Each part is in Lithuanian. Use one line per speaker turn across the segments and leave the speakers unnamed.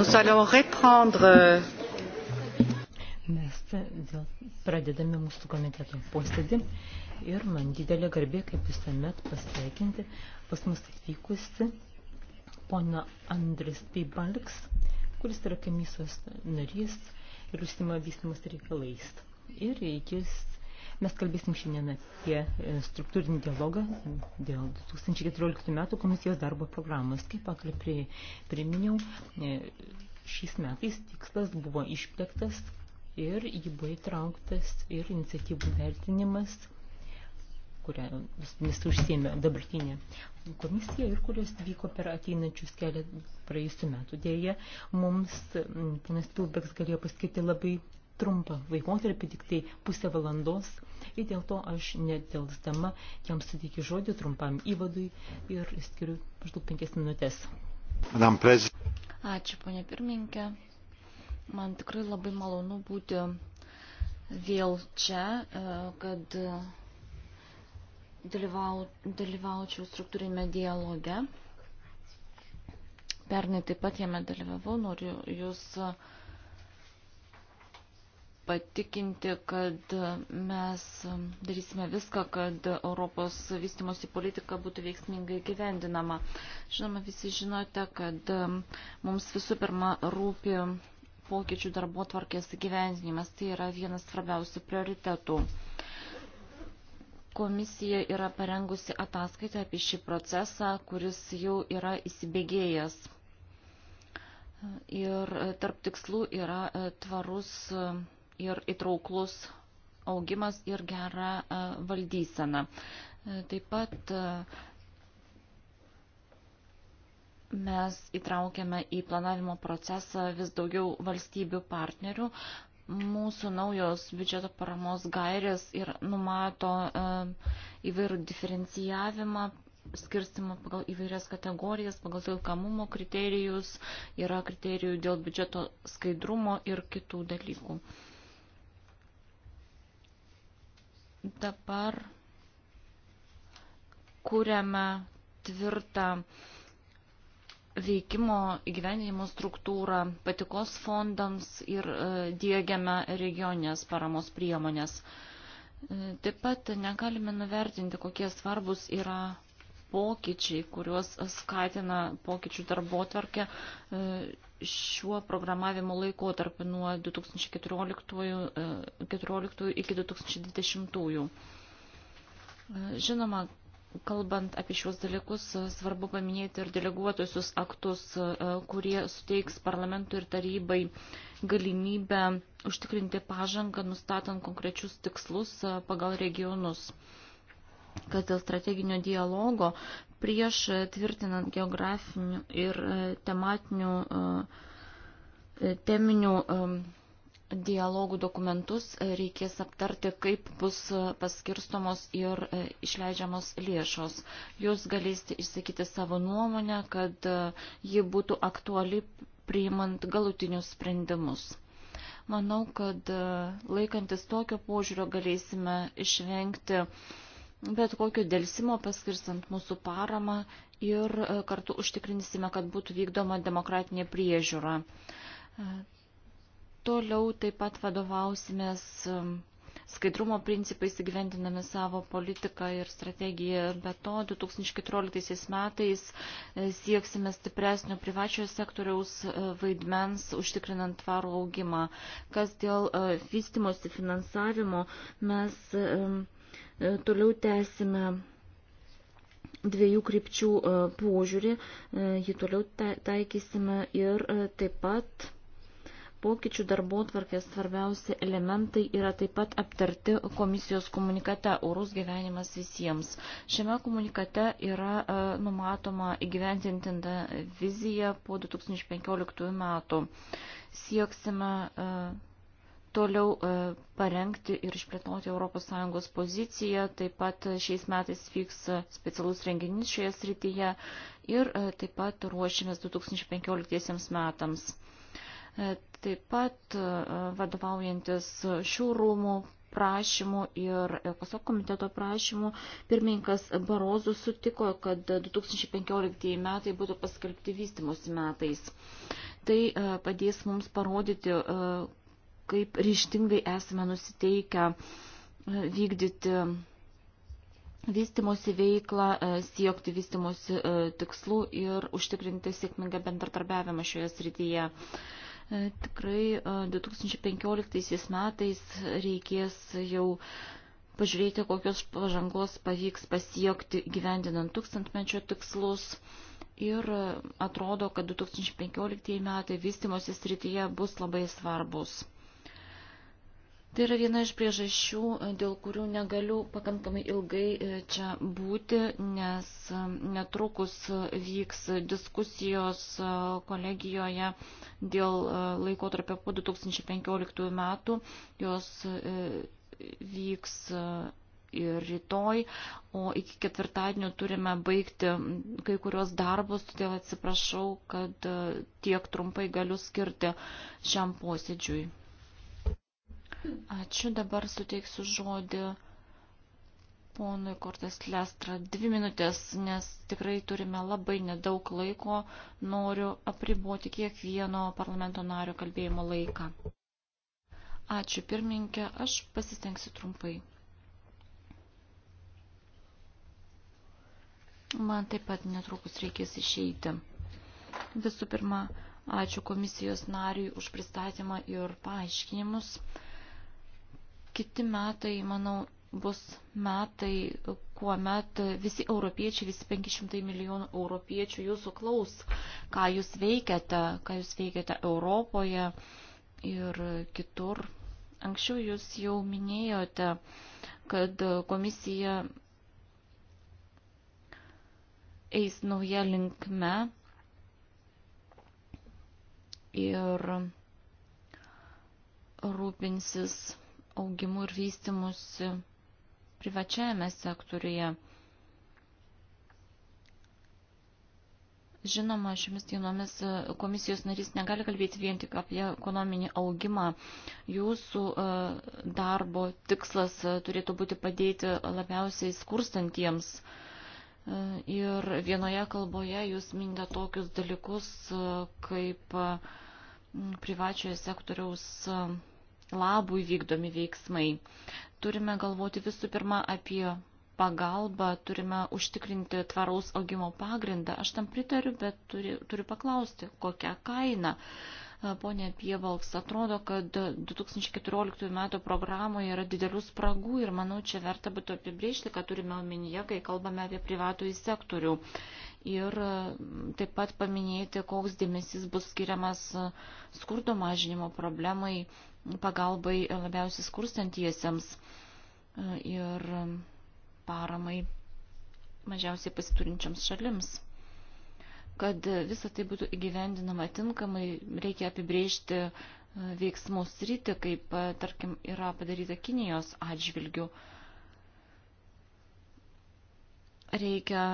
Nous allons reprendre.
Euh, Mes vėl pradedame mūsų komiteto posėdį ir man didelė garbė, kaip visuomet, pasveikinti pas mus atvykusi pona Andris Pibalks, kuris yra komisijos narys ir užsima vystymus reikalais. Ir jis Mes kalbėsim šiandien apie e, struktūrinį dialogą dėl 2014 metų komisijos darbo programos. Kaip pakalė prie, priminiau, e, šiais metais tikslas buvo išplėktas ir jį buvo įtrauktas ir iniciatyvų vertinimas kurią jis užsėmė dabartinė komisija ir kurios vyko per ateinančius kelią praėjusiu metu. Dėja, mums ponas Pilbeks galėjo paskirti labai trumpą laikotarpį, tik tai pusę valandos. Ir dėl to aš nedėlstama jam suteikiu žodį trumpam įvadui ir skiriu maždaug penkias minutės.
Ačiū, ponė pirmininkė. Man tikrai labai malonu būti vėl čia, e, kad dalyvau, dalyvaučiau struktūrinėme dialoge. Pernai taip pat jame dalyvavau, noriu jūs uh, patikinti, kad mes darysime viską, kad Europos vystimosi politika būtų veiksmingai gyvendinama. Žinoma, visi žinote, kad mums visų pirma rūpi pokyčių darbo tvarkės gyvendinimas. Tai yra vienas svarbiausių prioritetų. Komisija yra parengusi ataskaitą apie šį procesą, kuris jau yra įsibėgėjęs. Ir tarp tikslų yra tvarus ir įtrauklus augimas ir gera e, valdysena. E, taip pat e, mes įtraukiame į planavimo procesą vis daugiau valstybių partnerių. Mūsų naujos biudžeto paramos gairės ir numato įvairių diferencijavimą, skirstimą pagal įvairias kategorijas, pagal tinkamumo kriterijus, yra kriterijų dėl biudžeto skaidrumo ir kitų dalykų. dabar kūrėme tvirtą veikimo įgyvendinimo struktūrą patikos fondams ir e, diegiame regioninės paramos priemonės. E, taip pat negalime nuvertinti, kokie svarbus yra pokyčiai, kuriuos skatina pokyčių darbo tvarkė e, šiuo programavimo laikotarpiu nuo 2014 e, iki 2020. E, žinoma, kalbant apie šiuos dalykus, e, svarbu paminėti ir deleguotusius aktus, kurie suteiks parlamentui ir tarybai galimybę užtikrinti pažangą, nustatant konkrečius tikslus pagal regionus kad dėl strateginio dialogo prieš e, tvirtinant geografinių ir e, tematinių e, teminių dialogų dokumentus reikės aptarti, kaip bus paskirstomos ir išleidžiamos lėšos. Jūs galėsite išsakyti savo nuomonę, kad ji būtų aktuali priimant galutinius sprendimus. Manau, kad laikantis tokio požiūrio galėsime išvengti uh, bet kokio dėlsimo paskirstant mūsų paramą ir e, kartu užtikrinsime, kad būtų vykdoma demokratinė priežiūra. E, toliau taip pat vadovausimės e, skaidrumo principais įgyvendinami savo politiką ir strategiją. Be to, 2014 metais sieksime stipresnio privačiojo sektoriaus vaidmens, užtikrinant tvarų augimą. Kas dėl vystimosi finansavimo, mes E, toliau tęsime dviejų krypčių e, požiūrį, e, jį toliau taikysime ir taip pat pokyčių darbo tvarkės svarbiausi elementai yra taip pat aptarti komisijos komunikate Orus gyvenimas visiems. Šiame komunikate yra numatoma įgyventintinta vizija po 2015 metų. Sieksime toliau e, parengti ir išplėtoti ES poziciją. Taip pat šiais metais vyks specialus renginys šioje srityje ir e, taip pat ruošimės 2015 metams. E, taip pat vadovaujantis šių rūmų prašymų ir ECOSOC komiteto prašymų pirmininkas Barozu sutiko, kad 2015 metai būtų paskelbti vystimus metais. Tai padės mums parodyti, kaip ryštingai esame nusiteikę e, vykdyti vystimosi veiklą, e, siekti vystimosi e, tikslų ir užtikrinti sėkmingą bendradarbiavimą šioje srityje. Tikrai 2015 metais reikės jau pažiūrėti, kokios pažangos pavyks pasiekti gyvendinant tūkstantmečio tikslus. Ir atrodo, kad 2015 metai vystimosi srityje bus labai svarbus. Tai yra viena iš priežasčių, dėl kurių negaliu pakankamai ilgai e, čia būti, nes e, netrukus e, vyks diskusijos kolegijoje dėl laikotarpio po 2015 metų. Jos vyks ir rytoj, o iki ketvirtadienio turime baigti kai kurios darbus, todėl atsiprašau, kad tiek trumpai galiu skirti šiam posėdžiui. Ačiū, dabar suteiksiu žodį ponui Kortas Lestra. Dvi minutės, nes tikrai turime labai nedaug laiko. Noriu apriboti kiekvieno parlamento nario kalbėjimo laiką. Ačiū pirmininkė, aš pasistengsiu trumpai. Man taip pat netrukus reikės išeiti. Visų pirma, ačiū komisijos nariui už pristatymą ir paaiškinimus. Kiti metai, manau, bus metai, kuomet visi europiečiai, visi 500 milijonų europiečių jūsų klaus, ką jūs veikiate, ką jūs veikiate Europoje ir kitur. Anksčiau jūs jau minėjote, kad komisija eis nauja linkme ir rūpinsis augimu ir vystimusi privačiajame sektoriuje. Žinoma, šiomis dienomis komisijos narys negali kalbėti vien tik apie ekonominį augimą. Jūsų e, darbo tikslas e, turėtų būti padėti labiausiai skurstantiems. E, ir vienoje kalboje jūs minite tokius dalykus kaip privačiojo sektoriaus labų vykdomi veiksmai. Turime galvoti visų pirma apie pagalbą, turime užtikrinti tvaraus augimo pagrindą. Aš tam pritariu, bet turi, turiu paklausti, kokią kainą. Pone Pievalks, atrodo, kad 2014 metų programoje yra didelių spragų ir manau, čia verta būtų apibriežti, kad turime omenyje, kai kalbame apie privatų į sektorių. Ir taip pat paminėti, koks dėmesys bus skiriamas skurdo mažinimo problemai pagalbai labiausiai skurstantiesiems e, ir paramai mažiausiai pasiturinčiams šalims. Kad visa tai būtų įgyvendinama tinkamai, reikia apibrėžti e, veiksmų sritį, kaip, e, tarkim, yra padaryta Kinijos atžvilgių. Reikia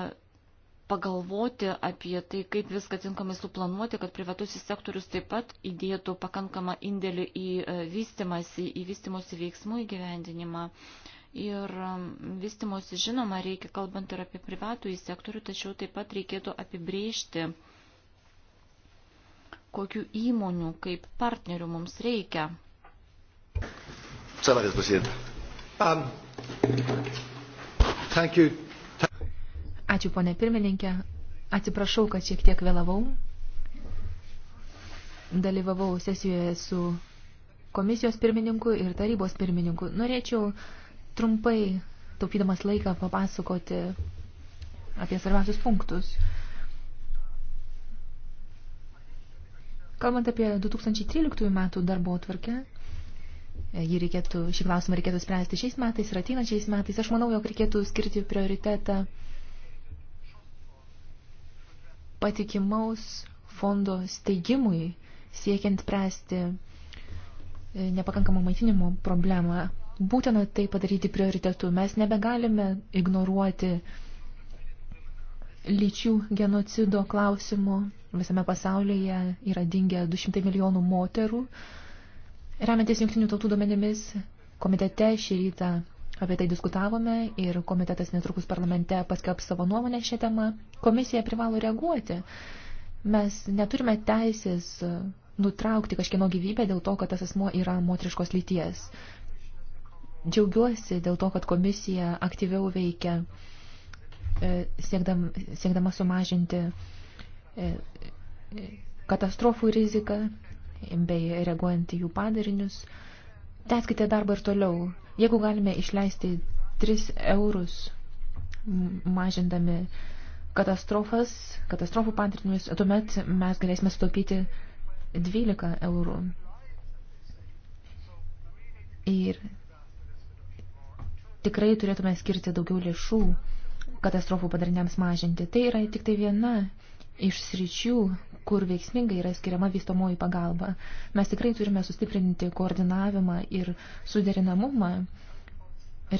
pagalvoti apie tai, kaip viską tinkamai suplanuoti, kad privatusis sektorius taip pat įdėtų pakankamą indėlį į e, vystimąsi, į vystimosi veiksmų įgyvendinimą. Ir vystimosi, žinoma, reikia kalbant ir apie privatų į sektorių, tačiau taip pat reikėtų apibrėžti, kokiu įmonių kaip partnerių mums reikia.
Salaris, um, thank you
Ačiū, ponė pirmininkė. Atsiprašau, kad šiek tiek vėlavau. Dalyvavau sesijoje su komisijos pirmininku ir tarybos pirmininku. Norėčiau trumpai, taupydamas laiką, papasakoti apie svarbiausius punktus. Kalbant apie 2013 metų darbo atvarkę, jį reikėtų, šį klausimą reikėtų spręsti šiais metais ir ateinančiais metais, aš manau, jog reikėtų skirti prioritetą patikimaus fondo steigimui, siekiant pręsti e, nepakankamą maitinimo problemą. Būtina tai padaryti prioritetu. Mes nebegalime ignoruoti lyčių genocido klausimų. Visame pasaulyje yra dingę 200 milijonų moterų. Remiantis jungtinių tautų duomenimis, komitete šį rytą Apie tai diskutavome ir komitetas netrukus parlamente paskelbs savo nuomonę šią temą. Komisija privalo reaguoti. Mes neturime teisės nutraukti kažkieno gyvybę dėl to, kad tas asmo yra motriškos lyties. Džiaugiuosi dėl to, kad komisija aktyviau veikia, e, siekdam, siekdama sumažinti e, katastrofų riziką bei reaguojant į jų padarinius. Teskite darbą ir toliau. Jeigu galime išleisti 3 eurus mažindami katastrofas, katastrofų patrinimus, tuomet mes galėsime sutaupyti 12 eurų. Ir tikrai turėtume skirti daugiau lėšų katastrofų padariniams mažinti. Tai yra tik tai viena iš sričių, kur veiksmingai yra skiriama vystomoji pagalba. Mes tikrai turime sustiprinti koordinavimą ir suderinamumą,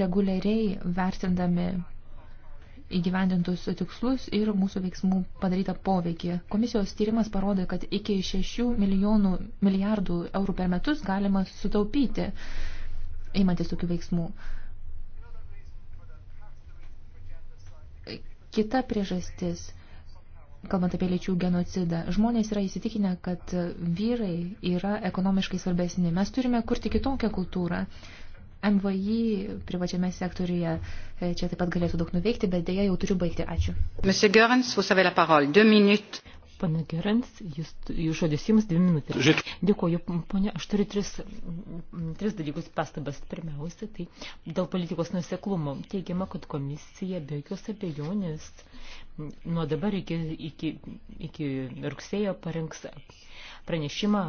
reguliariai vertindami įgyvendintus tikslus ir mūsų veiksmų padarytą poveikį. Komisijos tyrimas parodė, kad iki 6 milijonų milijardų eurų per metus galima sutaupyti įmantis tokių veiksmų. Kita priežastis – kalbant apie lyčių genocidą. Žmonės yra įsitikinę, kad vyrai yra ekonomiškai svarbesni. Mes turime kurti kitokią kultūrą. MVI privačiame sektoriuje e, čia taip pat galėtų daug nuveikti, bet dėja jau turiu baigti. Ačiū.
Monsieur Görens, vous avez la parole. Deux minutes. Pana Gerans,
jūs, jūs žodis jums dvi minutės. Žiūrėk. Dėkuoju, ponia, aš turiu tris, tris dalykus pastabas. Pirmiausia, tai dėl politikos nuseklumo. Teigiama, kad komisija be jokios abejonės nuo dabar iki, iki, iki rugsėjo parengs pranešimą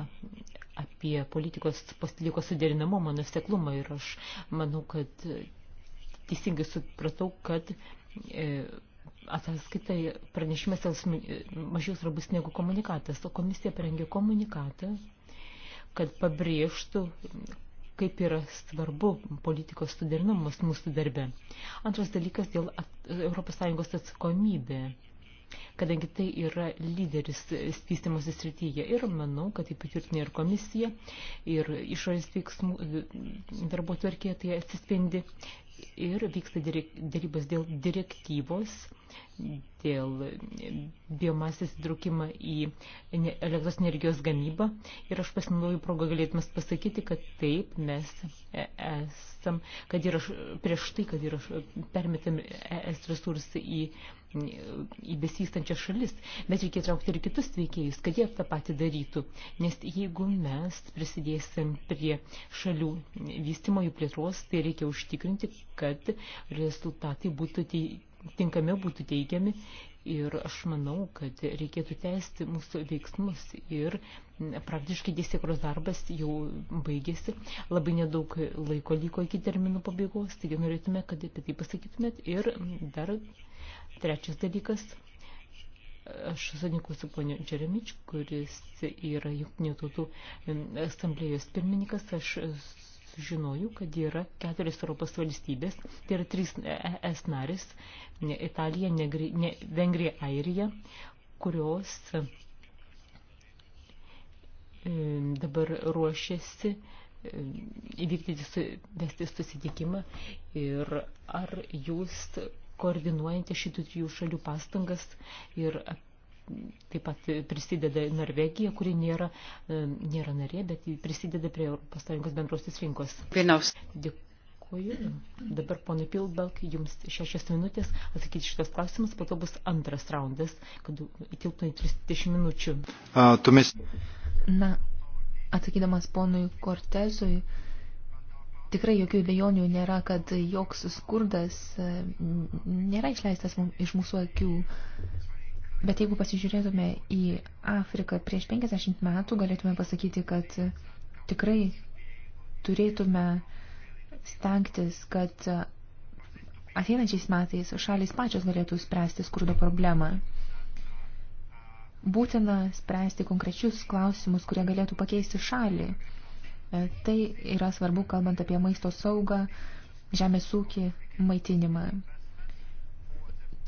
apie politikos pasilikos suderinamumą, nuseklumą ir aš manau, kad teisingai supratau, kad e, ataskaita pranešimas mažiau svarbus negu komunikatas, o komisija parengė komunikatą, kad pabrėžtų, kaip yra svarbu politikos suderinamas mūsų darbe. Antras dalykas dėl ES atsakomybė, kadangi tai yra lyderis vystimosi srityje ir manau, kad taip patvirtinė ir komisija, ir išorės veiksmų darbo tvarkėje tai atsispindi ir vyksta dėrybos dėl direktyvos dėl biomasės įtraukimą į elektros energijos gamybą. Ir aš pasinaudoju progą galėtumas pasakyti, kad taip mes e- esam, kad yra prieš tai, kad yra permetam ES resursai į į besistančias šalis, bet reikia traukti ir kitus veikėjus, kad jie tą patį darytų. Nes jeigu mes prisidėsim prie šalių vystimo jų plėtros, tai reikia užtikrinti, kad rezultatai būtų tinkami būtų teigiami ir aš manau, kad reikėtų tęsti mūsų veiksmus ir praktiškai dėsiekros darbas jau baigėsi, labai nedaug laiko liko iki terminų pabaigos, taigi norėtume, kad apie tai pasakytumėt ir dar trečias dalykas. Aš sutinku su poniu Džeremič, kuris yra jungtinių tautų asamblėjos pirmininkas. Aš sužinojau, kad yra keturios Europos valstybės, tai yra trys ES narės - Italija, Negri, ne, Vengrija, Airija, kurios e, dabar ruošiasi e, įvykdyti su, vesti susitikimą ir ar jūs koordinuojantį šitų trijų šalių pastangas ir taip pat prisideda Norvegija, kuri nėra, e, nėra narė, bet prisideda prie ES bendrosios rinkos. Vienaus. Dėkuoju. Dabar, ponai Pilbelk, jums šešias minutės atsakyti šitas klausimas, po to bus antras raundas, kad įtilptų į 30 minučių. A,
tumis... Na, atsakydamas ponui Kortezui, tikrai jokių bejonių nėra, kad joks skurdas e, nėra išleistas iš mūsų akių. Bet jeigu pasižiūrėtume į Afriką prieš 50 metų, galėtume pasakyti, kad tikrai turėtume stengtis, kad ateinančiais metais šalis pačios galėtų spręsti skurdo problemą. Būtina spręsti konkrečius klausimus, kurie galėtų pakeisti šalį. Tai yra svarbu, kalbant apie maisto saugą, žemės ūkį, maitinimą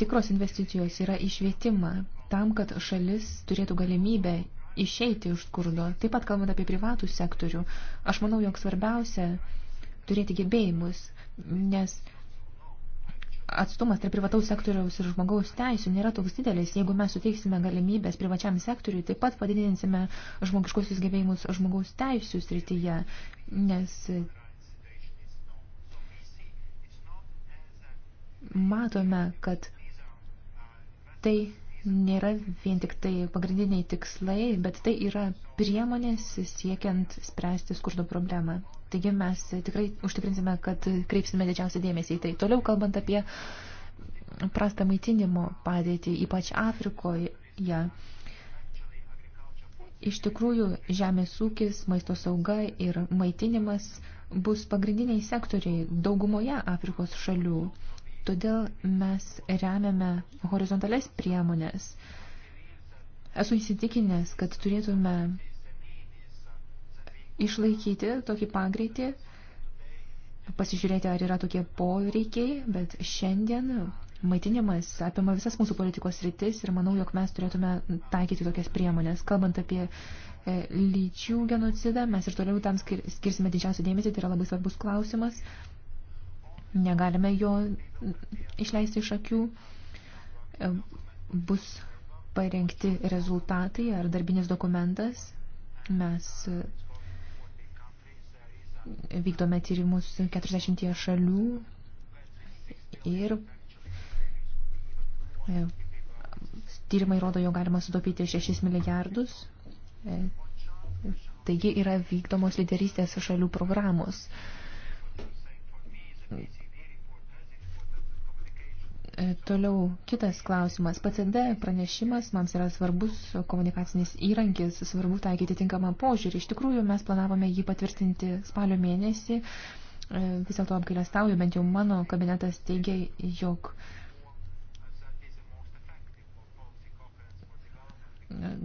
tikros investicijos yra į švietimą, tam, kad šalis turėtų galimybę išeiti iš skurdo. Taip pat kalbant apie privatų sektorių, aš manau, jog svarbiausia turėti gebėjimus, nes atstumas tarp privataus sektoriaus ir žmogaus teisų nėra toks didelis. Jeigu mes suteiksime galimybės privačiam sektoriui, taip pat padidinsime žmogiškosius gebėjimus žmogaus teisų srityje, nes matome, kad Tai nėra vien tik tai pagrindiniai tikslai, bet tai yra priemonės siekiant spręsti skurdo problemą. Taigi mes tikrai užtikrinsime, kad kreipsime didžiausią dėmesį į tai. Toliau kalbant apie prastą maitinimo padėtį, ypač Afrikoje. Ja. Iš tikrųjų, žemės ūkis, maisto sauga ir maitinimas bus pagrindiniai sektoriai daugumoje Afrikos šalių. Todėl mes remiame horizontales priemonės. Esu įsitikinęs, kad turėtume išlaikyti tokį pagreitį, pasižiūrėti, ar yra tokie poreikiai, bet šiandien maitinimas apima visas mūsų politikos rytis ir manau, jog mes turėtume taikyti tokias priemonės. Kalbant apie e, lyčių genocidą, mes ir toliau tam skirsime didžiausią dėmesį, tai yra labai svarbus klausimas negalime jo išleisti iš akių. E, bus parengti rezultatai ar darbinis dokumentas. Mes e, vykdome tyrimus 40 šalių ir e, tyrimai rodo, jo galima sutaupyti 6 milijardus. Taigi yra vykdomos lyderystės šalių programos E, toliau kitas klausimas. PCD pranešimas mums yra svarbus komunikacinis įrankis, svarbu taikyti tinkamą požiūrį. Iš tikrųjų, mes planavome jį patvirtinti spalio mėnesį. E, vis dėlto apgailestauju, bent jau mano kabinetas teigia, jog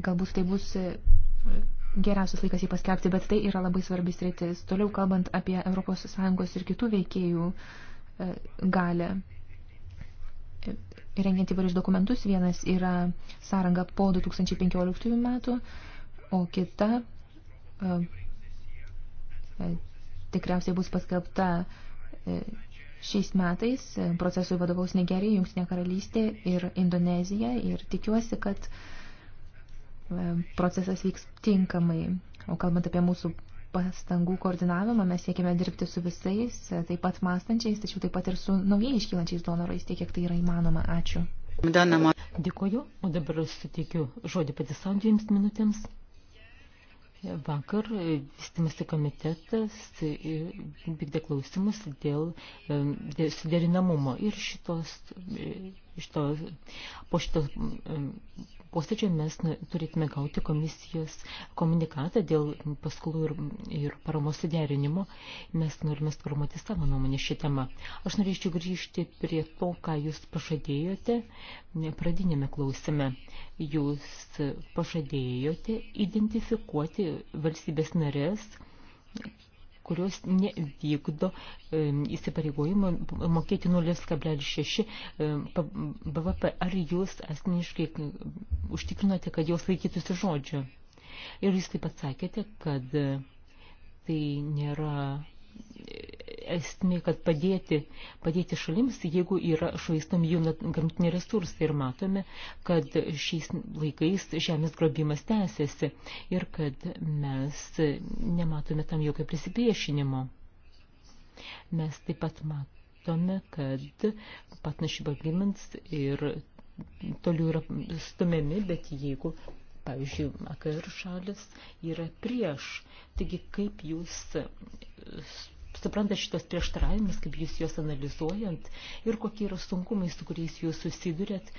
galbūt tai bus geriausias laikas jį paskelbti, bet tai yra labai svarbis rytis. Toliau kalbant apie ES ir kitų veikėjų e, galę rengiant įvairius dokumentus. Vienas yra sąranga po 2015 metų, o kita e, e, tikriausiai bus paskelbta e, šiais metais. Procesui vadovaus Nigerija, Jungtinė karalystė ir Indonezija ir tikiuosi, kad procesas vyks tinkamai. O kalbant apie mūsų pastangų koordinavimą, mes siekime dirbti su visais, taip pat mąstančiais, tačiau taip pat ir su naujai iškylančiais donorais, tiek kiek tai yra įmanoma. Ačiū.
Dėkuoju, o dabar suteikiu žodį patys savo dviems minutėms. Vakar e, vystimasi komitetas e, vykdė klausimus dėl e, suderinamumo ir šitos, šito, po šito posėdžio mes turėtume gauti komisijos komunikatą dėl paskolų ir, ir paramos suderinimo. Mes norime sformuoti savo nuomonę šią temą. Aš norėčiau grįžti prie to, ką jūs pažadėjote pradinėme klausime. Jūs pažadėjote identifikuoti valstybės narės kurios nevykdo įsipareigojimo mokėti 0,6 BVP. Ar jūs asmeniškai užtikrinote, kad jos laikytųsi žodžio? Ir jūs taip pat sakėte, kad tai nėra esmė, kad padėti, padėti šalims, jeigu yra švaistami jų gamtiniai resursai ir matome, kad šiais laikais žemės grobimas tęsiasi ir kad mes nematome tam jokio prisipriešinimo. Mes taip pat matome, kad partnership agreements ir toliau yra stumiami, bet jeigu pavyzdžiui, AKR šalis yra prieš. Taigi, kaip jūs supranta šitas prieštaravimas, kaip jūs juos analizuojant ir kokie yra sunkumai, su kuriais jūs susidurėt,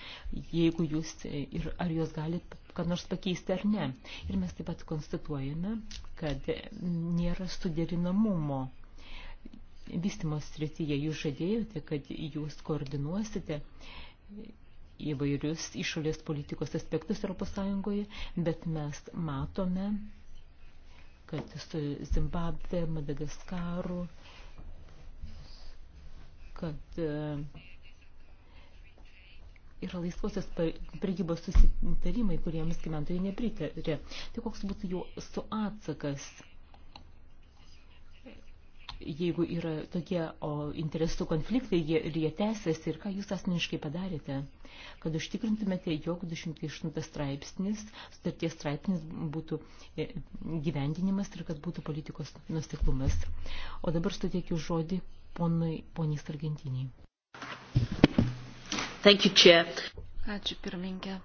jeigu jūs ir ar jūs galite ką nors pakeisti ar ne. Ir mes taip pat konstatuojame, kad nėra suderinamumo. Vystimos srityje jūs žadėjote, kad jūs koordinuosite įvairius išorės politikos aspektus Europos Sąjungoje, bet mes matome, kad su Zimbabve, Madagaskaru, kad e, yra laisvosios prekybos susitarimai, kuriems gyventojai nepritarė. Tai koks būtų jų su atsakas? jeigu yra tokie o, interesų konfliktai jie, ir jie tęsiasi, ir ką jūs asmeniškai padarėte, kad užtikrintumėte, jog 208 straipsnis, sutarties straipsnis būtų e, gyvendinimas ir kad būtų politikos nusiklumas. O dabar suteikiu žodį ponui, poniai Sargentiniai.
Ačiū pirmininkė.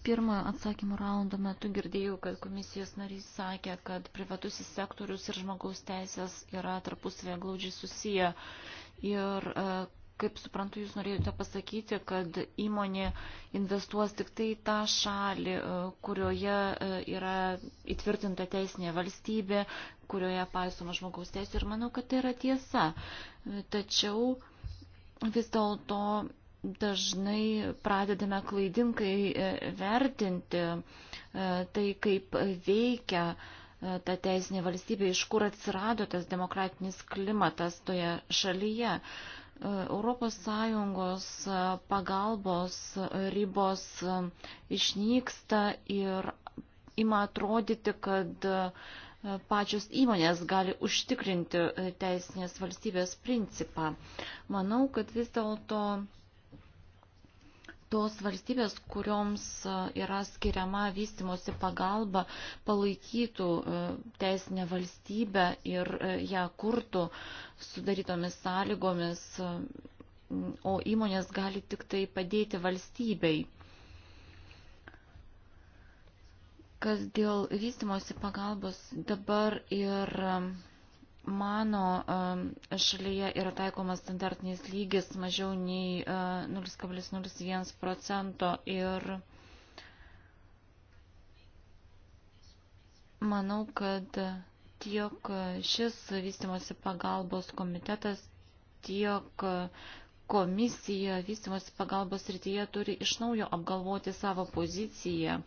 Pirmojo atsakymų raundo metu girdėjau, kad komisijos narys sakė, kad privatusis sektorius ir žmogaus teisės yra tarpusavėje glaudžiai susiję. Ir e, kaip suprantu, jūs norėjote pasakyti, kad įmonė investuos tik tai tą šalį, e, kurioje e, yra įtvirtinta teisinė valstybė, kurioje paisoma žmogaus teisė. Ir manau, kad tai yra tiesa. Tačiau vis dėlto dažnai pradedame klaidinkai e, vertinti e, tai, kaip veikia e, ta teisinė valstybė, iš kur atsirado tas demokratinis klimatas toje šalyje. Europos Sąjungos pagalbos ribos išnyksta ir ima atrodyti, kad pačios įmonės gali užtikrinti teisinės valstybės principą. Manau, kad vis dėlto tos valstybės, kurioms e, yra skiriama vystimosi pagalba, palaikytų e, teisinę valstybę ir e, ją kurtų sudarytomis sąlygomis, o įmonės gali tik tai padėti valstybei. Kas dėl vystimosi pagalbos dabar ir. Yra mano šalyje yra taikomas standartinis lygis mažiau nei 0,01 e, procento ir manau, kad tiek šis vystimosi pagalbos komitetas, tiek komisija vystimosi pagalbos rytyje turi iš naujo apgalvoti savo poziciją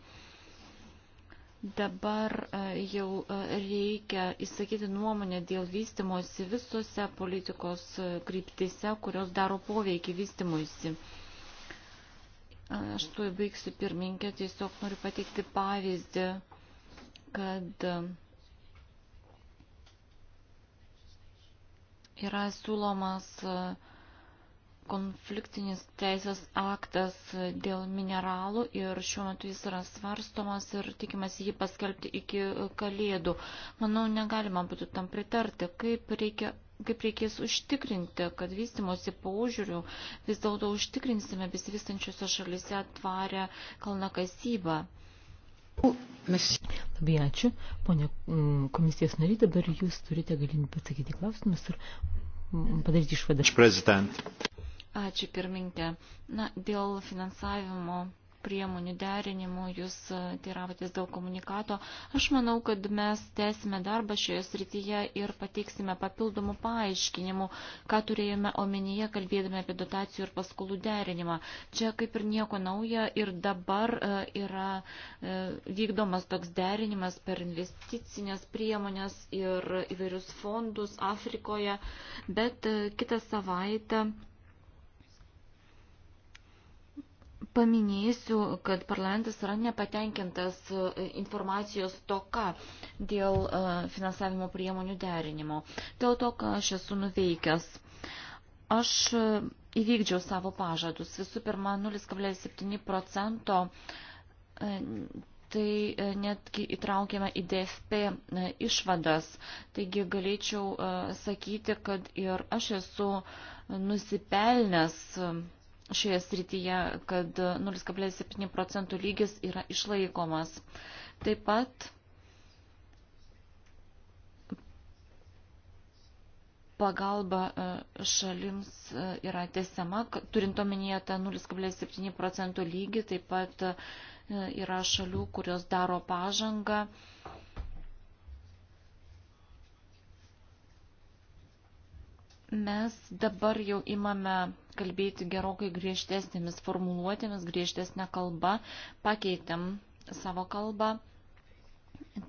Dabar e, jau e, reikia įsakyti nuomonę dėl vystimosi visose politikos e, kryptise, kurios daro poveikį vystimuisi. Aš tuoj baigsiu pirminkę, tiesiog noriu pateikti pavyzdį, kad yra siūlomas uh, konfliktinis teisės aktas dėl mineralų ir šiuo metu jis yra svarstomas ir tikimas jį paskelbti iki kalėdų. Manau, negalima būtų tam pritarti, kaip, reikia, kaip reikės užtikrinti, kad vystimosi paužiūrių vis dėlto užtikrinsime besivystančiose šalise tvarę kalnakasybą.
Labai ačiū. Pone mm, komisijos nariai, dabar jūs turite galimybę atsakyti klausimus ir padaryti išvadą.
Ačiū pirminkė. Na, dėl finansavimo priemonių derinimo, jūs e, teiravotės dėl komunikato. Aš manau, kad mes tęsime darbą šioje srityje ir pateiksime papildomų paaiškinimų, ką turėjome omenyje, kalbėdami apie dotacijų ir paskolų derinimą. Čia kaip ir nieko nauja ir dabar e, yra e, vykdomas toks derinimas per investicinės priemonės ir įvairius fondus Afrikoje, bet kitą savaitę Paminėsiu, kad parlamentas yra nepatenkintas e, informacijos toka dėl e, finansavimo priemonių derinimo, dėl to, ką aš esu nuveikęs. Aš e, įvykdžiau savo pažadus. Visų pirma, 0,7 procento tai netgi įtraukiame į DFP išvadas. Taigi galėčiau sakyti, kad ir aš esu nusipelnęs šioje srityje, kad 0,7 procentų lygis yra išlaikomas. Taip pat pagalba e, šalims e, yra tesiama, turint omenyje tą 0,7 procentų lygį, taip pat e, yra šalių, kurios daro pažangą. Mes dabar jau imame kalbėti gerokai griežtesnėmis formuluotėmis, griežtesnė kalba, pakeitėm savo kalbą.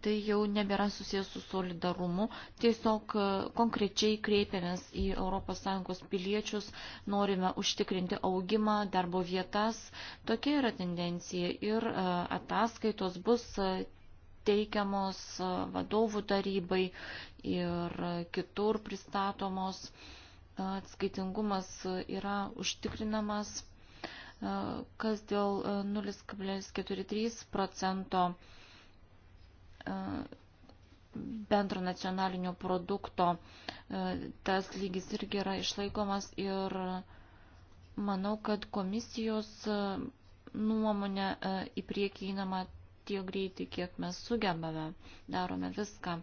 Tai jau nebėra susijęs su solidarumu, tiesiog e, konkrečiai kreipiamės į ES piliečius, norime užtikrinti augimą, darbo vietas, tokia yra tendencija ir e, ataskaitos bus e, teikiamos vadovų tarybai ir kitur pristatomos atskaitingumas yra užtikrinamas, e, kas dėl 0,43 e, procento e, bendro nacionalinio produkto, tas lygis irgi yra išlaikomas ir manau, kad komisijos nuomonė į priekį einama tiek greitai, kiek mes sugebame, darome viską.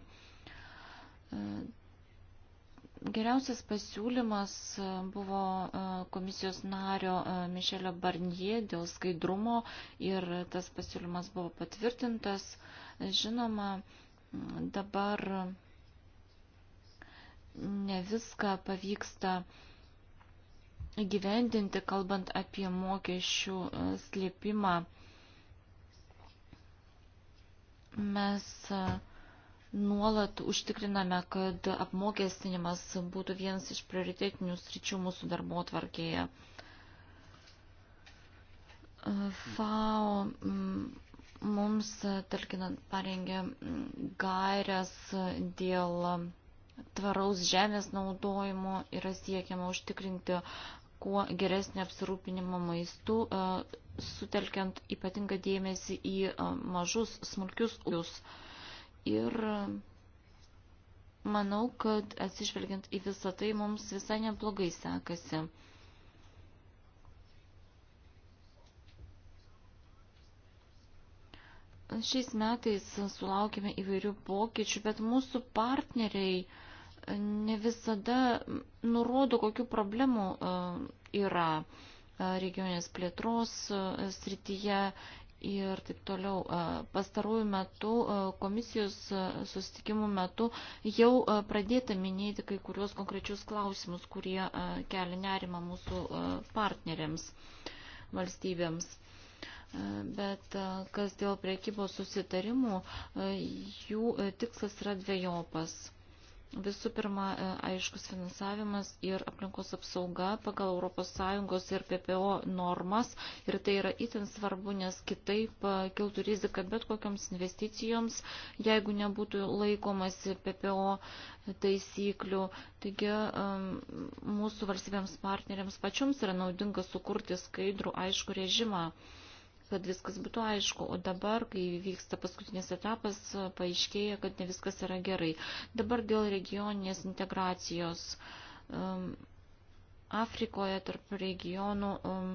Geriausias pasiūlymas e, buvo e, komisijos nario e, Mišelio Barnie dėl skaidrumo ir tas pasiūlymas buvo patvirtintas. Žinoma, dabar ne viską pavyksta įgyvendinti, kalbant apie mokesčių slėpimą. Mes uh, nuolat užtikriname, kad apmokestinimas būtų vienas iš prioritetinių sričių mūsų darbo tvarkėje. FAO mm, mums, talkinant, parengė mm, gairias dėl tvaraus žemės naudojimo yra siekiama užtikrinti kuo geresnį apsirūpinimą maistu, e, sutelkiant ypatingą dėmesį į e, mažus smulkius ūkius. Uh, Ir manau, kad atsižvelgiant į visą tai, mums visai neblogai sekasi. Šiais metais sulaukime įvairių pokyčių, bet mūsų partneriai e, ne visada nurodo, kokiu problemu e, yra e, regionės plėtros srityje ir taip toliau. Pastarųjų metų komisijos susitikimų metu jau pradėta minėti kai kurios konkrečius klausimus, kurie kelia nerimą mūsų partneriams valstybėms. Bet kas dėl priekybos susitarimų, jų tikslas yra dviejopas. Visų pirma, e, aiškus finansavimas ir aplinkos apsauga pagal ES ir PPO normas. Ir tai yra itin svarbu, nes kitaip e, kiltų rizika bet kokiams investicijoms, jeigu nebūtų laikomasi PPO taisyklių. Taigi e, mūsų valstybėms partneriams pačioms yra naudinga sukurti skaidrų, aišku režimą kad viskas būtų aišku. O dabar, kai vyksta paskutinis etapas, paaiškėja, kad ne viskas yra gerai. Dabar dėl regioninės integracijos. Um, Afrikoje tarp regionų um,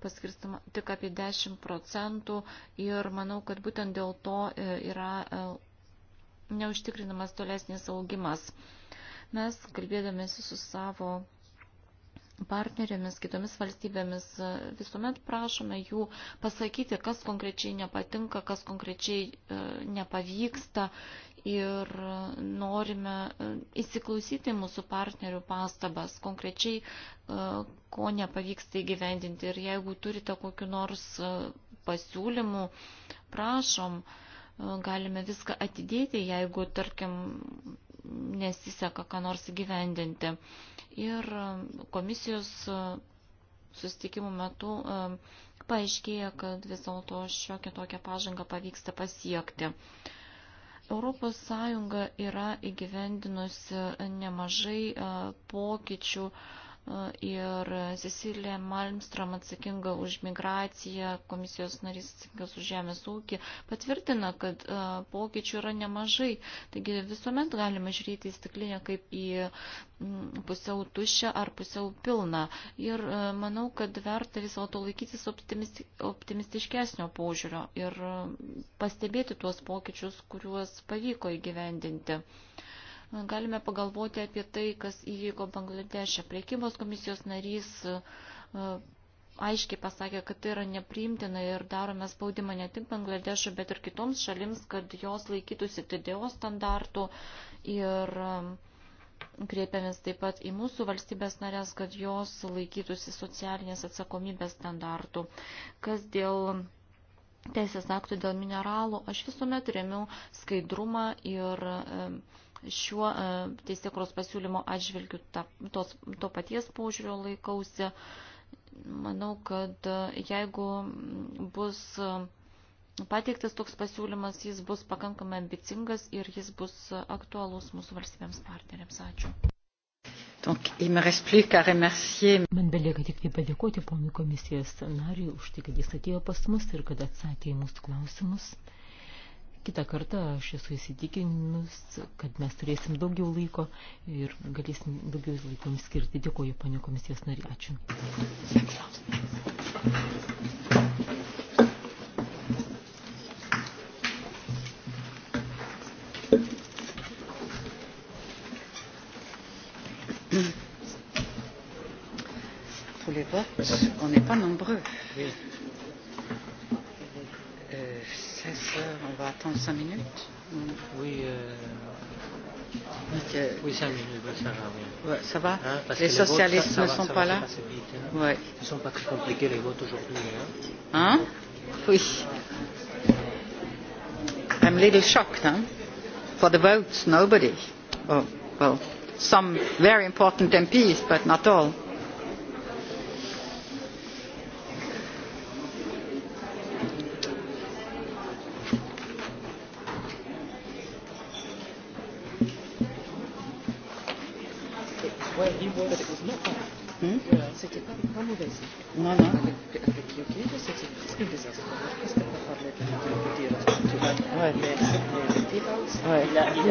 paskirstama tik apie 10 procentų ir manau, kad būtent dėl to e, yra e, neužtikrinamas tolesnis augimas. Mes kalbėdamėsi su savo partnerėmis, kitomis valstybėmis visuomet prašome jų pasakyti, kas konkrečiai nepatinka, kas konkrečiai e, nepavyksta ir e, norime e, įsiklausyti mūsų partnerių pastabas, konkrečiai ko nepavyksta įgyvendinti. Ir jeigu turite kokiu nors pasiūlymu, prašom, galime viską atidėti, jeigu, tarkim, nesiseka ką nors įgyvendinti. Ir e, komisijos e, susitikimų metu e, paaiškėja, kad vis dėlto šiokią tokią pažangą pavyksta pasiekti. Europos Sąjunga yra įgyvendinusi nemažai pokyčių uh, ir Cecilija Malmstram atsakinga už migraciją, komisijos narys atsakingas už žemės ūkį, patvirtina, kad e, pokyčių yra nemažai. Taigi visuomet galime žiūrėti į stiklinę kaip į mm, pusiau tuščią ar pusiau pilną. Ir e, manau, kad verta vis dėlto laikytis optimisti, optimistiškesnio požiūrio ir e, pastebėti tuos pokyčius, kuriuos pavyko įgyvendinti. Uh, Galime pagalvoti apie tai, kas įvyko Bangladešė. Priekybos komisijos narys e, aiškiai pasakė, kad tai yra nepriimtina ir darome spaudimą ne tik Bangladešui, bet ir kitoms šalims, kad jos laikytųsi TDO standartų ir e, kreipiamės taip pat į mūsų valstybės narės, kad jos laikytųsi socialinės atsakomybės standartų. Kas dėl teisės aktų, dėl mineralų, aš visuomet remiu skaidrumą ir e, šiuo e, teisėkros pasiūlymo atžvilgiu ta, tos, to paties paužiūrio laikausi. Manau, kad e, jeigu bus e, pateiktas toks pasiūlymas, jis bus pakankamai ambicingas ir jis bus aktualus mūsų valstybėms partneriams. Ačiū.
Donc, il me reste plus qu'à remercier. Man belieka tik tai
padėkoti ponui komisijos nariui už tai, kad jis atėjo pas mus ir kad atsakė į mūsų klausimus. Kita kartą aš esu įsitikinus, kad mes turėsim daugiau laiko ir galėsim daugiau laiko jums skirti. Dėkuoju, panė komisijos nariai. Ačiū.
Pour les votes, on n'est pas nombreux. Oui. heures, on va attendre cinq minutes. Oui, euh... okay. oui cinq minutes, bah, ça va. Ouais, ça va hein, parce Les que socialistes les votes, ça, ça ne va, sont ça pas va, là vite, hein. ouais.
Ils ne sont pas très compliqués les votes aujourd'hui.
Hein, hein Oui. I'm a little shocked, huh? For the votes, nobody. Oh, well, some very important MPs, but not all.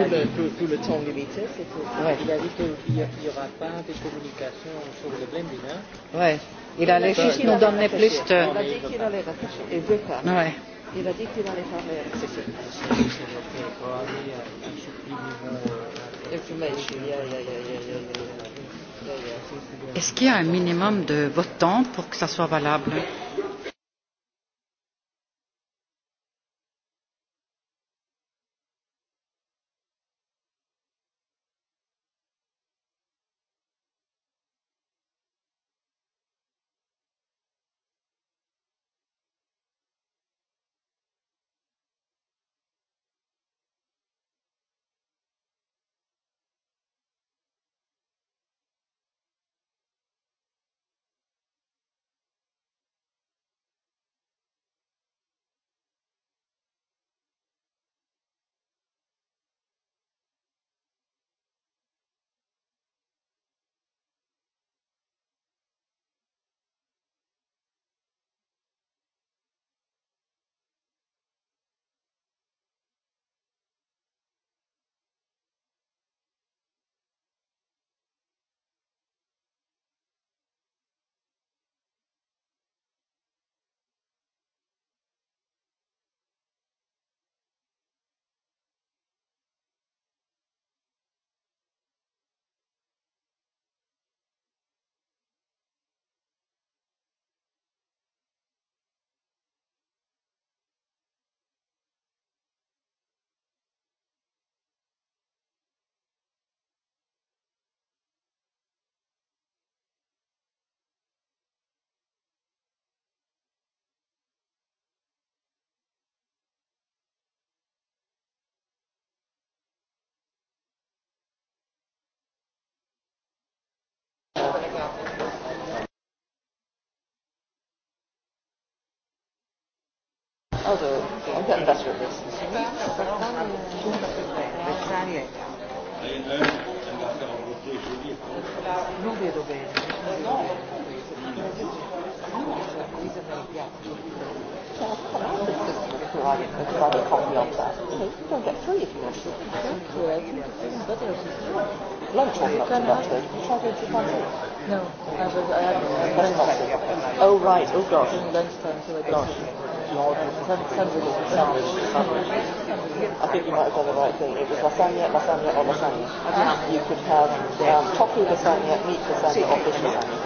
tout, le, tout, tout le temps limité. Ouais. Il a dit qu'il n'y
aura pas de communication sur le blending. Hein.
Ouais. Il allait juste nous donner plus de. Il a dit qu'il allait rattacher les deux femmes. Ouais.
Il a dit qu'il allait parler. C'est ça. Est-ce
qu'il y a un minimum de votants pour que ça soit valable? Oui
Also, und das wird es. Versailles.
Non vedo bene. Don't
get free if you want to. Lunch on that, that's it. Try to do it. No, I was. I had, I had oh right. Oh gosh. Lunchtime, so I gosh. I think you might have done the right thing. It was lasagna, lasagna, or lasagna. You could have um, tofu lasagna, meat lasagna, or fish lasagna.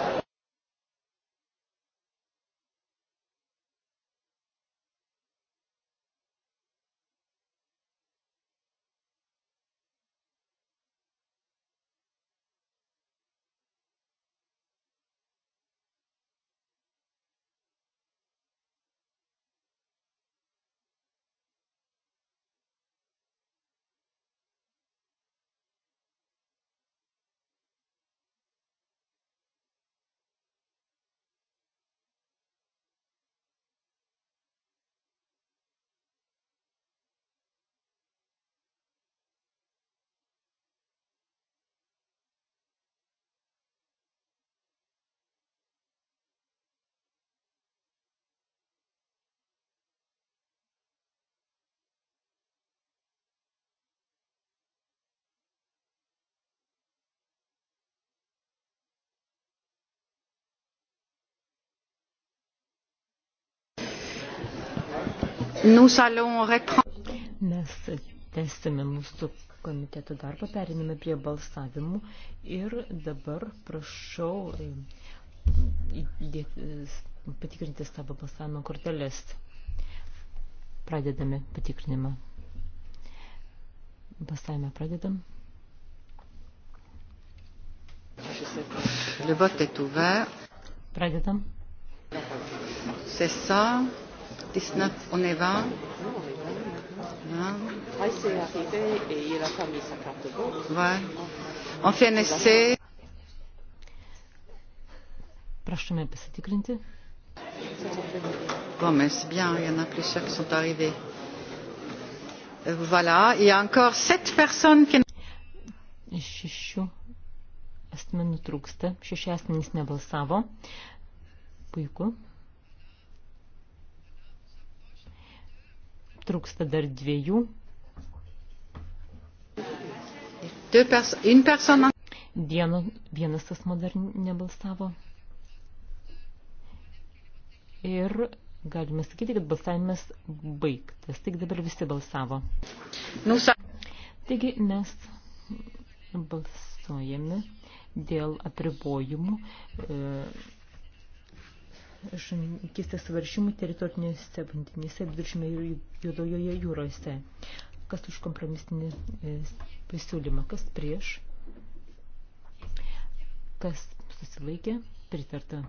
Mes tęsime mūsų komiteto darbą, perinime prie balsavimų ir dabar prašau e, e, patikrinti savo balsavimo korteles. Pradedame patikrinimą. Balsavimą pradedam.
Le vote est ouvert. Pradedam. C'est ça. 19, on est 20. Ah, c'est arrivé et il a pas mis sa carte de vote. Ouais. On fait un essai. Prašome pasitikrinti. Bon, mais c'est bien, il y en a plusieurs qui sont arrivés. Euh, voilà, il y a encore sept personnes qui...
Šešių asmenų trūksta, šeši asmenys nebalsavo. Puiku. Trūksta dar dviejų. Dienu, vienas asmo dar nebalsavo. Ir galime sakyti, kad balsavimas baigtas. Tik dabar visi balsavo. Taigi mes balsuojame dėl apribojimų. E, žuvininkystės varšymų teritorinėse vandenyse, viduržymė juodojoje jūrose. Kas už kompromisinį e, pasiūlymą, kas prieš, kas susilaikė, pritarta.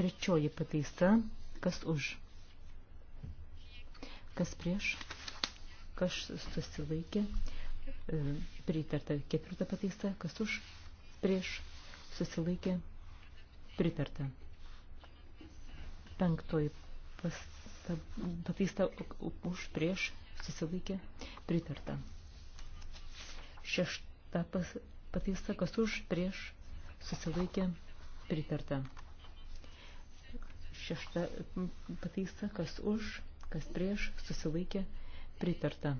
Trečioji pataisa, kas už, kas prieš, kas prieš kas susilaikė, e, pritarta ketvirta pataisa, kas už, prieš, susilaikė, pritarta. Penktoji pataisa už, prieš, susilaikė, pritarta. Šešta pataisa, kas už, prieš, susilaikė, pritarta. Šešta pataisa, kas už, kas prieš, susilaikė, pritarta pritarta.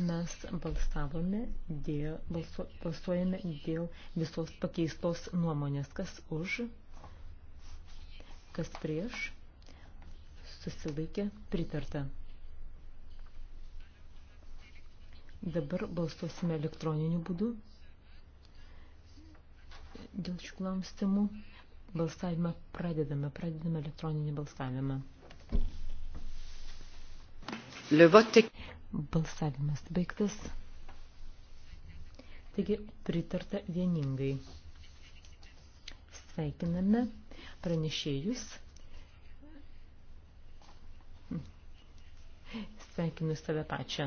Mes balsavome dėl, balsu, balsuojame dėl visos pakeistos nuomonės. Kas už, kas prieš, susilaikė pritarta. Dabar balsuosime elektroniniu būdu dėl šių klausimų. Balsavimą pradedame, pradedame elektroninį balsavimą. Balsavimas baigtas. Taigi pritarta vieningai. Sveikiname pranešėjus. Sveikinu save pačią.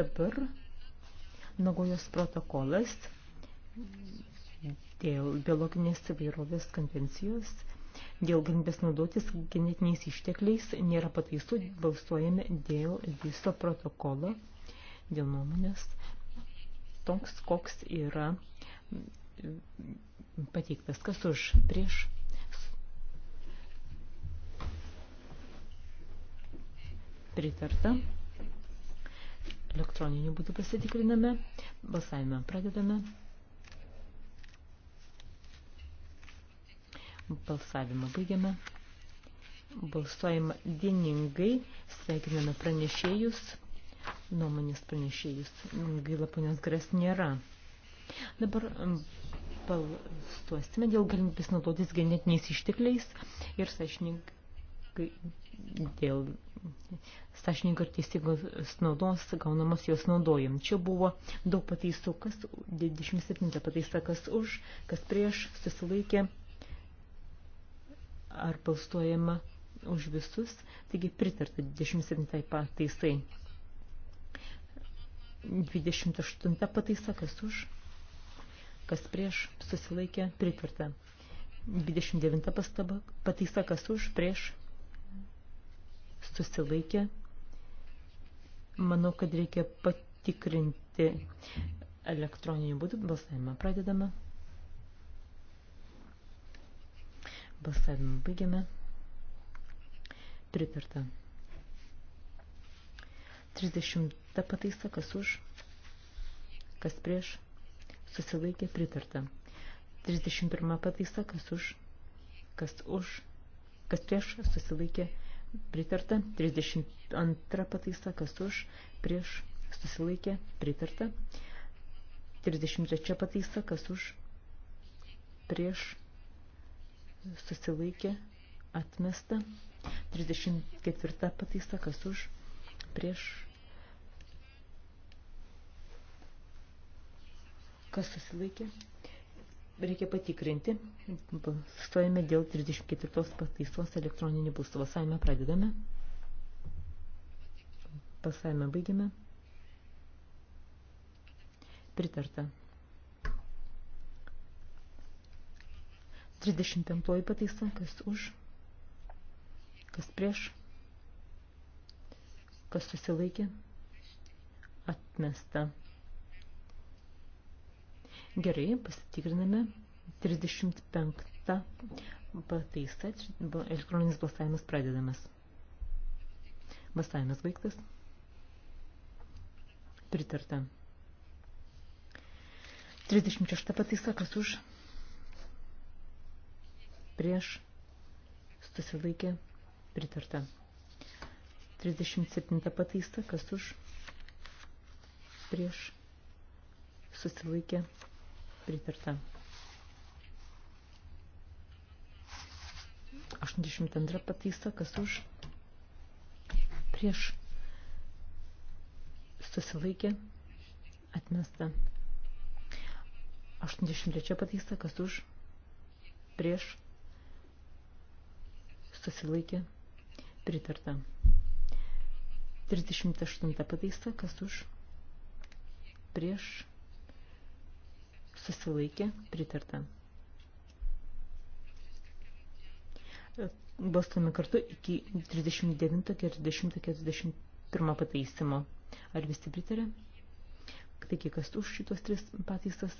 Dabar Nagojos protokolas dėl biologinės įvairovės konvencijos dėl galimybės naudotis genetiniais ištekliais, nėra pataisų, balsuojame dėl viso protokolo, dėl nuomonės, toks koks yra pateiktas, kas už prieš. Pritarta. Elektroniniu būdu pasitikriname. Balsavimą pradedame. Balsavimą baigiame. Balsuojama dieningai. Sveikiname pranešėjus, nuomonės pranešėjus. Gaila, ponios Gres nėra. Dabar um, balsuosime dėl galimybės naudotis genetiniais ištekliais ir sąžininkai dėl sąžininkai ir teisingos naudos gaunamos jos naudojam. Čia buvo daug pataisų, kas 27 pataisa, kas už, kas prieš, susilaikė ar balsuojama už visus, taigi pritarta 27 pataisai. 28 pataisa, kas už, kas prieš, susilaikė, pritarta. 29 pastaba, pataisa, kas už, prieš, susilaikė. Manau, kad reikia patikrinti elektroniniu būdu balsavimą. Pradedame. Balsavimą baigiame. Pritarta. 30 pataisa, kas už, kas prieš, susilaikė pritarta. 31 pataisa, kas už, kas už, kas prieš, susilaikė pritarta. 32 pataisa, kas už, prieš, susilaikė pritarta. 33 pataisa, kas už, prieš, susilaikė, atmesta. 34 pataisa, kas už, prieš, kas susilaikė. Reikia patikrinti. Stojame dėl 34 pataisos elektroninį būstų. Vasavime pradedame. Pasavime baigiame. Pritarta. 35 pataisa, kas už, kas prieš, kas susilaikė, atmesta. Gerai, pasitikriname 35 pataisa, elektroninis balsavimas pradedamas. Balsavimas baigtas. Pritarta. 36 pataisa, kas už, prieš susilaikė pritarta. 37 pataista, kas už prieš susilaikė pritarta. 82 pataisa, kas už prieš susilaikė atmesta. 83 pataisa, kas už prieš susilaikė, pritarta. 38 pataisa, kas už, prieš, susilaikė, pritarta. Bastome kartu iki 39-40-41 pataisimo. Ar visi pritarė? Taigi, kas už šitos tris pataisas,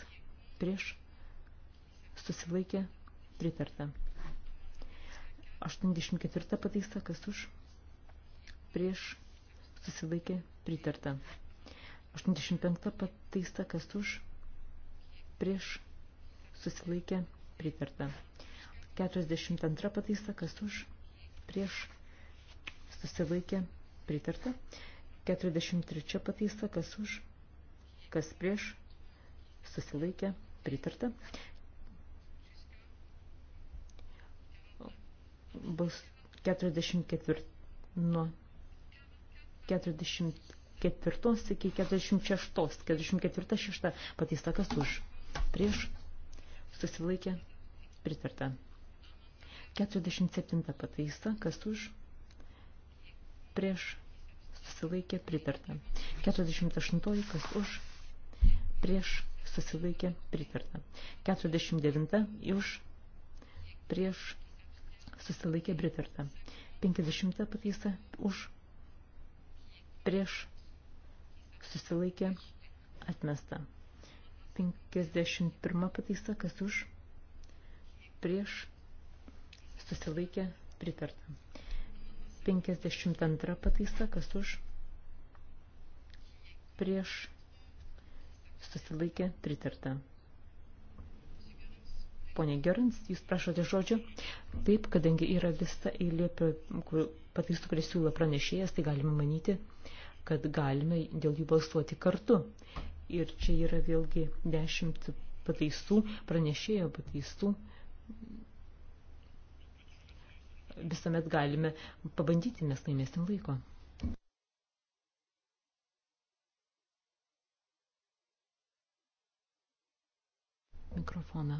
prieš, susilaikė, pritarta. 84 pataisa, kas už, prieš, susilaikė, pritarta. 85 pataisa, kas už, prieš, susilaikė, pritarta. 42 pataisa, kas už, prieš, susilaikė, pritarta. 43 pataisa, kas už, kas prieš, susilaikė, pritarta. bus 44 nuo 44 iki 46, 44 šešta pateista kas už, prieš, susilaikė, pritarta. 47 pataisa, kas už, prieš, susilaikė, pritarta. 48, kas už, prieš, susilaikė, pritarta. 49, už, prieš, susilaikė pritarta. 50 pataisa už prieš susilaikė atmesta. 51 pataisa kas už prieš susilaikė pritarta. 52 pataisa kas už prieš susilaikė pritarta. Pone Gerins, jūs prašote žodžio. Taip, kadangi yra visa eilė pataisų, kurie siūlo pranešėjas, tai galime manyti, kad galime dėl jų balsuoti kartu. Ir čia yra vėlgi dešimt pataisų, pranešėjo pataisų. Visuomet galime pabandyti, mes laimėsim laiko. mikrofoną.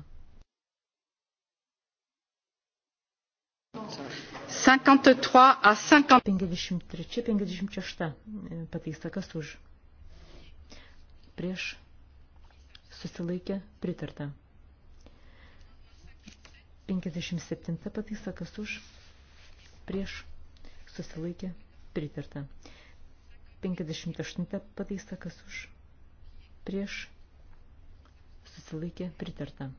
53 à 50. 53, 56 pateista kas už. Prieš susilaikė pritarta. 57 pataisa kas už. Prieš susilaikė pritarta. 58 pataisa kas už. Prieš susilaikė pritarta.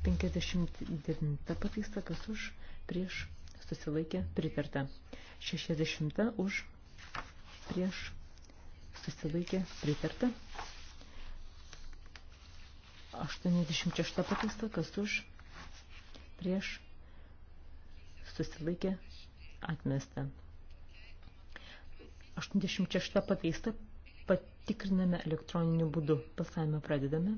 59 pataisa, kas už, prieš, susilaikė, pritarta. 60 už, prieš, susilaikė, pritarta. 86 pataisa, kas už, prieš, susilaikė, atmesta. 86 pataisa patikriname elektroniniu būdu. Pasavimą pradedame.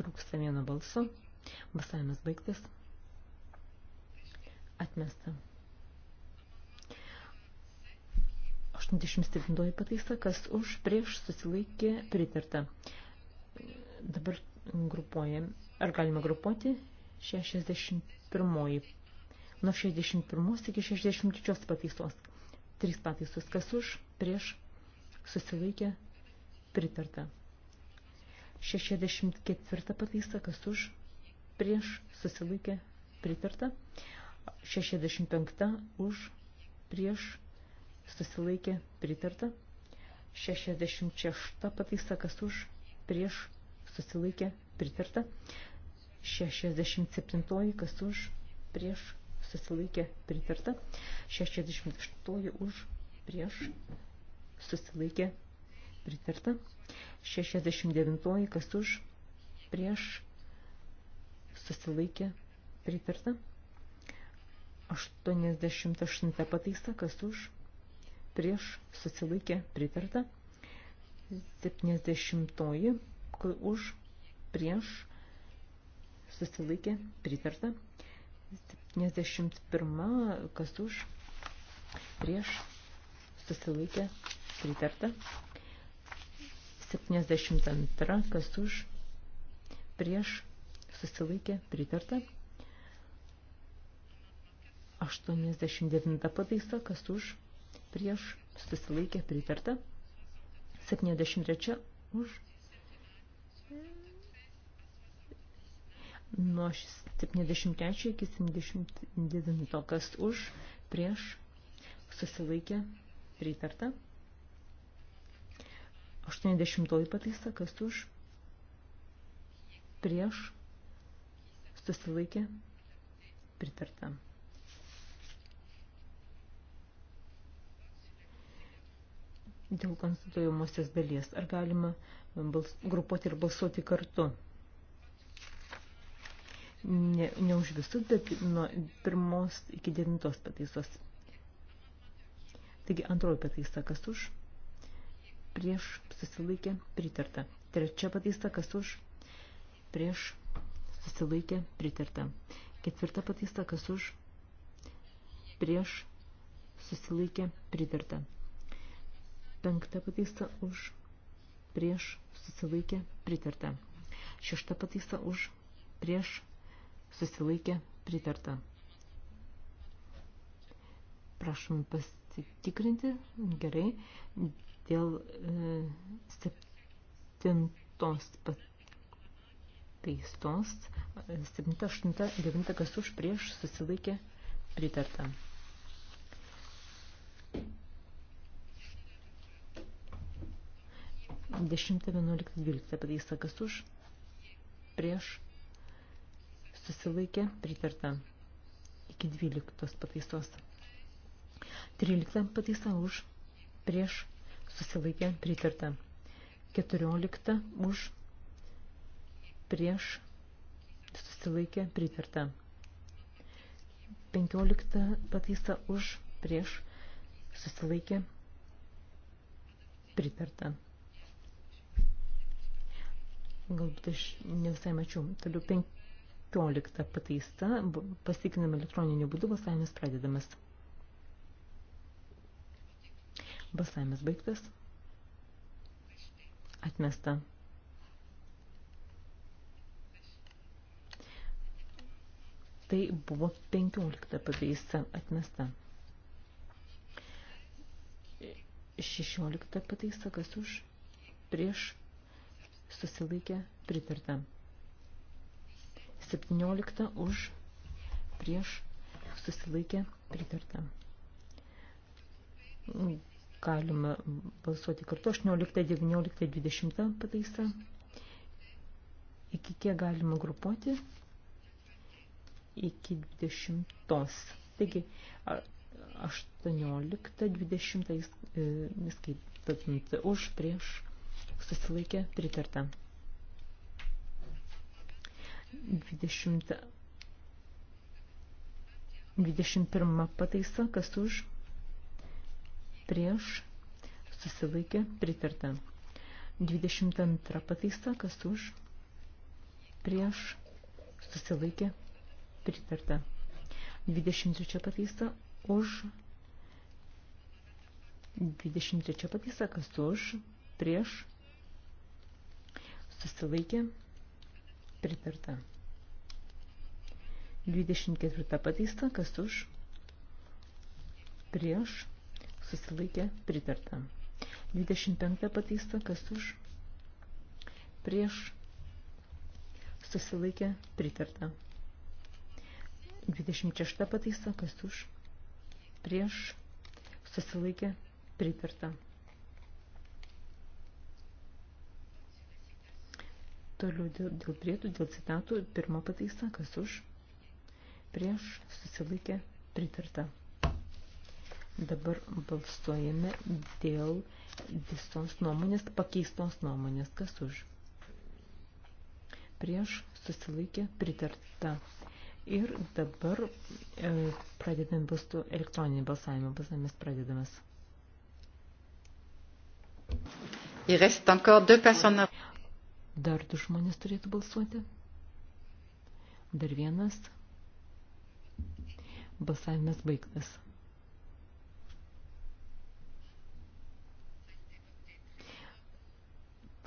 trūksta vieno balsu. Balsavimas baigtas. Atmesta. 87 pataisa, kas už prieš susilaikė pritarta. Dabar grupuojam, ar galima grupuoti 61. Nuo 61 iki 63 pataisos. Trys pataisos, kas už prieš susilaikė pritarta. 64 pataisa, kas už, prieš, susilaikė, pritarta. 65 už, prieš, susilaikė, pritarta. 66 pataisa, kas už, prieš, susilaikė, pritarta. 67 kas už, prieš, susilaikė, pritarta. 68 už, prieš, susilaikė, pritarta pritarta. 69 kas už, prieš, susilaikė, pritarta. 88 pataisa kas už, prieš, susilaikė, pritarta. 70 už, prieš, susilaikė, pritarta. 71 kas už, prieš, susilaikė, pritarta. 72, kas už, prieš, susilaikė, pritarta. 89 pataisa, kas už, prieš, susilaikė, pritarta. 73 už. Nuo 73 iki 79, kas už, prieš, susilaikė, pritarta. 80 pataisa, kas už, prieš, susilaikė, pritarta. Dėl konstituojamosios dalies, ar galima bals, grupuoti ir balsuoti kartu? Ne, ne už visus, bet nuo pirmos iki devintos pataisos. Taigi antroji pataisa, kas už? prieš susilaikė pritarta. Trečia pataista, kas už, prieš susilaikė pritarta. Ketvirta pataista, kas už, prieš susilaikė pritarta. Penkta pataista už, prieš susilaikė pritarta. Šešta pataista už, prieš susilaikė pritarta. Prašom pasitikrinti. Gerai dėl e, septintos pataistos, e, septinta, aštunta, devinta, kas už prieš susilaikė pritarta. Dešimta, vienuolikta, dvylikta pataisa, kas už prieš susilaikė pritarta iki 12 pataisos. 13 pataisa už prieš susilaikė pritarta. 14 už prieš susilaikė pritarta. 15 pataisa už prieš susilaikė pritarta. Galbūt aš ne visai mačiau. Toliau 15 pataista, pasikinam elektroniniu būdu, balsavimas pradedamas. Balsavimas baigtas. Atmesta. Tai buvo 15 pataisa atmesta. 16 pataisa, kas už, prieš, susilaikė, pritarta. 17 už, prieš, susilaikė, pritarta. Galima balsuoti kartu 18, 19, 20 pataisa. Iki kiek galima grupuoti? Iki 20. Taigi 18, 20, skaitant už, prieš, susilaikė, pritarta. 20, 21 pataisa, kas už, prieš, susilaikė, pritarta. 22 pataisa, kas už, prieš, susilaikė, pritarta. 23 pataisa, už, 23 pataisa, kas už, prieš, susilaikė, pritarta. 24 pataisa, kas už, prieš, susilaikė pritarta. 25 pataisa, kas už, prieš, susilaikė pritarta. 26 pataisa, kas už, prieš, susilaikė pritarta. Toliau dėl, dėl prietų, dėl citatų, pirma pataisa, kas už, prieš, susilaikė pritarta. Dabar balsuojame dėl visos nuomonės, pakeistos nuomonės. Kas už? Prieš susilaikė pritarta. Ir dabar e, pradedam balsu, elektroninį balsavimą. Balsavimas pradedamas. Il reste
encore deux personnes.
Dar du žmonės
turėtų balsuoti. Dar vienas.
Balsavimas baigtas.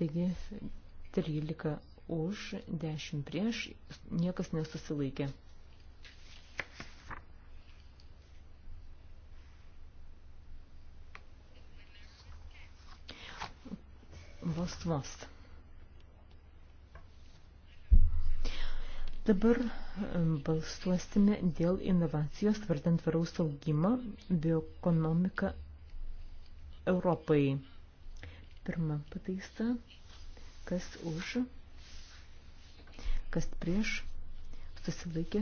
Taigi 13 už, 10 prieš, niekas nesusilaikė. Vos vos. Dabar balsuosime dėl inovacijos tvartant tvaraus augimą bioekonomiką Europai. Pirma pataisa, kas už, kas prieš, susilaikė,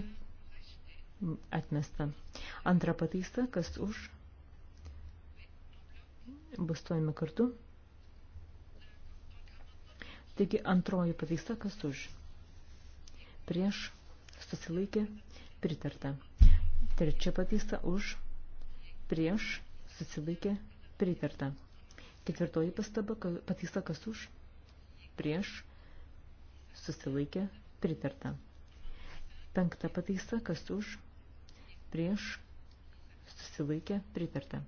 atmesta. Antra pataisa, kas už, bus stojame kartu. Taigi antroji pataisa, kas už, prieš, susilaikė, pritarta. Trečia pataisa, už, prieš, susilaikė, pritarta. Ketvirtoji pastaba, pataisa kas už, prieš, susilaikė, pritarta. Penkta pataisa, kas už, prieš, susilaikė, pritarta.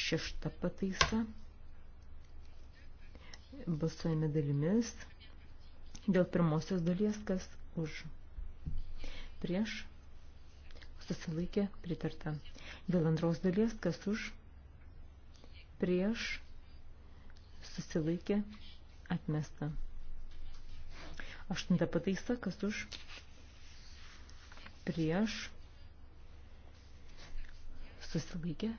Šešta pataisa, balsuojame dalimis, dėl pirmosios dalies, kas už, prieš, susilaikė, pritarta. Dėl antros dalies, kas už, prieš, prieš, susilaikė, atmesta. Aštunta pataisa, kas už, prieš, susilaikė.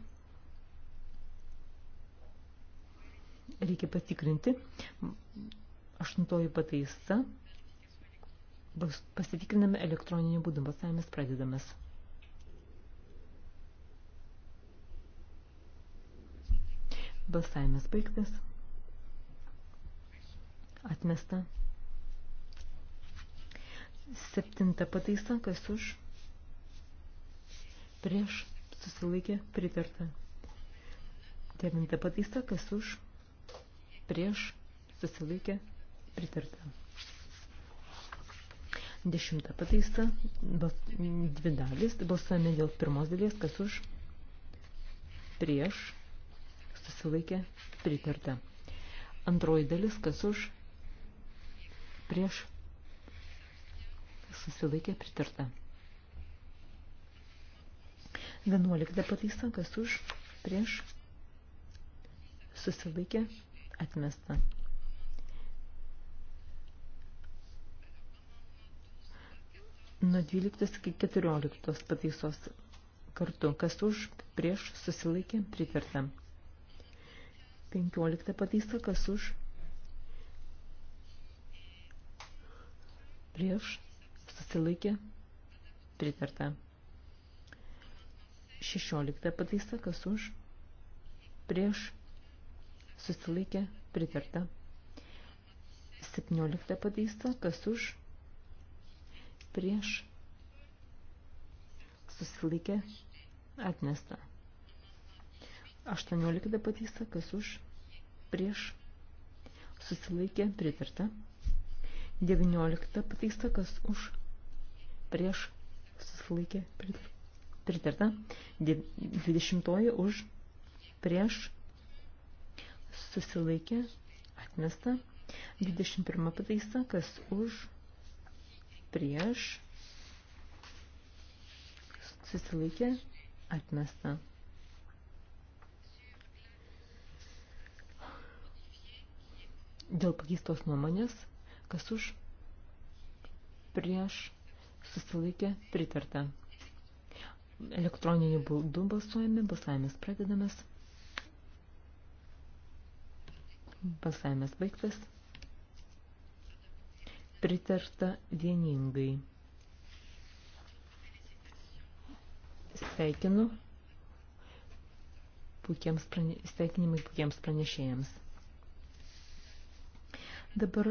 Reikia patikrinti. Aštuntoji pataisa. Pasitikriname elektroniniu būdu. Balsavimas pradedamas. Balsavimas baigtas. Atmesta. Septinta pataisa, kas už? Prieš susilaikė pritarta. Devinta pataisa, kas už? Prieš susilaikė pritarta. Dešimta pataisa, bals, dvi dalis, balsuojame dėl pirmos dalies, kas už? Prieš susilaikė, pritarta. Antroji dalis, kas už, prieš, susilaikė, pritarta. Vienuolikta pataisa, kas už, prieš, susilaikė, atmesta. Nuo 12 iki 14 pataisos kartu, kas už, prieš, susilaikė, pritarta. 15 pataisa, kas už, prieš, susilaikė, pritarta. 16 pataisa, kas už, prieš, susilaikė, pritarta. 17 pataisa, kas už, prieš, susilaikė, atmesta. 18 dapatysa, kas už, prieš, susilaikė, pritarta. 19 pataisa, kas už, prieš, susilaikė, pritarta. 20 už, prieš, susilaikė, atmesta. 21 pataisa, kas už, prieš, susilaikė, atmesta. dėl pakeistos nuomonės, kas už, prieš, susilaikė, pritarta. Elektroniniu būdu balsuojame, balsavimas pradedamas, balsavimas baigtas, pritarta vieningai. Sveikinu, puikiems prane, sveikinimai pukiems pranešėjams. Dabar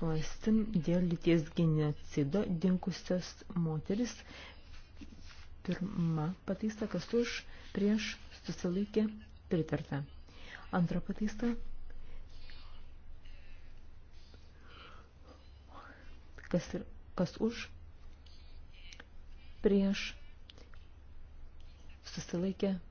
balsuosim dėl lyties genocido dinkusios moteris. Pirma pataisa, kas už, prieš, susilaikė, pritarta. Antra pataisa, kas, ir, kas už, prieš, susilaikė, pritarta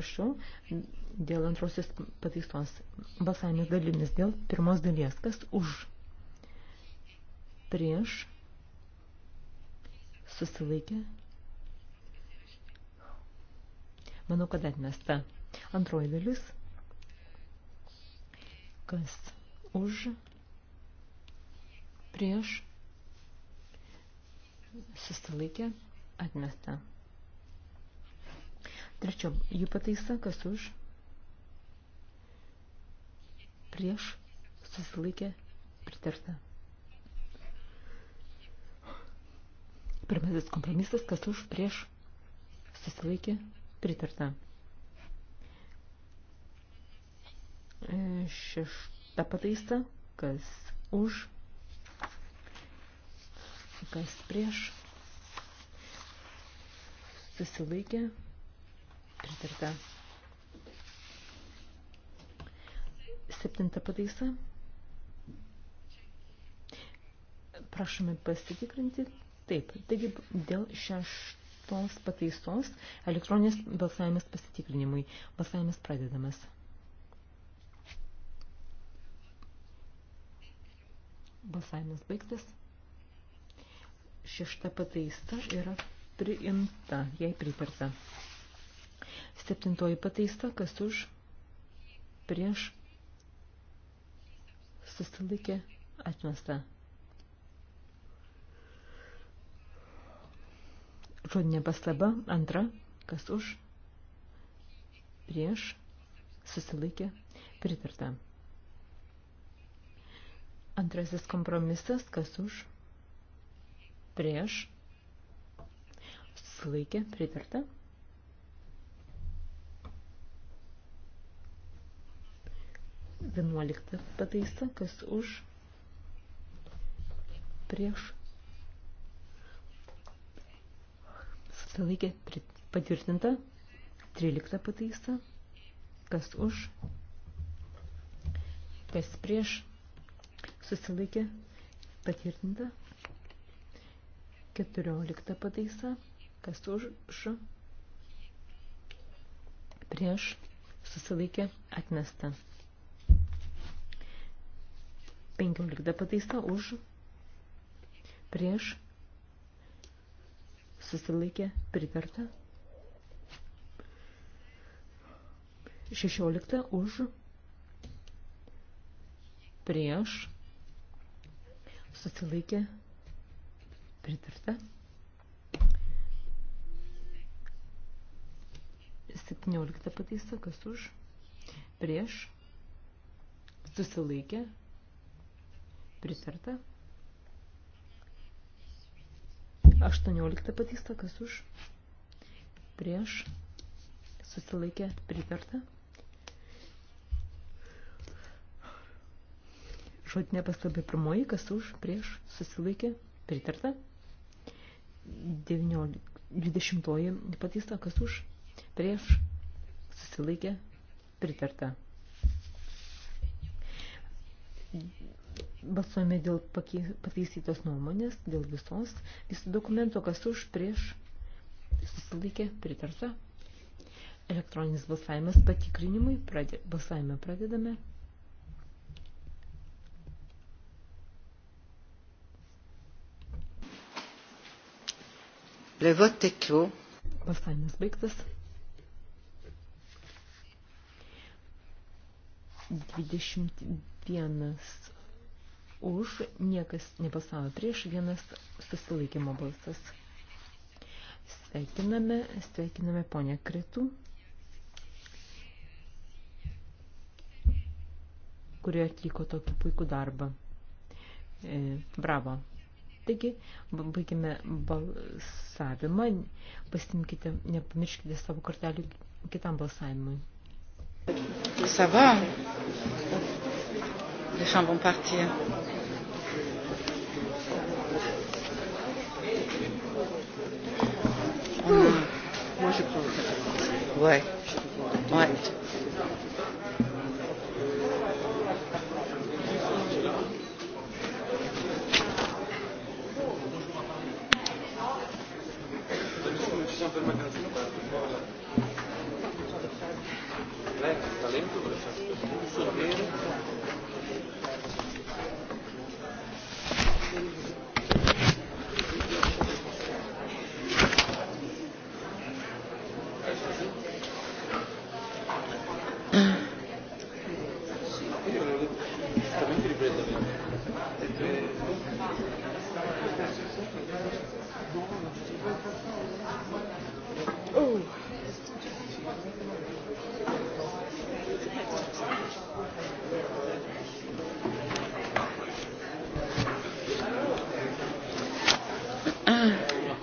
mokesčių dėl antrosios pataisos balsavimas dalinis dėl pirmos dalies. Kas už? Prieš susilaikė. Manau, kad atmesta. Antroji dalis. Kas už? Prieš susilaikė. Atmesta. Trečia, jų pataisa, kas už, prieš, susilaikė, pritarta. Pirmasis kompromisas, kas už, prieš, susilaikė, pritarta. E, šešta pataisa, kas už, kas prieš, susilaikė, pritarta Pritarta. Septinta pataisa. Prašome pasitikrinti. Taip, taigi dėl šeštos pataisos elektroninės balsavimas pasitikrinimui. Balsavimas pradedamas. Balsavimas baigtas. Šešta pataisa yra priimta, jai pritarta. Septintoji pataista, kas už, prieš, susilaikė, atmesta. Žodinė pastaba, antra, kas už, prieš, susilaikė, pritarta. Antrasis kompromisas, kas už, prieš, susilaikė, pritarta. 11 pataisa, kas už, prieš, susilaikė patvirtinta, 13 pataisa, kas už, kas prieš, susilaikė patvirtinta, 14 pataisa, kas už, š, prieš, susilaikė atmesta. 15 pataisa už, prieš, susilaikė, pritarta. 16 už, prieš, susilaikė, pritarta. 17 pataisa, kas už, prieš, susilaikė, pritarta pritarta. 18 patiksta, kas už, prieš, susilaikė, pritarta. Žodinė pastabė pirmoji, kas už, prieš, susilaikė, pritarta. 19, 20 patysta, kas už, prieš, susilaikė, pritarta. Balsuojame dėl pataisytos nuomonės, dėl visos, visų dokumento, kas už, prieš, susilaikė, pritarta. Elektroninis balsavimas patikrinimui, pradė, balsavimą pradedame. Le vote est clos. Balsavimas baigtas. 21 už, niekas nepasavo prieš, vienas susilaikymo balsas. Sveikiname, sveikiname ponę Kretų, kurie atliko tokį puikų darbą. E, bravo. Taigi, baigime balsavimą, pasimkite, nepamirškite savo kortelių kitam balsavimui.
Ça va Les gens vont partir. Ouh. Moi, mm. je prends le Ouais. Ouais. Lei ha talento per
sapere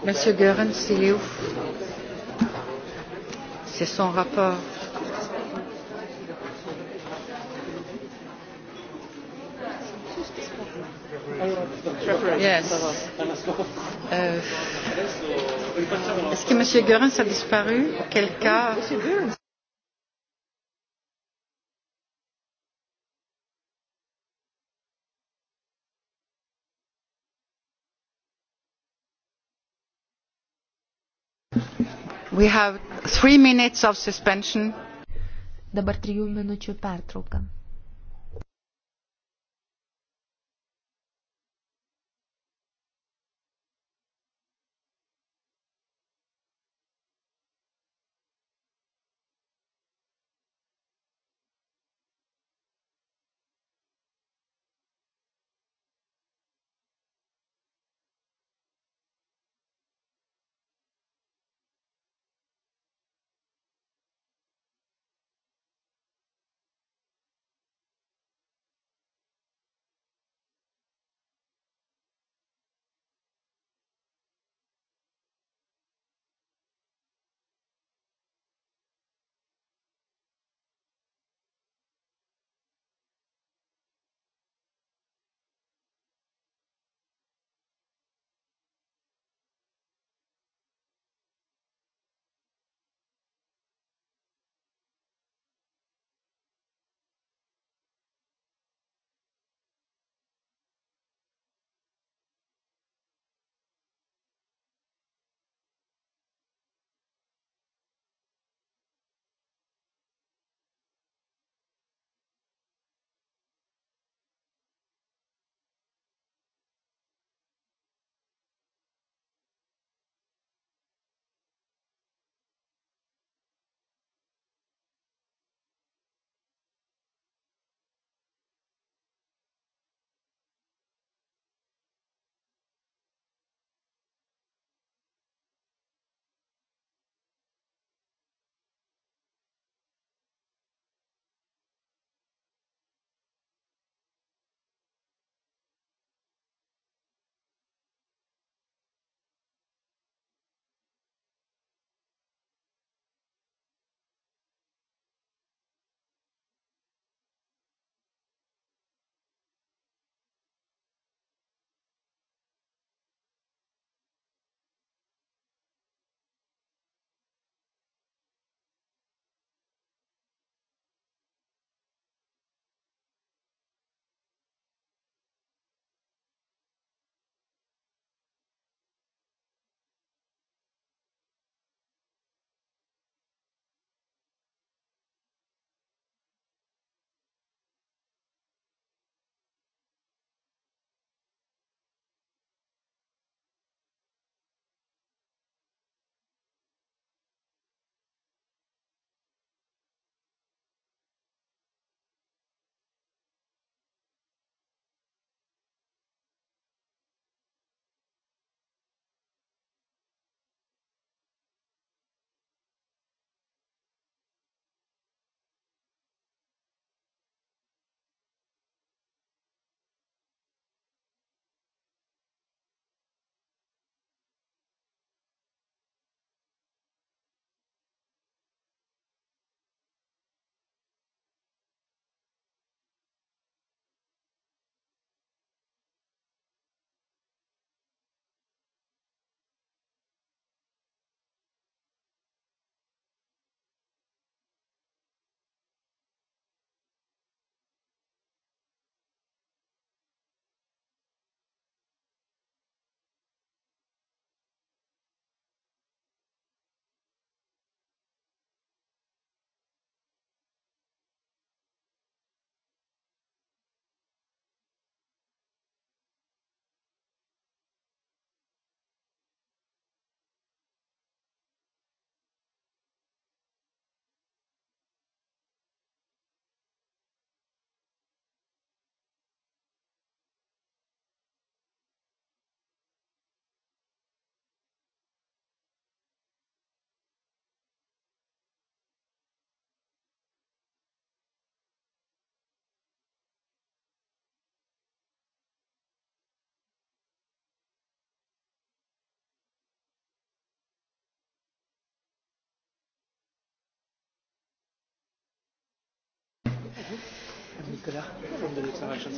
Monsieur Goerens, il est où C'est son rapport. Yes.
Euh, Est-ce que M.
Goerens a disparu Auquel cas
Dabar trijų minučių pertrauka.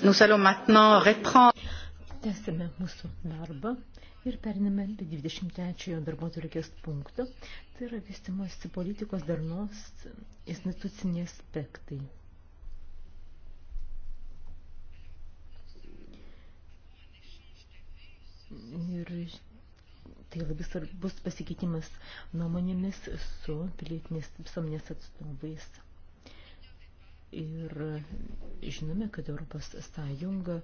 Nous allons maintenant reprendre.
Tęsime mūsų darbą ir periname 23 darbo turkės punkto, tai yra vystimosi politikos darnos instituciniai aspektai. Ir tai labai svarbus pasikeitimas nuomonėmis su pilietinės visuomenės atstovais. Ir žinome, kad Europos Sąjunga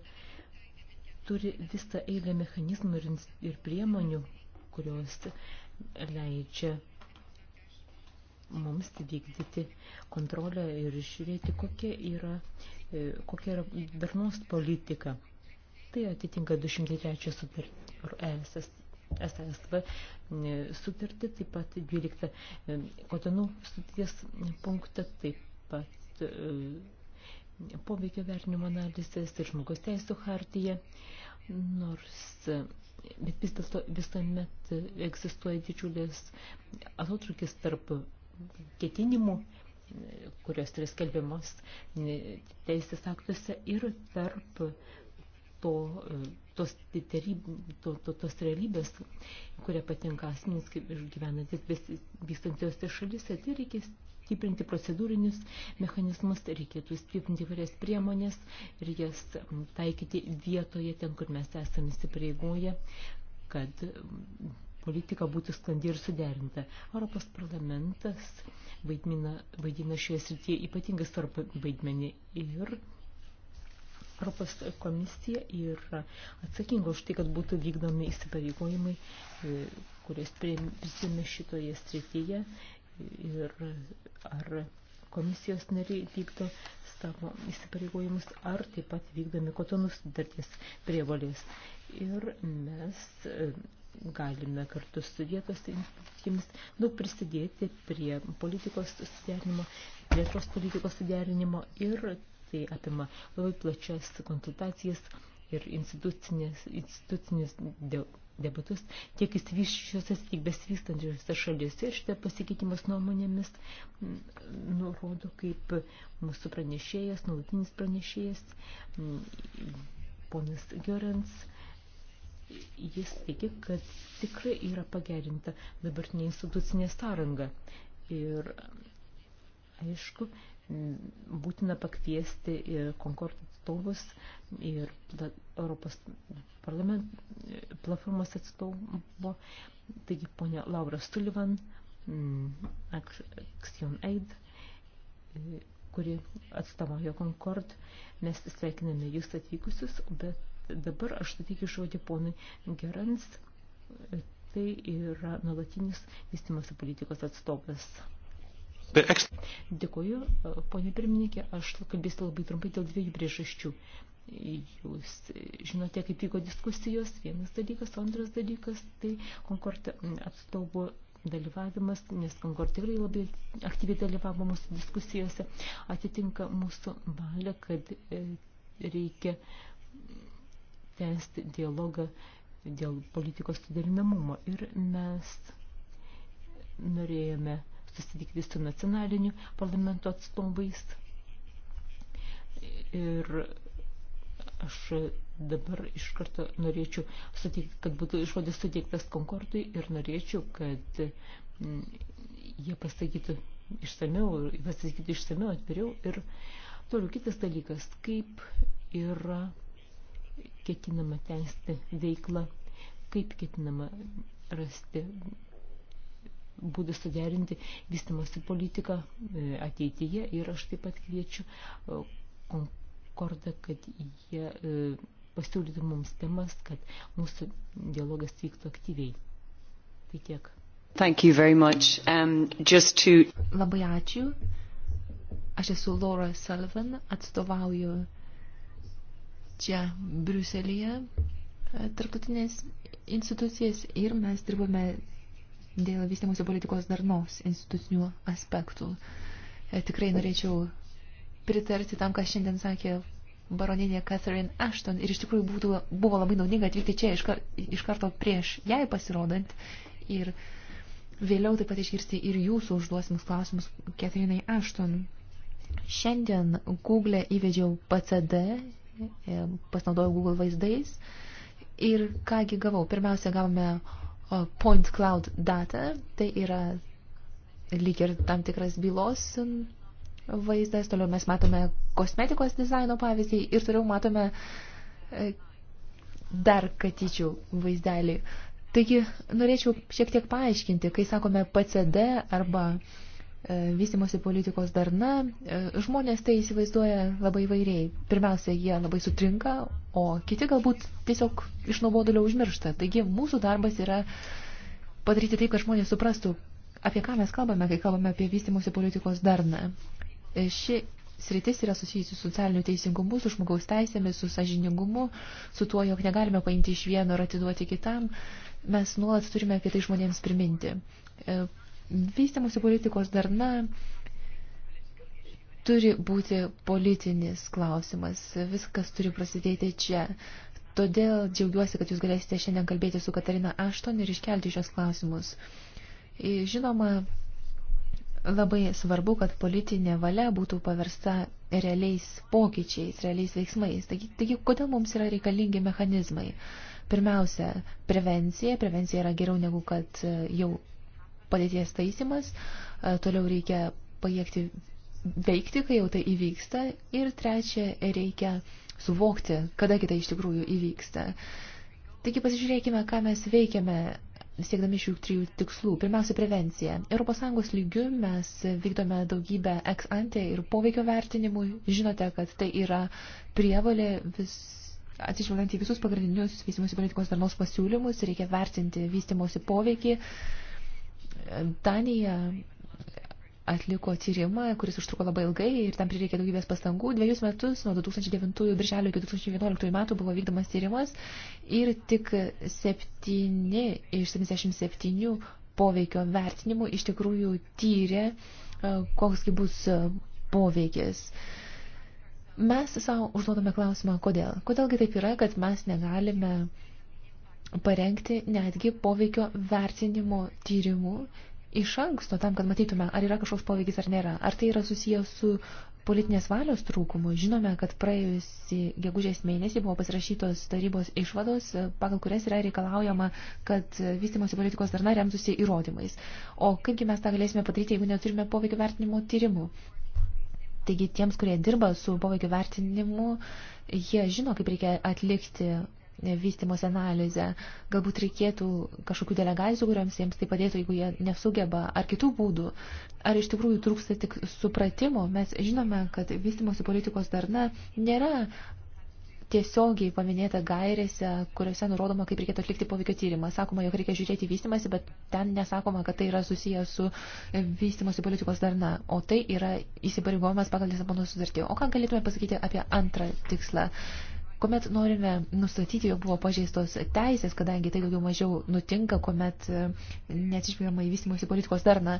turi visą eilę mechanizmų ir, ir priemonių, kurios leidžia mums vykdyti kontrolę ir žiūrėti, kokia yra, e, kokia yra darnos politika. Tai atitinka 203 sutartis. SSV sutartį, taip pat 12 e, kotonų sutarties punktą, taip pat E, poveikio vertinimo analizės ir žmogus teisų hartyje, nors bet vis dėlto visuomet egzistuoja didžiulis atotrukis tarp ketinimų, kurios yra skelbiamos e, teisės aktuose ir tarp to, e, tos, taryb, to, to, tos realybės, kuria patinka asmenys, kaip išgyvenantis vystantiose šalyse, tai reikia stiprinti procedūrinius mechanizmus, reikėtų stiprinti įvairias priemonės ir jas taikyti vietoje, ten, kur mes esame įsipareigoję, kad politika būtų sklandi ir suderinta. Europos parlamentas vaidmina, vaidina šioje srityje ypatingai svarbą vaidmenį ir Europos komisija yra atsakinga už tai, kad būtų vykdomi įsipareigojimai, e, kurios prisėmė šitoje srityje ir ar komisijos nariai vykdo savo įsipareigojimus, ar taip pat vykdomi kotonų sudarties prievolės. Ir mes e, galime kartu su vietos institucijomis daug nu, prisidėti prie politikos suderinimo, plėtros politikos suderinimo ir tai apima labai plačias konsultacijas ir institucinis, institucinis debatus tiek įsivyščiusios tiek besivystančiose šalyse. Ir šitą pasikeitimas nuomonėmis nurodo, kaip mūsų pranešėjas, nuolatinis pranešėjas, ponas Gerens, jis teigia, kad tikrai yra pagerinta dabartinė institucinė sąranga. Ir aišku, būtina pakviesti ir Concord atstovus, ir Europos parlamento platformos atstovo, taigi ponia Laura Sullivan, Action Aid, e, kuri atstovauja Concord. Mes sveikiname jūs atvykusius, bet dabar aš suteikiu žodį ponui Gerans, e, tai yra nuolatinis vystimosi politikos atstovas. Dėkuoju, ponė pirmininkė, aš kalbėsiu labai trumpai dėl dviejų priežasčių. Jūs žinote, kaip vyko diskusijos, vienas dalykas, antras dalykas, tai Concord atstovų dalyvavimas, nes Concord tikrai labai aktyviai dalyvavo mūsų diskusijose, atitinka mūsų valią, kad e, reikia tęsti dialogą dėl politikos suderinamumo. Ir mes norėjome susitikti su nacionaliniu parlamento atstovais. Ir aš dabar iš karto norėčiau suteikti, kad būtų žodis suteiktas Konkordui ir norėčiau, kad mm, jie pasakytų išsameu, pasakytų išsameu, atviriau. Ir toliau kitas dalykas, kaip yra ketinama tęsti veiklą, kaip ketinama rasti būdų suderinti vystimosi politiką e, ateityje ir aš taip pat kviečiu Konkordą, e, kad jie e, pasiūlytų mums temas, kad mūsų dialogas vyktų aktyviai. Tai tiek.
Thank you very much. Um, just to...
Labai ačiū. Aš esu Laura Sullivan, atstovauju čia Briuselėje tarptautinės institucijas ir mes dirbame dėl vystimusi politikos darnaus institucinių aspektų. E, tikrai norėčiau pritarti tam, ką šiandien sakė baroninė Catherine Ashton ir iš tikrųjų būtų, buvo labai naudinga atvykti čia iš, kar, iš karto prieš jai pasirodant ir vėliau taip pat išgirsti ir jūsų užduosimus klausimus Catherine'ai Ashton. Šiandien Google e įvedžiau PCD, pasinaudojau Google vaizdais ir kągi gavau. Pirmiausia, gavome point cloud data, tai yra lyg ir tam tikras bylos um, vaizdas, toliau mes matome kosmetikos dizaino pavyzdį ir toliau matome e, dar katyčių vaizdelį. Taigi norėčiau šiek tiek paaiškinti, kai sakome PCD arba uh, E, vystimosi politikos darna, e, žmonės tai įsivaizduoja labai vairiai. Pirmiausia, jie labai sutrinka, o kiti galbūt tiesiog iš nuobodulio užmiršta. Taigi mūsų darbas yra padaryti taip, kad žmonės suprastų, apie ką mes kalbame, kai kalbame apie vystimosi politikos darną. E, ši sritis yra susijusi su socialiniu teisingumu, su žmogaus teisėmis, su sažiningumu, su tuo, jog negalime paimti iš vieno ir atiduoti kitam. Mes nuolat turime apie tai žmonėms priminti Vystimusi politikos darna turi būti politinis klausimas, viskas turi prasidėti čia. Todėl džiaugiuosi, kad jūs galėsite šiandien kalbėti su Katarina Ašton ir iškelti šios klausimus. Žinoma, labai svarbu, kad politinė valia būtų paversta realiais pokyčiais, realiais veiksmais. Taigi, taigi kodėl mums yra reikalingi mechanizmai? Pirmiausia, prevencija. Prevencija yra geriau negu kad e, jau padėties taisimas, e, toliau reikia pajėgti veikti, kai jau tai įvyksta, ir trečia, reikia suvokti, kada kitai iš tikrųjų įvyksta. Taigi pasižiūrėkime, ką mes veikiame siekdami šių trijų tikslų. Pirmiausia, prevencija. ES lygių mes vykdome daugybę ex ante ir poveikio vertinimų. Žinote, kad tai yra prievalė vis atsižvelgiant į visus pagrindinius vystimosi politikos darnos pasiūlymus, reikia vertinti vystimosi poveikį, Danija atliko tyrimą, kuris užtruko labai ilgai ir tam prireikė daugybės pastangų. Dviejus metus, nuo 2009 birželio iki 2011 metų buvo vykdomas tyrimas ir tik 7 iš 77 poveikio vertinimų iš tikrųjų tyrė, e, koksgi bus poveikis. Mes savo užduodame klausimą, kodėl. Kodėlgi taip yra, kad mes negalime uh, parengti netgi poveikio vertinimo tyrimų iš anksto, tam, kad matytume, ar yra kažkoks poveikis ar nėra. Ar tai yra susijęs su politinės valios trūkumu. Žinome, kad praėjusį gegužės mėnesį buvo pasirašytos tarybos išvados, pagal kurias yra reikalaujama, kad vystimosi politikos darna remtųsi įrodymais. O kaipgi mes tą galėsime padaryti, jeigu neturime poveikio vertinimo tyrimų? Taigi tiems, kurie dirba su poveikio vertinimu, jie žino, kaip reikia atlikti vystimos analizę. Galbūt reikėtų kažkokių delegacijų, kuriams jiems tai padėtų, jeigu jie nesugeba, ar kitų būdų. Ar iš tikrųjų trūksta tik supratimo? Mes žinome, kad vystimosi politikos darna nėra tiesiogiai paminėta gairėse, kuriuose nurodoma, kaip reikėtų atlikti poveikio tyrimą. Sakoma, jog reikia žiūrėti vystimasi, bet ten nesakoma, kad tai yra susijęs su vystimosi politikos darna, o tai yra įsipareigojimas pagal Lisabono sutartį. O ką galėtume pasakyti apie antrą tikslą? Komet norime nustatyti, jog buvo pažeistos teisės, kadangi tai daugiau mažiau nutinka, kuomet e, neatsižvelgiama į vystimosi politikos darną.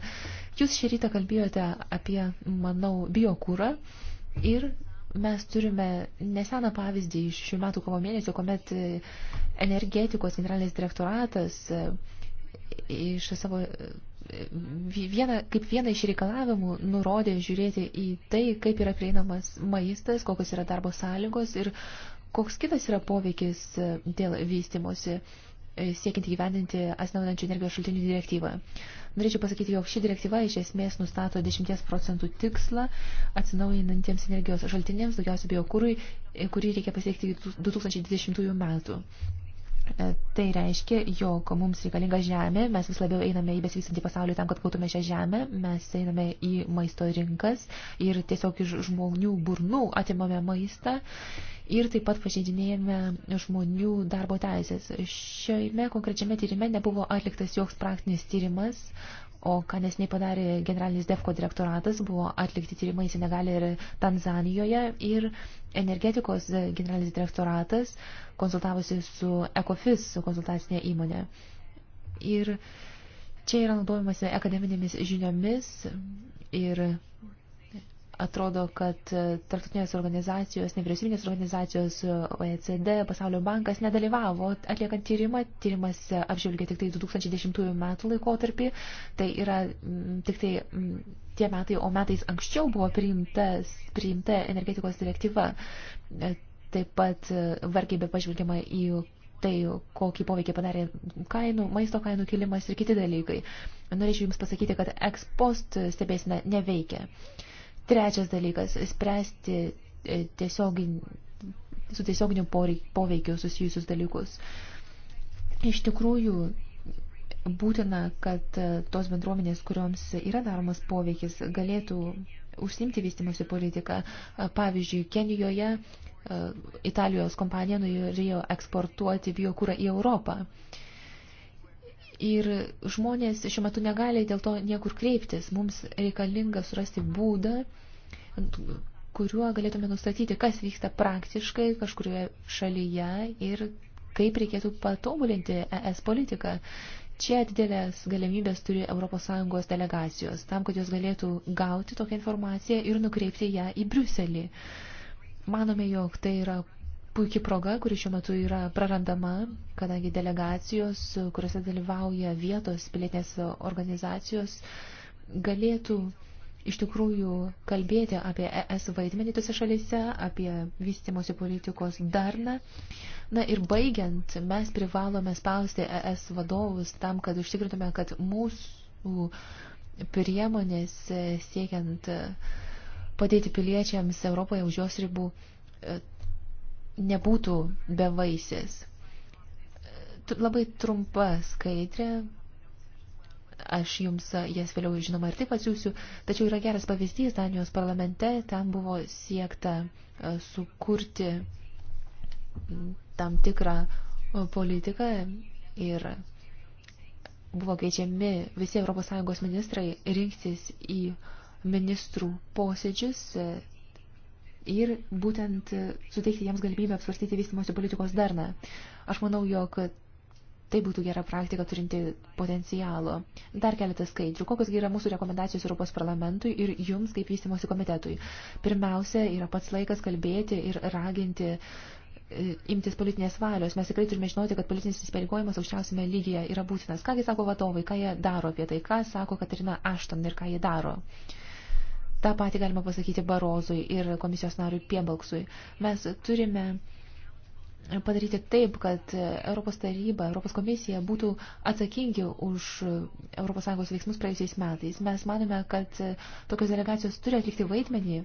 Jūs šį rytą kalbėjote apie, manau, biokūrą ir mes turime neseną pavyzdį iš šių metų kovo mėnesio, kuomet e, energetikos generalinis direktoratas e, iš savo vieną, kaip vieną iš reikalavimų nurodė žiūrėti į tai, kaip yra prieinamas maistas, kokios yra darbo sąlygos ir Koks kitas yra poveikis e, dėl vystimosi e, siekiant įgyvendinti atsinaujinančių energijos šaltinių direktyvą. Norėčiau pasakyti, jog ši direktyva iš esmės nustato 10 procentų tikslą atsinaujinantiems energijos šaltiniams, daugiausia biokūrui, e, kurį reikia pasiekti 2020 metų. E, tai reiškia, jog mums reikalinga žemė, mes vis labiau einame į besivystantį pasaulį tam, kad gautume šią žemę, mes einame į maisto rinkas ir tiesiog iš žmonių burnų atimame maistą ir taip pat pažeidinėjame žmonių darbo teisės. Šiame konkrečiame tyrime nebuvo atliktas joks praktinis tyrimas, O ką nesiniai padarė generalinis DEFCO direktoratas, buvo atlikti tyrimai Senegalė ir Tanzanijoje ir energetikos generalinis direktoratas konsultavosi su ECOFIS, su konsultacinė įmonė. Ir čia yra naudojamasi akademinėmis žiniomis ir atrodo, kad e, tarptautinės organizacijos, nevyriausybinės organizacijos, e, OECD, Pasaulio bankas nedalyvavo atliekant tyrimą. Tyrimas e, apžvelgia tik tai 2010 metų laikotarpį. Tai yra tik tai tie metai, o metais anksčiau buvo priimtas, priimta energetikos direktyva. Taip pat vargiai be pažvelgiama į tai, kokį poveikį padarė kainų, maisto kainų kilimas ir kiti dalykai. Norėčiau Jums pasakyti, kad ekspost stebėsina neveikia. Uh, Trečias dalykas - spręsti e, tiesiog, su tiesioginiu poveikiu susijusius dalykus. Iš tikrųjų, būtina, kad e, tos bendruomenės, kurioms yra daromas poveikis, galėtų užsimti vystimosi politiką. E, pavyzdžiui, Kenijoje Italijos kompanija norėjo eksportuoti biokūrą į Europą. Uh, Ir žmonės šiuo metu negali dėl to niekur kreiptis. Mums reikalinga surasti būdą, kuriuo galėtume nustatyti, kas vyksta praktiškai kažkurioje šalyje ir kaip reikėtų patobulinti ES politiką. Čia didelės galimybės turi ES delegacijos, tam, kad jos galėtų gauti tokią informaciją ir nukreipti ją į Briuselį. Manome, jog tai yra puikia proga, kuri šiuo metu yra prarandama, kadangi delegacijos, kuriuose dalyvauja vietos pilietinės organizacijos, galėtų iš tikrųjų kalbėti apie ES vaidmenį tose šalyse, apie vystimosi politikos darną. Na ir baigiant, mes privalome spausti ES vadovus tam, kad užtikrintume, kad mūsų priemonės e, siekiant e, padėti piliečiams Europoje už jos ribų e, nebūtų bevaisės. Labai trumpa skaidrė, aš jums jas vėliau žinoma ir taip atsiųsiu, tačiau yra geras pavyzdys Danijos parlamente, ten buvo siekta sukurti tam tikrą politiką ir buvo kviečiami visi ES ministrai rinktis į ministrų posėdžius ir būtent e, suteikti jiems galimybę apsvarstyti vystimosi politikos darną. Aš manau, jog tai būtų gera praktika turinti potencialo. Dar keletas skaidrių. Kokios yra mūsų rekomendacijos Europos parlamentui ir jums kaip vystimosi komitetui? Pirmiausia, yra pats laikas kalbėti ir raginti e, imtis politinės valios. Mes tikrai turime žinoti, kad politinis įsipareigojimas aukščiausiame lygyje yra būtinas. Kągi sako vadovai, ką jie daro apie tai, ką sako Katarina Ašton ir ką jie daro. Uh, Ta pati galima pasakyti Barozui ir komisijos nariui Piembalksui. Mes turime padaryti taip, kad Europos taryba, Europos komisija būtų atsakingi už ES veiksmus praėjusiais metais. Mes manome, kad tokios delegacijos turi atlikti vaidmenį,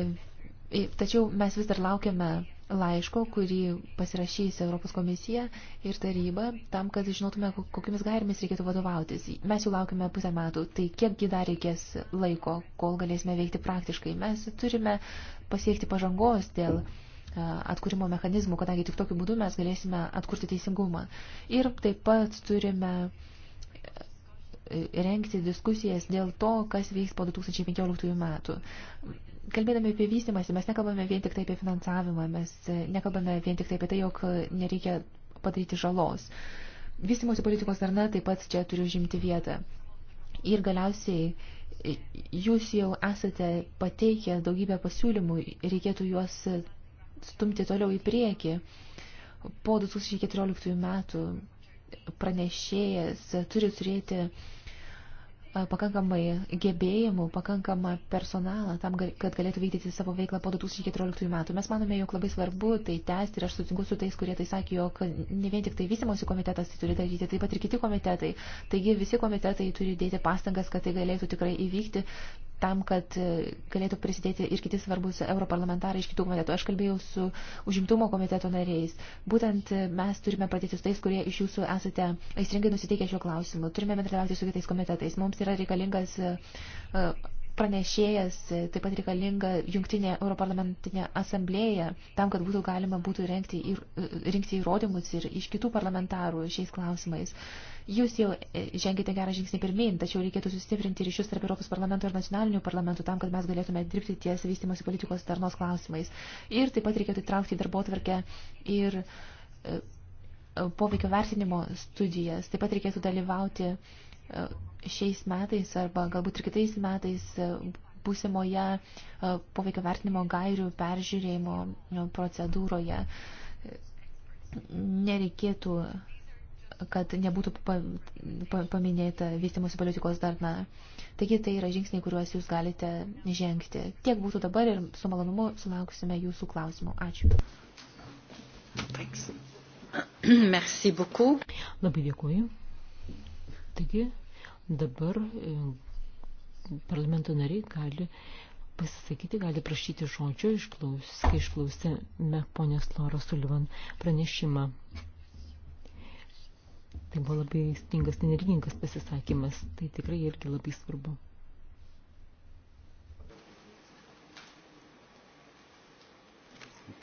e, tačiau mes vis dar laukiame laiško, kurį pasirašys Europos komisija ir taryba, tam, kad žinotume, kokiamis gairėmis reikėtų vadovautis. Mes jau laukime pusę metų, tai kiekgi dar reikės laiko, kol galėsime veikti praktiškai. Mes turime pasiekti pažangos dėl atkūrimo mechanizmų, kadangi tik tokiu būdu mes galėsime atkurti teisingumą. Ir taip pat turime e, rengti diskusijas dėl to, kas vyks po 2015 metų kalbėdami apie vystimąsi, mes nekalbame vien tik tai apie finansavimą, mes e, nekalbame vien tik tai apie tai, jog e, nereikia padaryti žalos. Vystimosi politikos darna taip pat čia turi žimti vietą. Ir galiausiai e, jūs jau esate pateikę daugybę pasiūlymų, reikėtų juos stumti toliau į priekį. Po 2014 metų pranešėjas turi turėti pakankamai gebėjimų, pakankamą personalą tam, kad galėtų vykdyti savo veiklą po 2014 metų. Mes manome, jog labai svarbu tai tęsti ir aš sutinku su tais, kurie tai sakė, jog ne vien tik tai vystimosi komitetas tai turi daryti, taip pat ir kiti komitetai. Taigi visi komitetai turi dėti pastangas, kad tai galėtų tikrai įvykti tam, kad e, galėtų prisidėti ir kiti svarbus europarlamentarai iš kitų komitetų. Aš kalbėjau su užimtumo komiteto nariais. Būtent e, mes turime padėti su tais, kurie iš jūsų esate aistringai nusiteikę šiuo klausimu. Turime bendradarbiauti su kitais komitetais. Mums yra reikalingas e, pranešėjas, e, taip pat reikalinga jungtinė Europarlamentinė asamblėja, tam, kad būtų galima būtų renkti ir, e, rinkti įrodymus ir iš kitų parlamentarų šiais klausimais. Jūs jau e, žengite gerą žingsnį pirmin, tačiau reikėtų sustiprinti ryšius tarp Europos parlamento ir nacionalinių parlamentų tam, kad mes galėtume dirbti ties vystimosi politikos darnos klausimais. Ir taip pat reikėtų įtraukti į darbo tvarkę ir poveikio vertinimo studijas. Taip pat reikėtų dalyvauti uh, E, šiais metais arba galbūt ir kitais metais e, būsimoje e, poveikio vertinimo gairių peržiūrėjimo procedūroje nereikėtų, kad nebūtų paminėta vystimusi politikos darna. Taigi tai yra žingsniai, kuriuos jūs galite žengti. Tiek būtų dabar ir su malonumu sulauksime jūsų klausimų. Ačiū. Thanks.
Merci beaucoup. Labai dėkuoju. Taigi dabar e, parlamento nariai gali pasisakyti, gali prašyti žodžio, išklaus, kai išklausėme ponės Loros Sullivan pranešimą. Tai buvo labai stingas, energingas pasisakymas, tai tikrai irgi labai svarbu.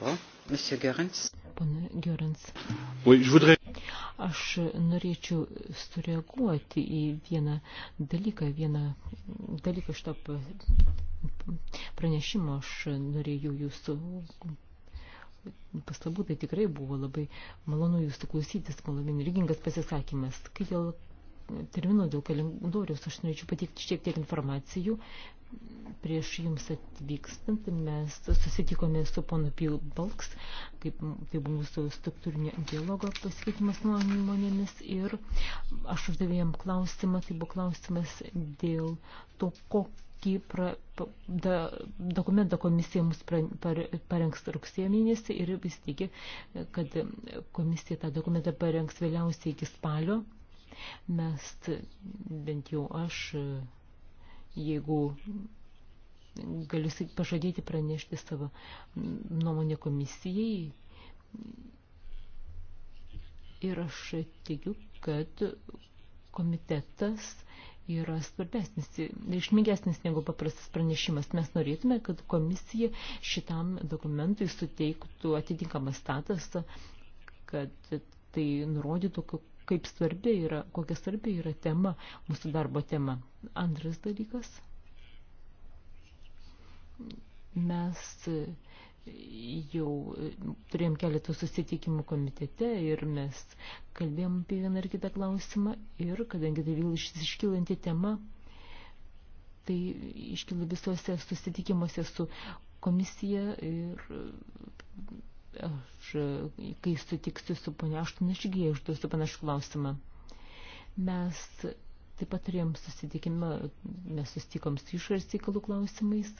Bon, Monsieur Görens
ponė Gerans. Aš norėčiau sureaguoti į vieną dalyką, vieną dalyką šito pranešimo. Aš norėjau jūsų pastabų, tai tikrai buvo labai malonu jūsų klausytis, malonu energingas pasisakymas. Kai dėl termino dėl kalendoriaus. Aš norėčiau pateikti šiek tiek informacijų. Prieš jums atvykstant mes susitikome su ponu Pilbalks, kaip tai buvo mūsų struktūrinio dialogo pasikeitimas nuomonėmis ir aš uždavėjom klausimą, tai buvo klausimas dėl to, kokio kokį pra, da, dokumentą komisija mums par, parengs rugsėjo mėnesį ir jis tiki, kad komisija tą dokumentą parengs vėliausiai iki spalio Mes, bent jau aš, jeigu galiu pažadėti pranešti savo nuomonę komisijai, ir aš tikiu, kad komitetas yra svarbesnis, reikšmingesnis negu paprastas pranešimas. Mes norėtume, kad komisija šitam dokumentui suteiktų atitinkamą statusą, kad tai nurodytų, kaip svarbi yra, kokia svarbi yra tema, mūsų darbo tema. Antras dalykas, mes jau turėjom keletą susitikimų komitete ir mes kalbėjom apie vieną ar kitą klausimą ir kadangi tai vėl iškylanti tema, tai iškyla visuose susitikimuose su komisija ir aš, e, kai sutiksiu su ponia Aštun, aš irgi užduosiu panašų klausimą. Mes taip pat turėjom susitikimą, mes susitikom su išorės reikalų klausimais,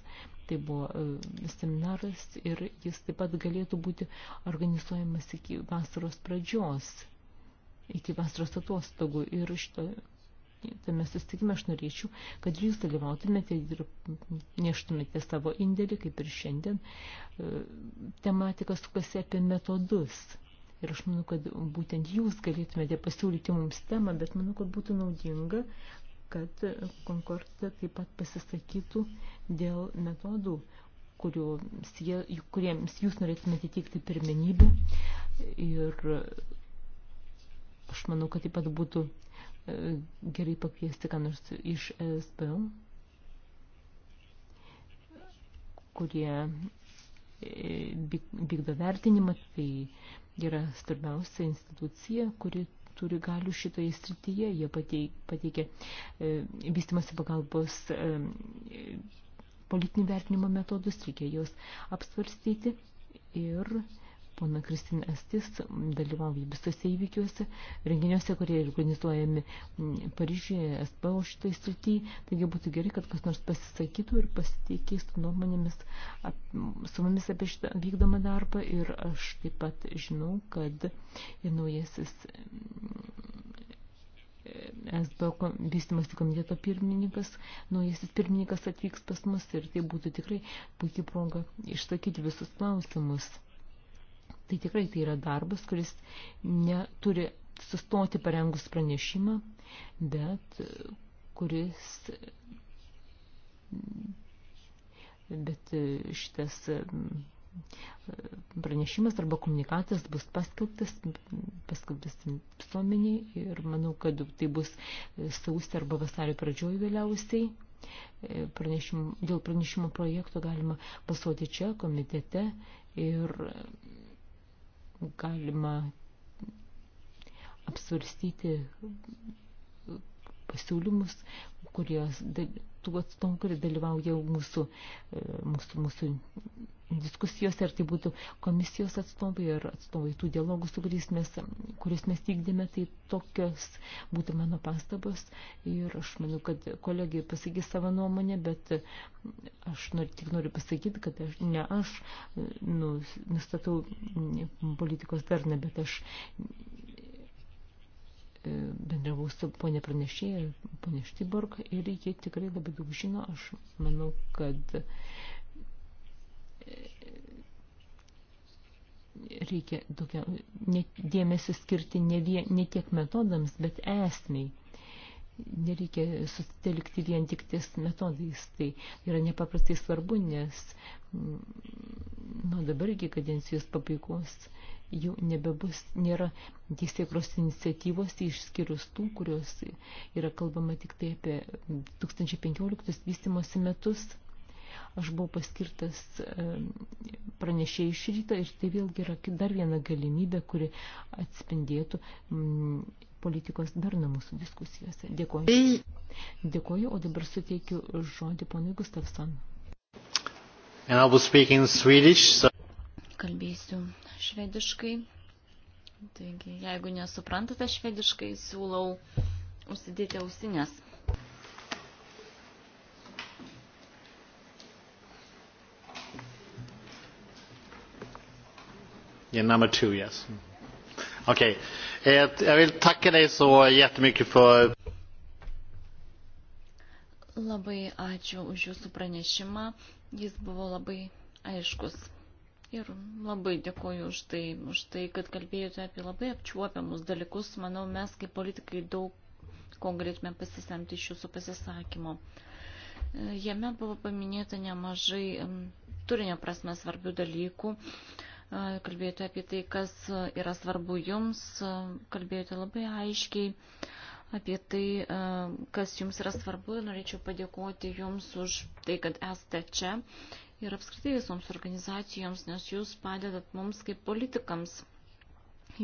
tai buvo e, seminaras ir jis taip pat galėtų būti organizuojamas iki vasaros pradžios, iki vasaros atostogų ir šito tame susitikime aš norėčiau, kad jūs dalyvautumėte ir neštumėte savo indėlį, kaip ir šiandien. E, tematika sukasi apie metodus. Ir aš manau, kad būtent jūs galėtumėte pasiūlyti mums temą, bet manau, kad būtų naudinga, kad Konkorte taip pat pasisakytų dėl metodų, kuriuos, kuriems jūs norėtumėte teikti pirmenybę. Ir aš manau, kad taip pat būtų gerai pakviesti ką nors iš ESP, kurie e, vykdo vertinimą, tai yra svarbiausia institucija, kuri turi galių šitoje srityje, jie pateikia e, vystimasi pagalbos e, politinį vertinimo metodus, reikia juos apsvarstyti ir Pana Kristin Estis dalyvauja visose įvykiuose, renginiuose, kurie organizuojami mm, Paryžiuje, SPO šitai srityje. Taigi būtų gerai, kad kas nors pasisakytų ir pasiteikėstų nuomonėmis ap, su mumis apie šitą vykdomą darbą. Ir aš taip pat žinau, kad naujasis mm, SBO vystimosi komiteto pirmininkas, naujasis pirmininkas atvyks pas mus ir tai būtų tikrai puikiai proga išsakyti visus klausimus. Tai tikrai tai yra darbas, kuris neturi sustoti parengus pranešimą, bet kuris bet šitas pranešimas arba komunikatas bus paskelbtas, paskelbtas visuomeniai ir manau, kad tai bus sausio arba vasario pradžioj vėliausiai. Pranešim, dėl pranešimo projekto galima pasuoti čia, komitete ir galima apsvarstyti pasiūlymus, kurios tų atstovų, kurie dalyvauja mūsų, e, mūsų, mūsų diskusijose, ar tai būtų komisijos atstovai ar atstovai tų dialogų, su kuriais mes, kuriais mes vykdėme, tai tokios būtų mano pastabos ir aš manau, kad kolegija pasakys savo nuomonę, bet aš nor, tik noriu pasakyti, kad aš, ne aš nu, nustatau politikos darną, bet aš e, bendravau su ponė pranešėja, ponė Štyborg ir jie tikrai labai daug žino, aš manau, kad reikia tokio dėmesį skirti ne, vie, ne tiek metodams, bet esmiai. Nereikia susitelkti vien tik ties metodais. Tai yra nepaprastai svarbu, nes mm, nuo dabar iki kadencijos pabaigos jau nebebus, nėra teisėkros iniciatyvos tai išskyrus tų, kurios yra kalbama tik tai apie 2015 vystimosi metus Aš buvau paskirtas pranešėjai iš ryto ir tai vėlgi yra dar viena galimybė, kuri atspindėtų politikos darną mūsų diskusijose. Dėkuoju. Tai- Dėkuoju, o dabar suteikiu žodį ponui Gustafson.
And I
will speak in Swedish, so... Kalbėsiu švediškai. Taigi, jeigu nesuprantate švediškai, siūlau užsidėti ausinės.
Yeah, number two, yes. Okej. Okay. Eh, jag vill tacka dig så jättemycket för...
Labai ačiū už jūsų pranešimą. Jis buvo labai aiškus. Ir labai dėkoju už tai, už tai, kad kalbėjote apie labai apčiuopiamus dalykus. Manau, mes kaip politikai daug ko galėtume pasisemti iš jūsų pasisakymo. Jame buvo paminėta nemažai turinio prasme svarbių dalykų. Uh, kalbėjote apie tai, kas yra svarbu jums, kalbėjote labai aiškiai apie tai, kas jums yra svarbu. Norėčiau padėkoti jums už tai, kad esate čia ir apskritai visoms organizacijoms, nes jūs padedat mums kaip politikams.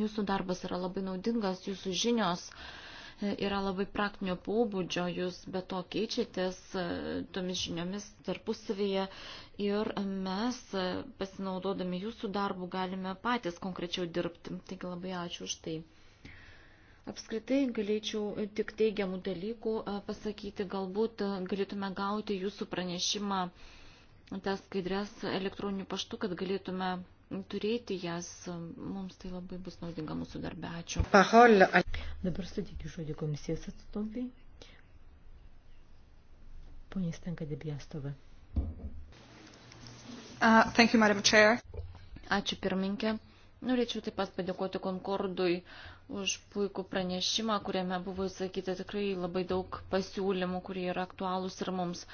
Jūsų darbas yra labai naudingas, jūsų žinios. Uh, yra labai praktinio pobūdžio, jūs be to keičiatės e, tomis žiniomis tarpusavyje ir mes e, pasinaudodami jūsų darbų galime patys konkrečiau dirbti. Taigi labai ačiū už tai. Apskritai galėčiau tik teigiamų dalykų e, pasakyti, galbūt galėtume gauti jūsų pranešimą tas skaidrės elektroniniu paštu, kad galėtume turėti jas, mums tai labai bus naudinga mūsų darbe. Ačiū.
Dabar sutikiu žodį komisijos atstovai. Pone Stenka Debiastova.
Uh, thank you, Madam Chair. Ačiū pirminkė. Norėčiau taip pat padėkoti Konkordui už puikų pranešimą, kuriame buvo įsakyta tikrai labai daug pasiūlymų, kurie yra aktualūs ir mums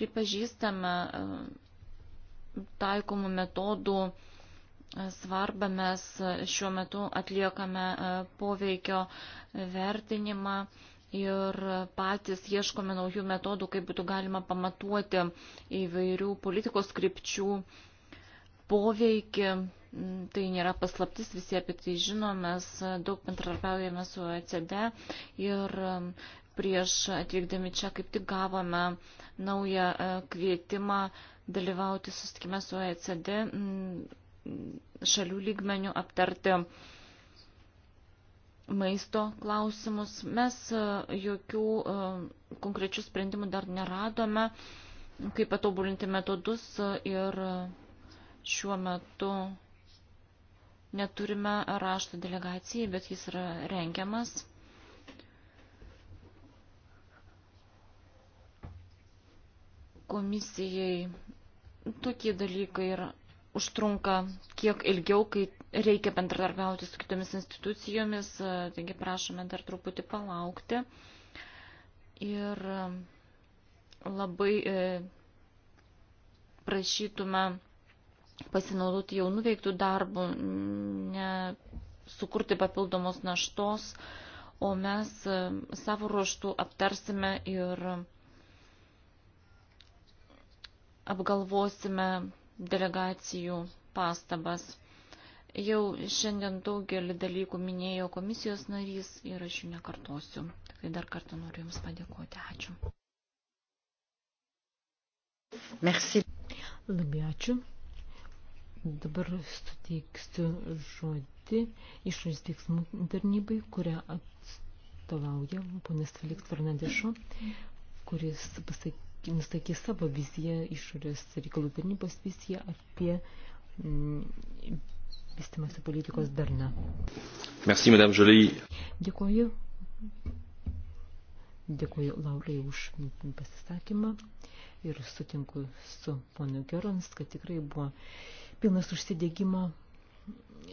pripažįstame uh, taikomų metodų uh, svarbą mes šiuo metu atliekame e, poveikio vertinimą ir patys ieškome naujų metodų, kaip būtų galima pamatuoti įvairių politikos krypčių poveikį. Mm, tai nėra paslaptis, visi apie tai žino, mes daug bendradarbiaujame su ECD ir mm, prieš atvykdami čia kaip tik gavome naują e, kvietimą dalyvauti susitikime su ECD mm, šalių lygmenių aptarti maisto klausimus. Mes e, jokių e, konkrečių sprendimų dar neradome, kaip patobulinti metodus e, ir šiuo metu neturime rašto delegacijai, bet jis yra rengiamas. Komisijai tokie dalykai yra užtrunka kiek ilgiau, kai reikia bendradarbiauti su kitomis institucijomis, e, taigi prašome dar truputį palaukti. Ir e, labai e, prašytume pasinaudoti jau nuveiktų darbų, nesukurti papildomos naštos, o mes savo ruoštų aptarsime ir apgalvosime delegacijų pastabas. Jau šiandien daugelį dalykų minėjo komisijos narys ir aš jų nekartosiu. Tai dar kartą noriu Jums padėkoti. Ačiū.
Merci. Labai ačiū. Dabar suteiksiu žodį išorės veiksmų tarnybai, kurią atstovauja ponas Felix Fernandešo, kuris pasakė nusakė savo viziją, išorės reikalų tarnybos viziją apie mm, vystimasi politikos darną.
Merci, Madame Jolie.
Dėkuoju. Dėkuoju Laurai už pasisakymą ir sutinku su ponu Gerons, kad tikrai buvo pilnas užsidėgymo.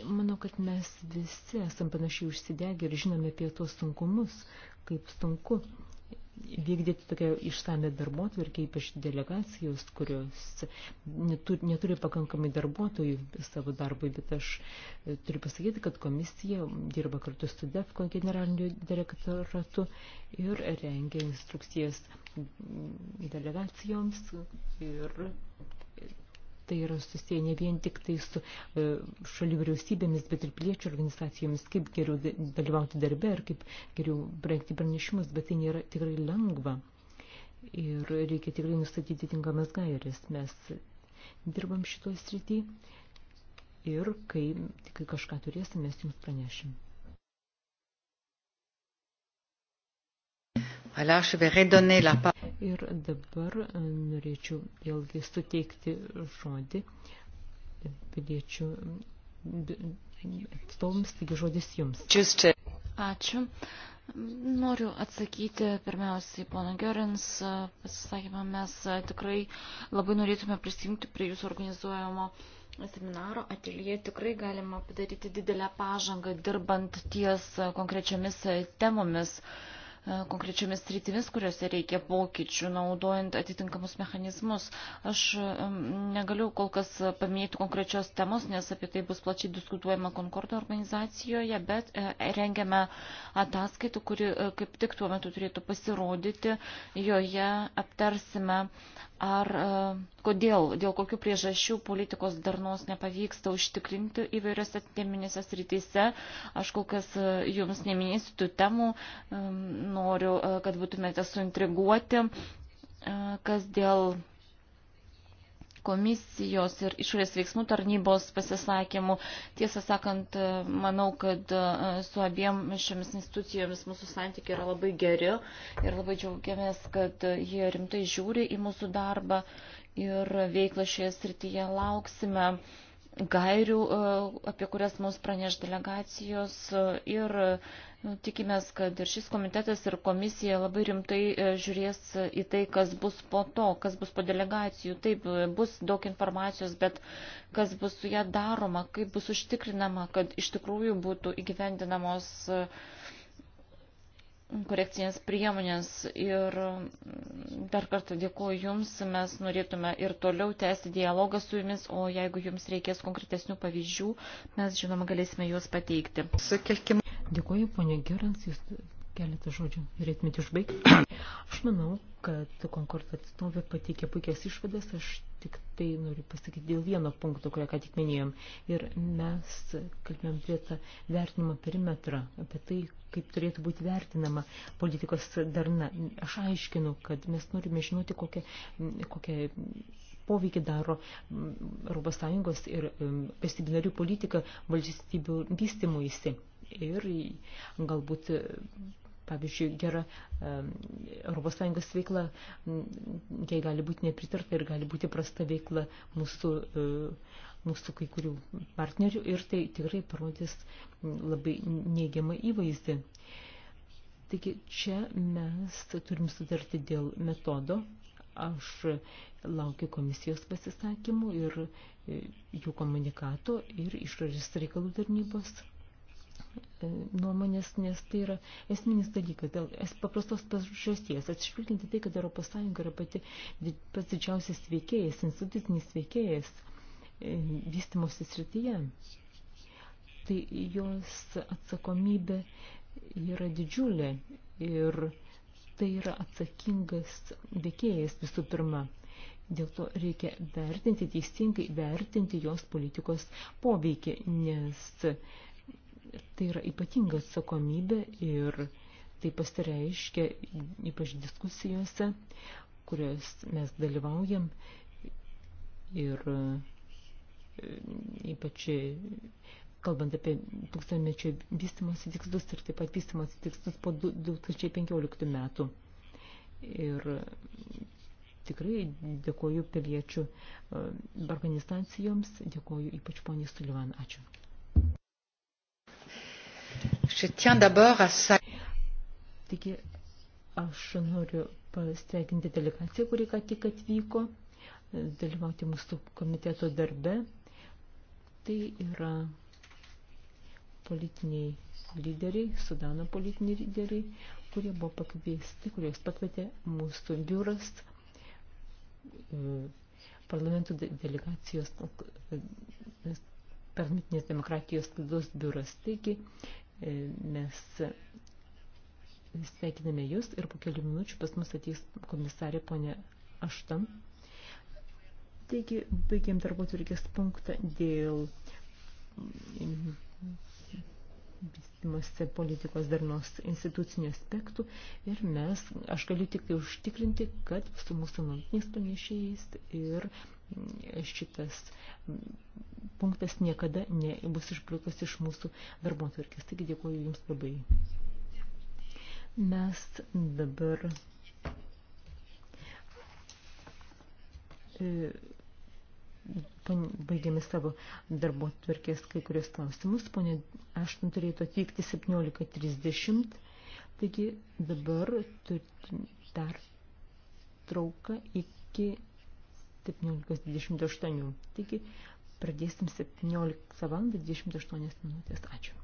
Manau, kad mes visi esam panašiai užsidegę ir žinome apie tuos sunkumus, kaip sunku vykdyti tokią išsame darbuotvarkę, ypač delegacijos, kurios neturi, neturi pakankamai darbuotojų savo darbui, bet aš e, turiu pasakyti, kad komisija dirba kartu su DEFCO generaliniu direktoratu ir rengia instrukcijas delegacijoms ir tai yra susiję ne vien tik tai su e, šalių vyriausybėmis, bet ir piliečių organizacijomis, kaip geriau dalyvauti darbe ir kaip geriau brengti pranešimus, bet tai nėra tikrai lengva. Ir reikia tikrai nustatyti tinkamas gairės. Mes dirbam šitoje srityje ir kai, kai kažką turėsim, mes jums pranešim.
Voilà, je vais redonner la parole.
Ir dabar e, norėčiau vėlgi suteikti žodį piliečių atstovams, taigi žodis jums.
Ačiū. Noriu atsakyti pirmiausiai, pono Gerins, e, pasisakymą mes e, tikrai labai norėtume prisijungti prie jūsų organizuojamo seminaro atelje. Tikrai galima padaryti didelę pažangą dirbant ties konkrečiamis temomis. Uh, E, konkrečiomis rytimis, kuriuose reikia pokyčių, naudojant atitinkamus mechanizmus. Aš e, negaliu kol kas paminėti konkrečios temos, nes apie tai bus plačiai diskutuojama Konkordo organizacijoje, bet e, rengiame ataskaitų, kuri kaip tik tuo metu turėtų pasirodyti. Joje aptarsime Ar e, kodėl, dėl kokių priežasčių politikos darnos nepavyksta užtikrinti įvairiose teminėse srityse? Aš kol kas e, jums neminėsiu tų temų, noriu, e, kad būtumėte suintriguoti, kas dėl komisijos ir išorės veiksmų tarnybos pasisakymų. Tiesą sakant, manau, kad e, su abiem šiomis institucijomis mūsų santykiai yra labai geri ir labai džiaugiamės, kad jie rimtai žiūri į mūsų darbą ir veiklą šioje srityje lauksime gairių, e, apie kurias mums praneš delegacijos e, ir Nu, tikimės, kad ir šis komitetas, ir komisija labai rimtai e, žiūrės į tai, kas bus po to, kas bus po delegacijų. Taip, e, bus daug informacijos, bet kas bus su ją daroma, kaip bus užtikrinama, kad iš tikrųjų būtų įgyvendinamos uh, korekcinės priemonės ir mm, dar kartą dėkuoju Jums, mes norėtume ir toliau tęsti dialogą su Jumis, o jeigu Jums reikės konkretesnių pavyzdžių, mes žinoma galėsime juos pateikti. Dėkuoju,
ponė Gerans, Jūs keletą žodžių norėtumėte užbaigti. Aš manau, kad Konkordo atstovė pateikė puikias išvadas, aš tik tai noriu pasakyti dėl vieno punkto, kurią ką tik minėjom. Ir mes kalbėjom apie tą vertinimo perimetrą, apie tai, kaip turėtų būti vertinama politikos darna. Aš aiškinu, kad mes norime žinoti, kokią, kokią poveikį daro mm, Europos Sąjungos ir mm, valstybinarių politika valstybių vystimuisi ir galbūt Pavyzdžiui, gera ES veikla, jai gali būti nepritarta ir gali būti prasta veikla mūsų, e, mūsų kai kurių partnerių ir tai tikrai parodys labai neigiamą įvaizdį. Taigi čia mes turim sutarti dėl metodo. Aš laukiu komisijos pasisakymų ir e, jų komunikato ir išorės reikalų tarnybos E, nuomonės, nes tai yra esminis dalykas. Dėl paprastos pažasties, atsižvelginti tai, kad ES yra pati, pats didžiausias veikėjas, institucinis veikėjas e, vystimosi srityje, tai jos atsakomybė yra didžiulė ir tai yra atsakingas veikėjas visų pirma. Dėl to reikia vertinti, teisingai vertinti jos politikos poveikį, nes Tai yra ypatinga atsakomybė ir tai pasireiškia ypač diskusijose, kurios mes dalyvaujam ir e, ypač e, kalbant apie tūkstantmečio vystimosi tikslus ir taip pat vystimosi tikslus po 2015 metų. Ir e, tikrai dėkoju piliečių organizacijoms, dėkoju ypač poniai Sulivan. Ačiū. Taigi, aš noriu pasveikinti delegaciją, kuri ką tik atvyko, dalyvauti mūsų komiteto darbe. Tai yra politiniai lyderiai, Sudano politiniai lyderiai, kurie buvo pakviesti, kuriuos pakvietė mūsų biuras, e, parlamentų delegacijos, e, permitinės demokratijos klaidos biuras. Taigi, mes sveikiname jūs ir po kelių minučių pas mus ateis komisarė ponė Aštan. Taigi, baigėm darbo turkės punktą dėl mm, vystimosi politikos darnos institucinių aspektų ir mes, aš galiu tik tai užtikrinti, kad su mūsų nuolatiniais pranešėjais ir šitas punktas niekada nebus išplėtas iš mūsų darbo atvarkės. Taigi dėkuoju Jums labai. Mes dabar e, baigėme savo darbo atvarkės kai kurios klausimus. Pone, aš turėtų atvykti 17.30, taigi dabar turiu dar trauką iki 17.28. Taigi pradėsim 17 val. 28 minutės. Ačiū.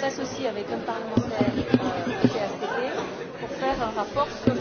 s'associe avec un parlementaire euh, CACP pour faire un rapport sur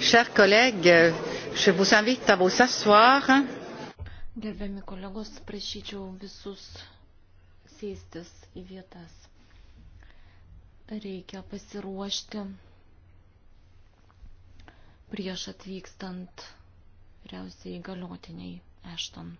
Chers collègues, je vous invite à vous asseoir.
Gerbiami kolegos, prašyčiau visus sėstis į vietas. Reikia pasiruošti prieš atvykstant vyriausiai įgaliotiniai Ešton.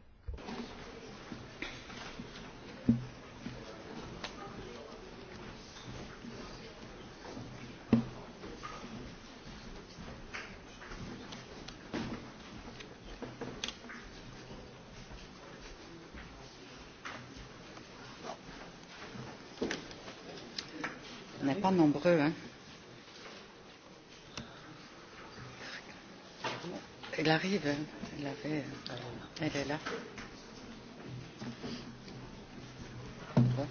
nombreux. Hein. Elle arrive, elle, avait, euh, elle est là. Bon.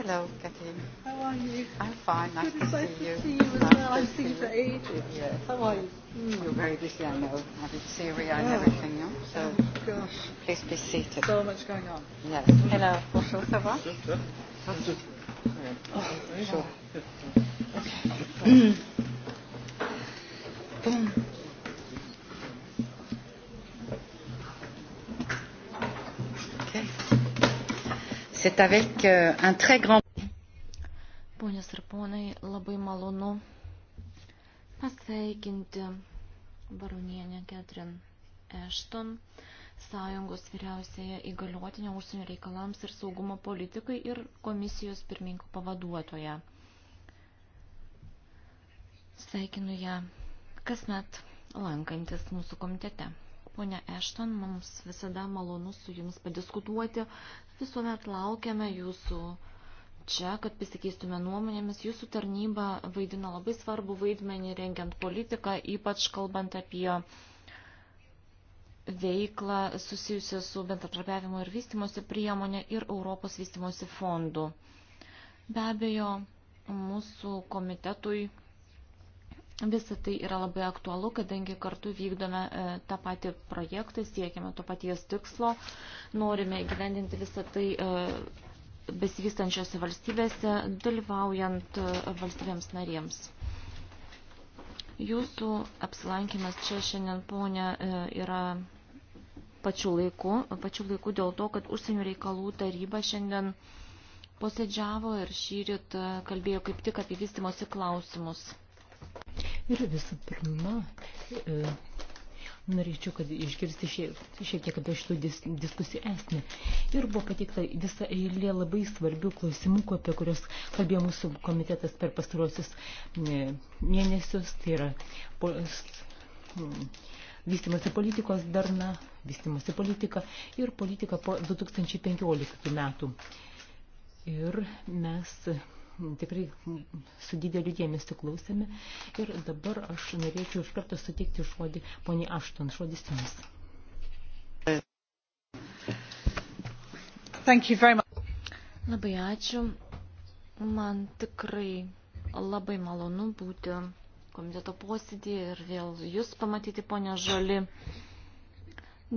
Hello, Kathleen. How are you? I'm fine. Nice Good to see you. Good to see you as nice well. I've seen you for ages. Yes. How are you? Mm. You're very busy, I know, having Syria oh. and everything. No? Oh, so, oh, gosh. Please be seated. So much going on. Yes. Hello. Bonjour, ça va? C'est avec euh, un très grand.
Ponios ir ponai, labai malonu pasveikinti baronienę Ketrin Ešton. Sąjungos vyriausiaje įgaliotinė užsienio reikalams ir saugumo politikai ir komisijos pirmininko pavaduotoja. Sveikinu ją kasmet lankantis mūsų komitete. Pone Ešton, mums visada malonu su Jums padiskutuoti. Visuomet laukiame Jūsų čia, kad pasikeistume nuomonėmis. Jūsų tarnyba vaidina labai svarbu vaidmenį rengiant politiką, ypač kalbant apie uh, veiklą susijusią su bendradarbiavimo ir vystimosi priemonė ir Europos vystimosi fondu. Be abejo, mūsų komitetui visą tai yra labai aktualu, kadangi kartu vykdome e, tą patį projektą, siekiame to paties tikslo, norime gyvendinti visą tai e, besivystančiose valstybėse, dalyvaujant e, valstybėms narėms. Jūsų apsilankimas čia šiandien, ponė, yra pačiu laiku, pačiu laiku dėl to, kad užsienio reikalų taryba šiandien posėdžiavo ir šyrit e, kalbėjo kaip tik apie vystimosi klausimus.
Ir visų pirma, e, norėčiau, kad išgirsti šiek, šiek tiek apie šitų dis, diskusijų esmę. Ir buvo pateikta visa eilė labai svarbių klausimų, apie kurios kalbėjo mūsų komitetas per pastarosius mėnesius. Tai yra po, vystimosi politikos darna, vystimosi politiką ir politiką po 2015 metų. Ir mes tikrai su dideliu dėmesiu klausėme ir dabar aš norėčiau iš karto sutikti žodį poniai Ašton, žodis jums.
Thank you very much. Labai ačiū. Man tikrai labai malonu būti komiteto posėdį ir vėl jūs pamatyti, ponia Žali.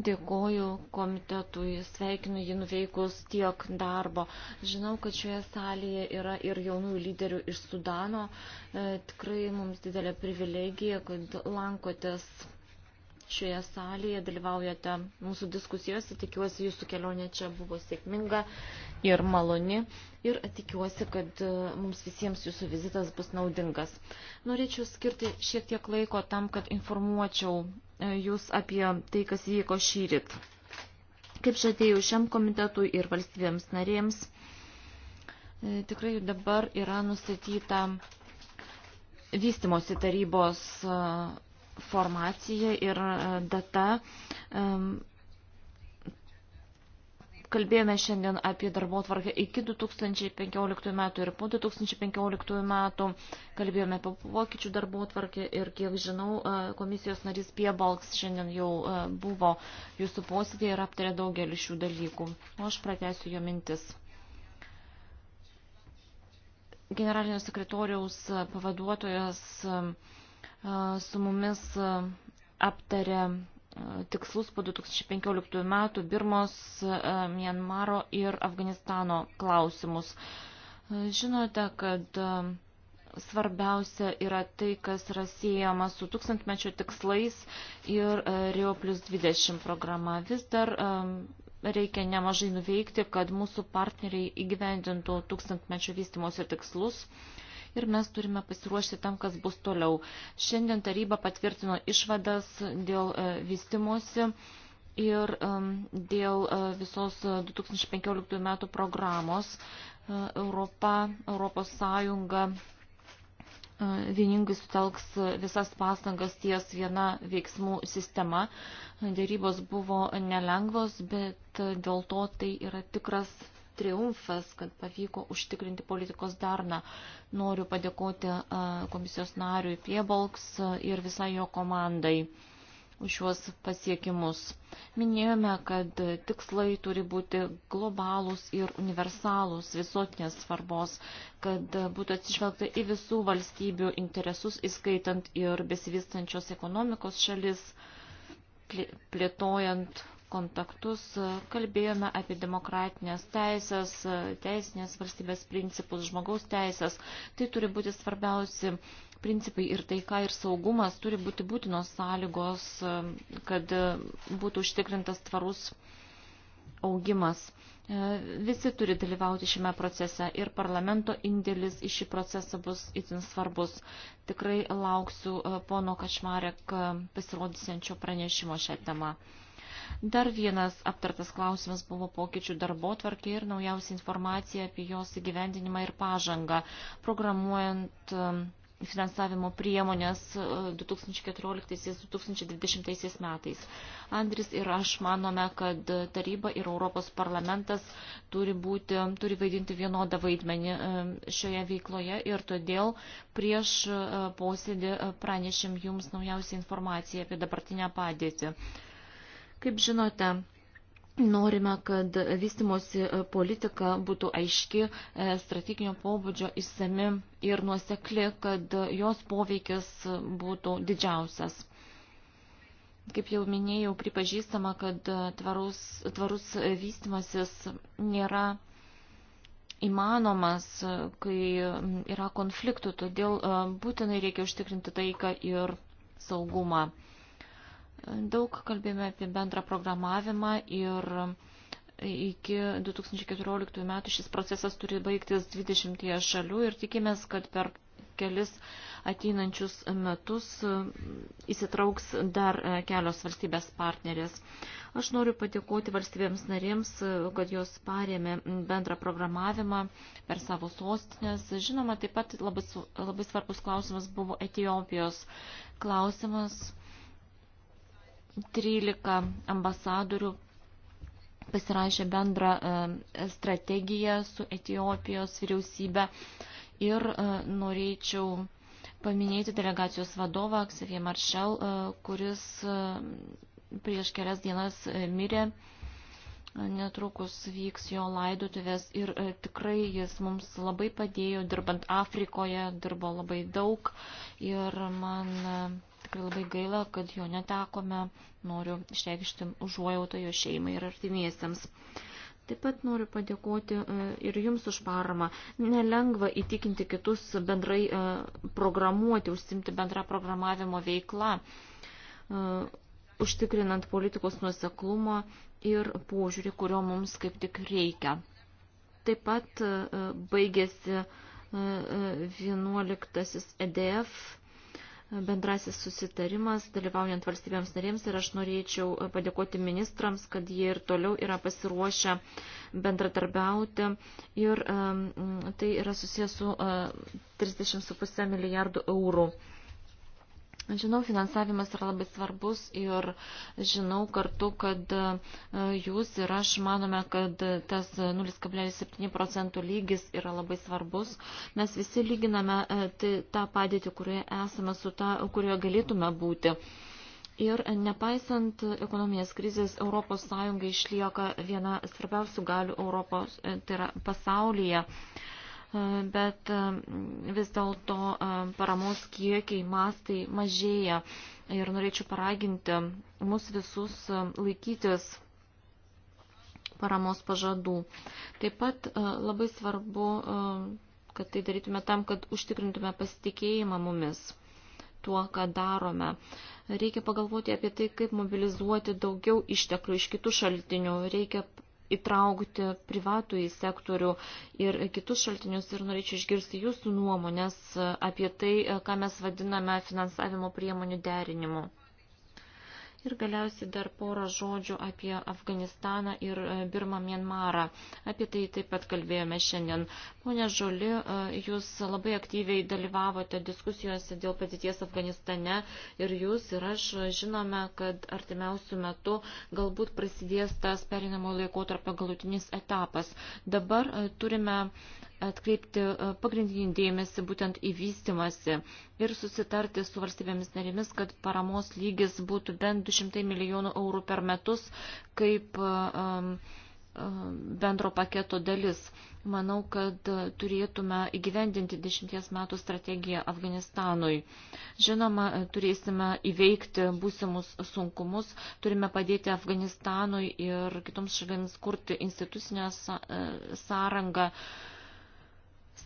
Dėkoju komitetui, sveikinu jį nuveikus tiek darbo. Žinau, kad šioje salėje yra ir jaunųjų lyderių iš Sudano. E, tikrai mums didelė privilegija, kad lankotės šioje salėje, dalyvaujate mūsų diskusijose. Tikiuosi, jūsų kelionė čia buvo sėkminga ir maloni. Ir tikiuosi, kad e, mums visiems jūsų vizitas bus naudingas. Norėčiau skirti šiek tiek laiko tam, kad informuočiau jūs apie tai, kas įvyko šyrit. Kaip žadėjau šiam komitetui ir valstybėms narėms, e, tikrai dabar yra nustatyta vystimosi tarybos e, formacija ir e, data Kalbėjome šiandien apie darbo tvarkę iki 2015 metų ir po 2015 metų. Kalbėjome apie vokiečių darbo tvarkę ir, kiek žinau, komisijos narys Piebalks šiandien jau buvo jūsų posėdėje ir aptarė daugelį šių dalykų. O aš pratęsiu jo mintis. Generalinio sekretoriaus pavaduotojas su mumis aptarė tikslus po 2015 metų Birmos, e, Mianmaro ir Afganistano klausimus. E, žinote, kad e, svarbiausia yra tai, kas yra siejama su tūkstantmečio tikslais ir Rio plus 20 programa. Vis dar reikia nemažai nuveikti, kad mūsų partneriai įgyvendintų tūkstantmečio vystimosi tikslus ir mes turime pasiruošti tam, kas bus toliau. Šiandien taryba patvirtino išvadas dėl e, vystimosi ir dėl e, visos 2015 metų programos e, Europa, Europos Sąjunga vieningai sutelks visas pastangas ties viena veiksmų sistema. Dėrybos buvo nelengvos, bet dėl to tai yra tikras triumfas, kad pavyko užtikrinti politikos darną. Noriu padėkoti komisijos nariui Piebalks ir visai jo komandai už šiuos pasiekimus. Minėjome, kad tikslai turi būti globalūs ir universalūs visuotinės svarbos, kad būtų atsižvelgta į visų valstybių interesus, įskaitant ir besivystančios ekonomikos šalis, plėtojant kontaktus, kalbėjome apie demokratinės teisės, teisinės valstybės principus, žmogaus teisės. Tai turi būti svarbiausi principai ir taika ir saugumas turi būti būtinos sąlygos, kad būtų užtikrintas tvarus augimas. Visi turi dalyvauti šiame procese ir parlamento indėlis į šį procesą bus itin svarbus. Tikrai lauksiu e, pono Kačmarek e, pasirodysiančio pranešimo šią temą. Dar vienas aptartas klausimas buvo pokyčių darbo tvarkė ir naujausia informacija apie jos įgyvendinimą ir pažangą, programuojant um, finansavimo priemonės 2014-2020 uh, metais. Andris ir aš manome, kad taryba ir Europos parlamentas turi, būti, turi vaidinti vienodą vaidmenį um, šioje veikloje ir todėl prieš uh, posėdį uh, pranešim jums naujausią informaciją apie dabartinę padėtį. Kaip žinote, norime, kad vystimosi e, politika būtų aiški, e, strateginio pobūdžio įsami ir nuosekli, kad e, jos poveikis būtų didžiausias. Kaip jau minėjau, pripažįstama, kad tvarus, tvarus vystimasis nėra įmanomas, kai yra konfliktų, todėl būtinai reikia užtikrinti taiką ir saugumą. Daug kalbėjome apie bendrą programavimą ir iki 2014 metų šis procesas turi baigtis 20 šalių ir tikimės, kad per kelis ateinančius metus įsitrauks dar kelios valstybės partnerės. Aš noriu patikoti valstybėms narėms, kad jos parėmė bendrą programavimą per savo sostinės. Žinoma, taip pat labai, labai svarbus klausimas buvo Etijopijos klausimas 13 ambasadorių pasirašė bendrą e, strategiją su Etijopijos vyriausybė ir e, norėčiau paminėti delegacijos vadovą Xavier Marshall, e, kuris prieš kelias dienas mirė, netrukus vyks jo laidotuvės ir tikrai jis mums labai padėjo, dirbant Afrikoje, dirbo labai daug ir man Tikrai labai gaila, kad jo netekome. Noriu išreikšti užuojautą jo šeimai ir artimiesiams. Taip pat noriu padėkoti e, ir Jums už paramą. Nelengva įtikinti kitus bendrai e, programuoti, užsimti bendrą programavimo veiklą, e, užtikrinant politikos nuoseklumą ir požiūrį, kurio mums kaip tik reikia. Taip pat baigėsi 11 EDF bendrasis susitarimas, dalyvaujant valstybėms narėms ir aš norėčiau padėkoti ministrams, kad jie ir toliau yra pasiruošę bendratarbiauti ir um, tai yra susijęs su uh, 30,5 milijardų eurų. Uh, Žinau, finansavimas yra labai svarbus ir žinau kartu, kad e, jūs ir aš manome, kad tas 0,7 procentų lygis yra labai svarbus. Mes visi lyginame e, tai tą padėtį, kurioje esame su tą, kurioje galėtume būti. Ir nepaisant ekonominės krizės, ES išlieka viena svarbiausių galių Europos, e, tai yra pasaulyje. Uh, bet vis dėlto paramos kiekiai, mastai mažėja. Ir norėčiau paraginti mus visus laikytis paramos pažadų. Taip pat labai svarbu, kad tai darytume tam, kad užtikrintume pasitikėjimą mumis tuo, ką darome. Reikia pagalvoti apie tai, kaip mobilizuoti daugiau išteklių iš kitų šaltinių. Reikia įtraukti privatų į sektorių ir kitus šaltinius ir norėčiau išgirsti jūsų nuomonės apie tai, ką mes vadiname finansavimo priemonių derinimu. Ir galiausiai dar porą žodžių apie Afganistaną ir e, Birmą Mienmarą. Apie tai taip pat kalbėjome šiandien. Pone Žoli, e, jūs labai aktyviai dalyvavote diskusijose dėl padėties Afganistane ir jūs ir aš žinome, kad artimiausių metų galbūt prasidės tas perinamo laikotarpio galutinis etapas. Dabar e, turime atkreipti e, pagrindinį dėmesį būtent į vystimąsi ir susitarti su valstybėmis narėmis, kad paramos lygis būtų bent 200 milijonų eurų per metus kaip e, e, bendro paketo dalis. Manau, kad turėtume įgyvendinti dešimties metų strategiją Afganistanui. Žinoma, turėsime įveikti būsimus sunkumus, turime padėti Afganistanui ir kitoms šalims kurti institucinę sąrangą. Sa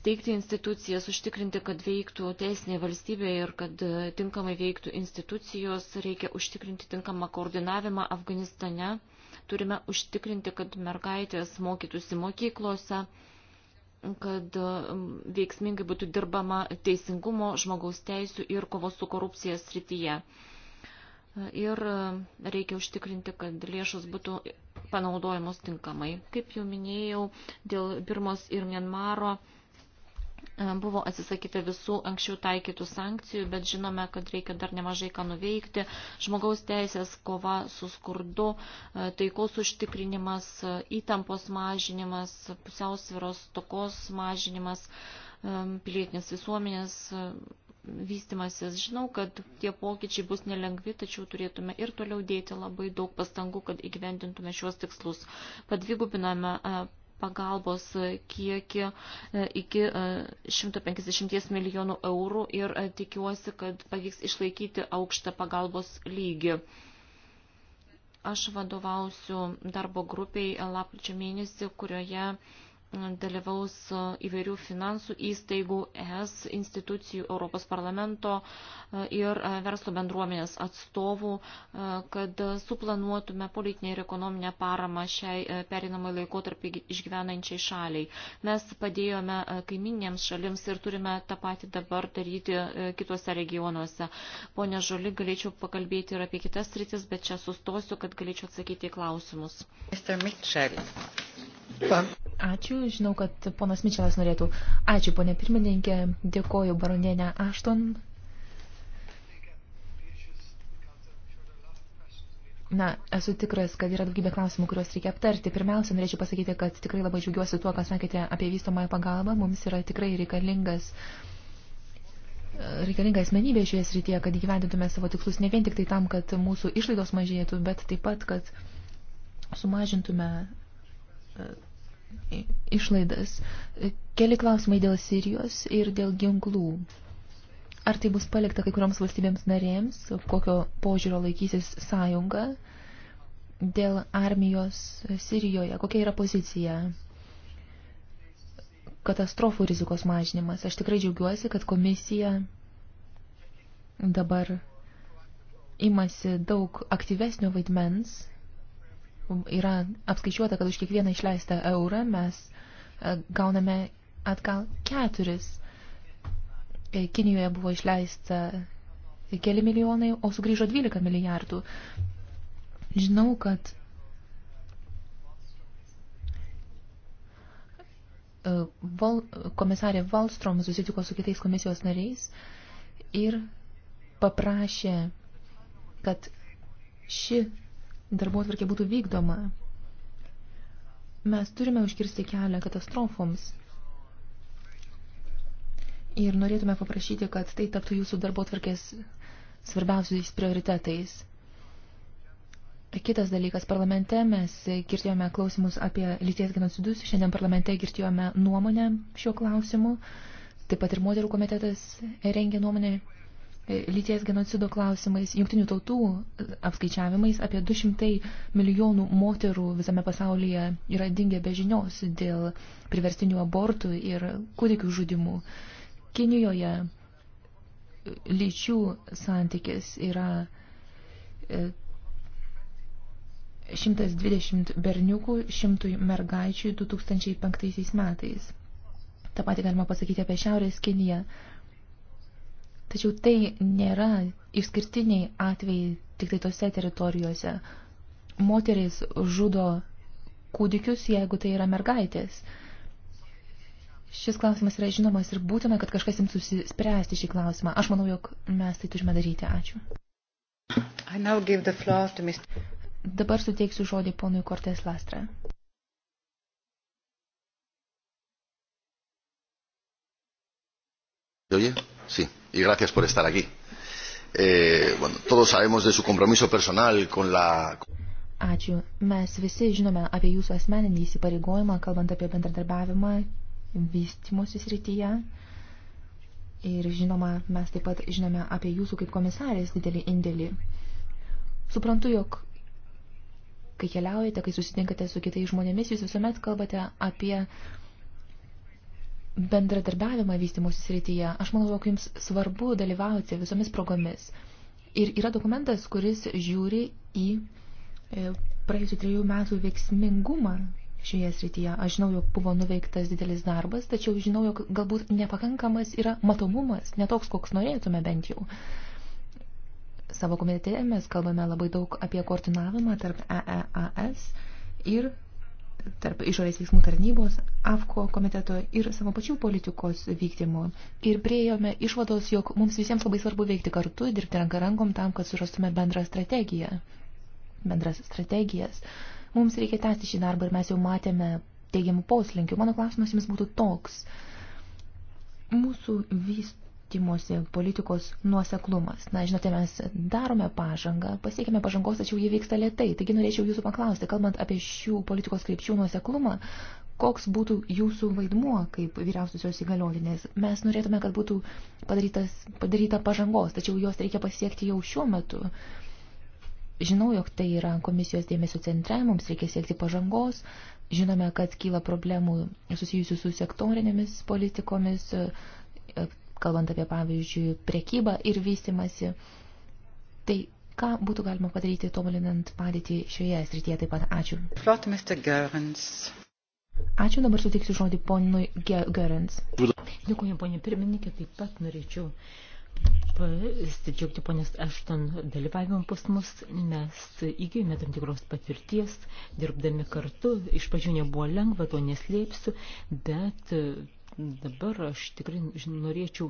steigti institucijas, užtikrinti, kad veiktų teisinė valstybė ir kad e, tinkamai veiktų institucijos, reikia užtikrinti tinkamą koordinavimą Afganistane, turime užtikrinti, kad mergaitės mokytųsi mokyklose, kad e, veiksmingai būtų dirbama teisingumo, žmogaus teisų ir kovos su korupcija srityje. Ir e, reikia užtikrinti, kad lėšos būtų panaudojamos tinkamai. Kaip jau minėjau, dėl Birmos ir Mienmaro E, buvo atsisakyta visų anksčiau taikytų sankcijų, bet žinome, kad reikia dar nemažai ką nuveikti. Žmogaus teisės, kova su skurdu, e, taikos užtikrinimas, e, įtampos mažinimas, pusiausviros tokos mažinimas, pilietinės visuomenės vystimasis. Žinau, kad tie pokyčiai bus nelengvi, tačiau turėtume ir toliau dėti labai daug pastangų, kad įgyvendintume šiuos tikslus. Padvigubiname pagalbos kiekį e, iki 150 e, milijonų eurų ir e, tikiuosi, kad pavyks išlaikyti aukštą pagalbos lygį. Aš vadovausiu darbo grupiai lapkričio mėnesį, kurioje uh, dalyvaus įvairių finansų įstaigų, ES institucijų, Europos parlamento e, ir e, verslo bendruomenės atstovų, e, kad suplanuotume politinę ir ekonominę paramą šiai perinamai laikotarpį išgyvenančiai šaliai. Mes padėjome kaiminėms šalims ir turime tą patį dabar daryti kitose regionuose. Pone Žoli, galėčiau pakalbėti ir apie kitas rytis, bet čia sustosiu, kad galėčiau atsakyti į klausimus.
Ačiū Žinau, kad ponas Mičelas norėtų. Ačiū, ponė pirmininkė. Dėkoju baronienę Ašton. Na, esu tikras, kad yra daugybė klausimų, kuriuos reikia aptarti. Pirmiausia, norėčiau pasakyti, kad tikrai labai džiaugiuosi tuo, ką sakėte apie vystomąją pagalbą. Mums yra tikrai reikalingas reikalinga asmenybė šioje srityje, kad įgyvendintume savo tikslus ne vien tik tai tam, kad mūsų išlaidos mažėtų, bet taip pat, kad sumažintume išlaidas. Keli klausimai dėl Sirijos ir dėl ginklų. Ar tai bus palikta kai kurioms valstybėms narėms, kokio požiūrio laikysis sąjunga dėl armijos Sirijoje, kokia yra pozicija? Katastrofų rizikos mažinimas. Aš tikrai džiaugiuosi, kad komisija dabar imasi daug aktyvesnio vaidmens yra apskaičiuota, kad už kiekvieną išleistą eurą mes e, gauname atgal keturis. E, Kinijoje buvo išleista keli milijonai, o sugrįžo 12 milijardų. Žinau, kad e, Val, komisarė Valstrom susitiko su kitais komisijos nariais ir paprašė, kad ši darbuotvarkė būtų vykdoma. Mes turime užkirsti kelią katastrofoms. Ir norėtume paprašyti, kad tai taptų jūsų darbotvarkės svarbiausiais prioritetais. Kitas dalykas, parlamente mes girdėjome klausimus apie lyties genocidus, šiandien parlamente girdėjome nuomonę šiuo klausimu, taip pat ir moterų komitetas rengia nuomonę E, lyties genocido klausimais, jungtinių tautų apskaičiavimais apie 200 milijonų moterų visame pasaulyje yra dingę be žinios dėl priverstinių abortų ir kūdikių žudimų. Kinijoje lyčių santykis yra 120 e, berniukų, 100 mergaičių 2005 metais. Ta pati galima pasakyti apie Šiaurės Kiniją. Tačiau tai nėra išskirtiniai atvejai tik tai tose teritorijose. Moterys žudo kūdikius, jeigu tai yra mergaitės. Šis klausimas yra žinomas ir būtina, kad kažkas jums susispręsti šį klausimą. Aš manau, jog mes tai turime daryti. Ačiū. Dabar suteiksiu žodį ponui Kortės Lastra.
Oye? Sí y gracias por estar aquí. Eh, bueno, todos sabemos de su compromiso personal con la.
Ačiū. Mes visi žinome apie jūsų asmeninį įsipareigojimą, kalbant apie bendradarbiavimą vystimosi srityje. Ir žinoma, mes taip pat žinome apie jūsų kaip komisarės didelį indėlį. Suprantu, jog kai keliaujate, kai susitinkate su kitais žmonėmis, jūs visuomet kalbate apie uh, bendradarbiavimą vystimusi srityje, aš manau, jog jums svarbu dalyvauti visomis progomis. Ir yra dokumentas, kuris žiūri į e, praėjusių trijų metų veiksmingumą šioje srityje. Aš žinau, jog buvo nuveiktas didelis darbas, tačiau žinau, jog galbūt nepakankamas yra matomumas, netoks, koks norėtume bent jau. Savo komitete mes kalbame labai daug apie koordinavimą tarp EEAS ir tarp išorės veiksmų tarnybos, AFKO komiteto ir savo pačių politikos vykdymo. Ir priejome išvados, jog mums visiems labai svarbu veikti kartu, dirbti ranką rankom tam, kad surastume bendrą strategiją. Bendras strategijas. Mums reikia tęsti šį darbą ir mes jau matėme teigiamų poslinkių. Mano klausimas jums būtų toks. Mūsų vyst vystimosi politikos nuoseklumas. Na, žinote, mes darome pažangą, pasiekime pažangos, tačiau jį vyksta lietai. Taigi norėčiau jūsų paklausti, kalbant apie šių politikos krypčių nuoseklumą, koks būtų jūsų vaidmuo kaip vyriausiosios įgaliotinės. Mes norėtume, kad būtų padarytas, padaryta pažangos, tačiau jos reikia pasiekti jau šiuo metu. Žinau, jog tai yra komisijos dėmesio centre, mums reikia siekti pažangos, žinome, kad kyla problemų susijusių su sektorinėmis politikomis, kalbant apie, pavyzdžiui, prekybą ir vystimasi. Tai ką būtų galima padaryti, tobulinant padėtį šioje srityje taip pat? Ačiū.
Flot, Mr. Gerens.
Ačiū, dabar suteiksiu žodį ponui Gerens. Dėkuoju, ponė pirmininkė, taip pat norėčiau
pasidžiaugti ponės Ešton dalyvavimą pas mus. Mes įgyjome tam tikros patirties, dirbdami kartu. Iš pačių nebuvo lengva, to neslėpsiu, bet Dabar aš tikrai norėčiau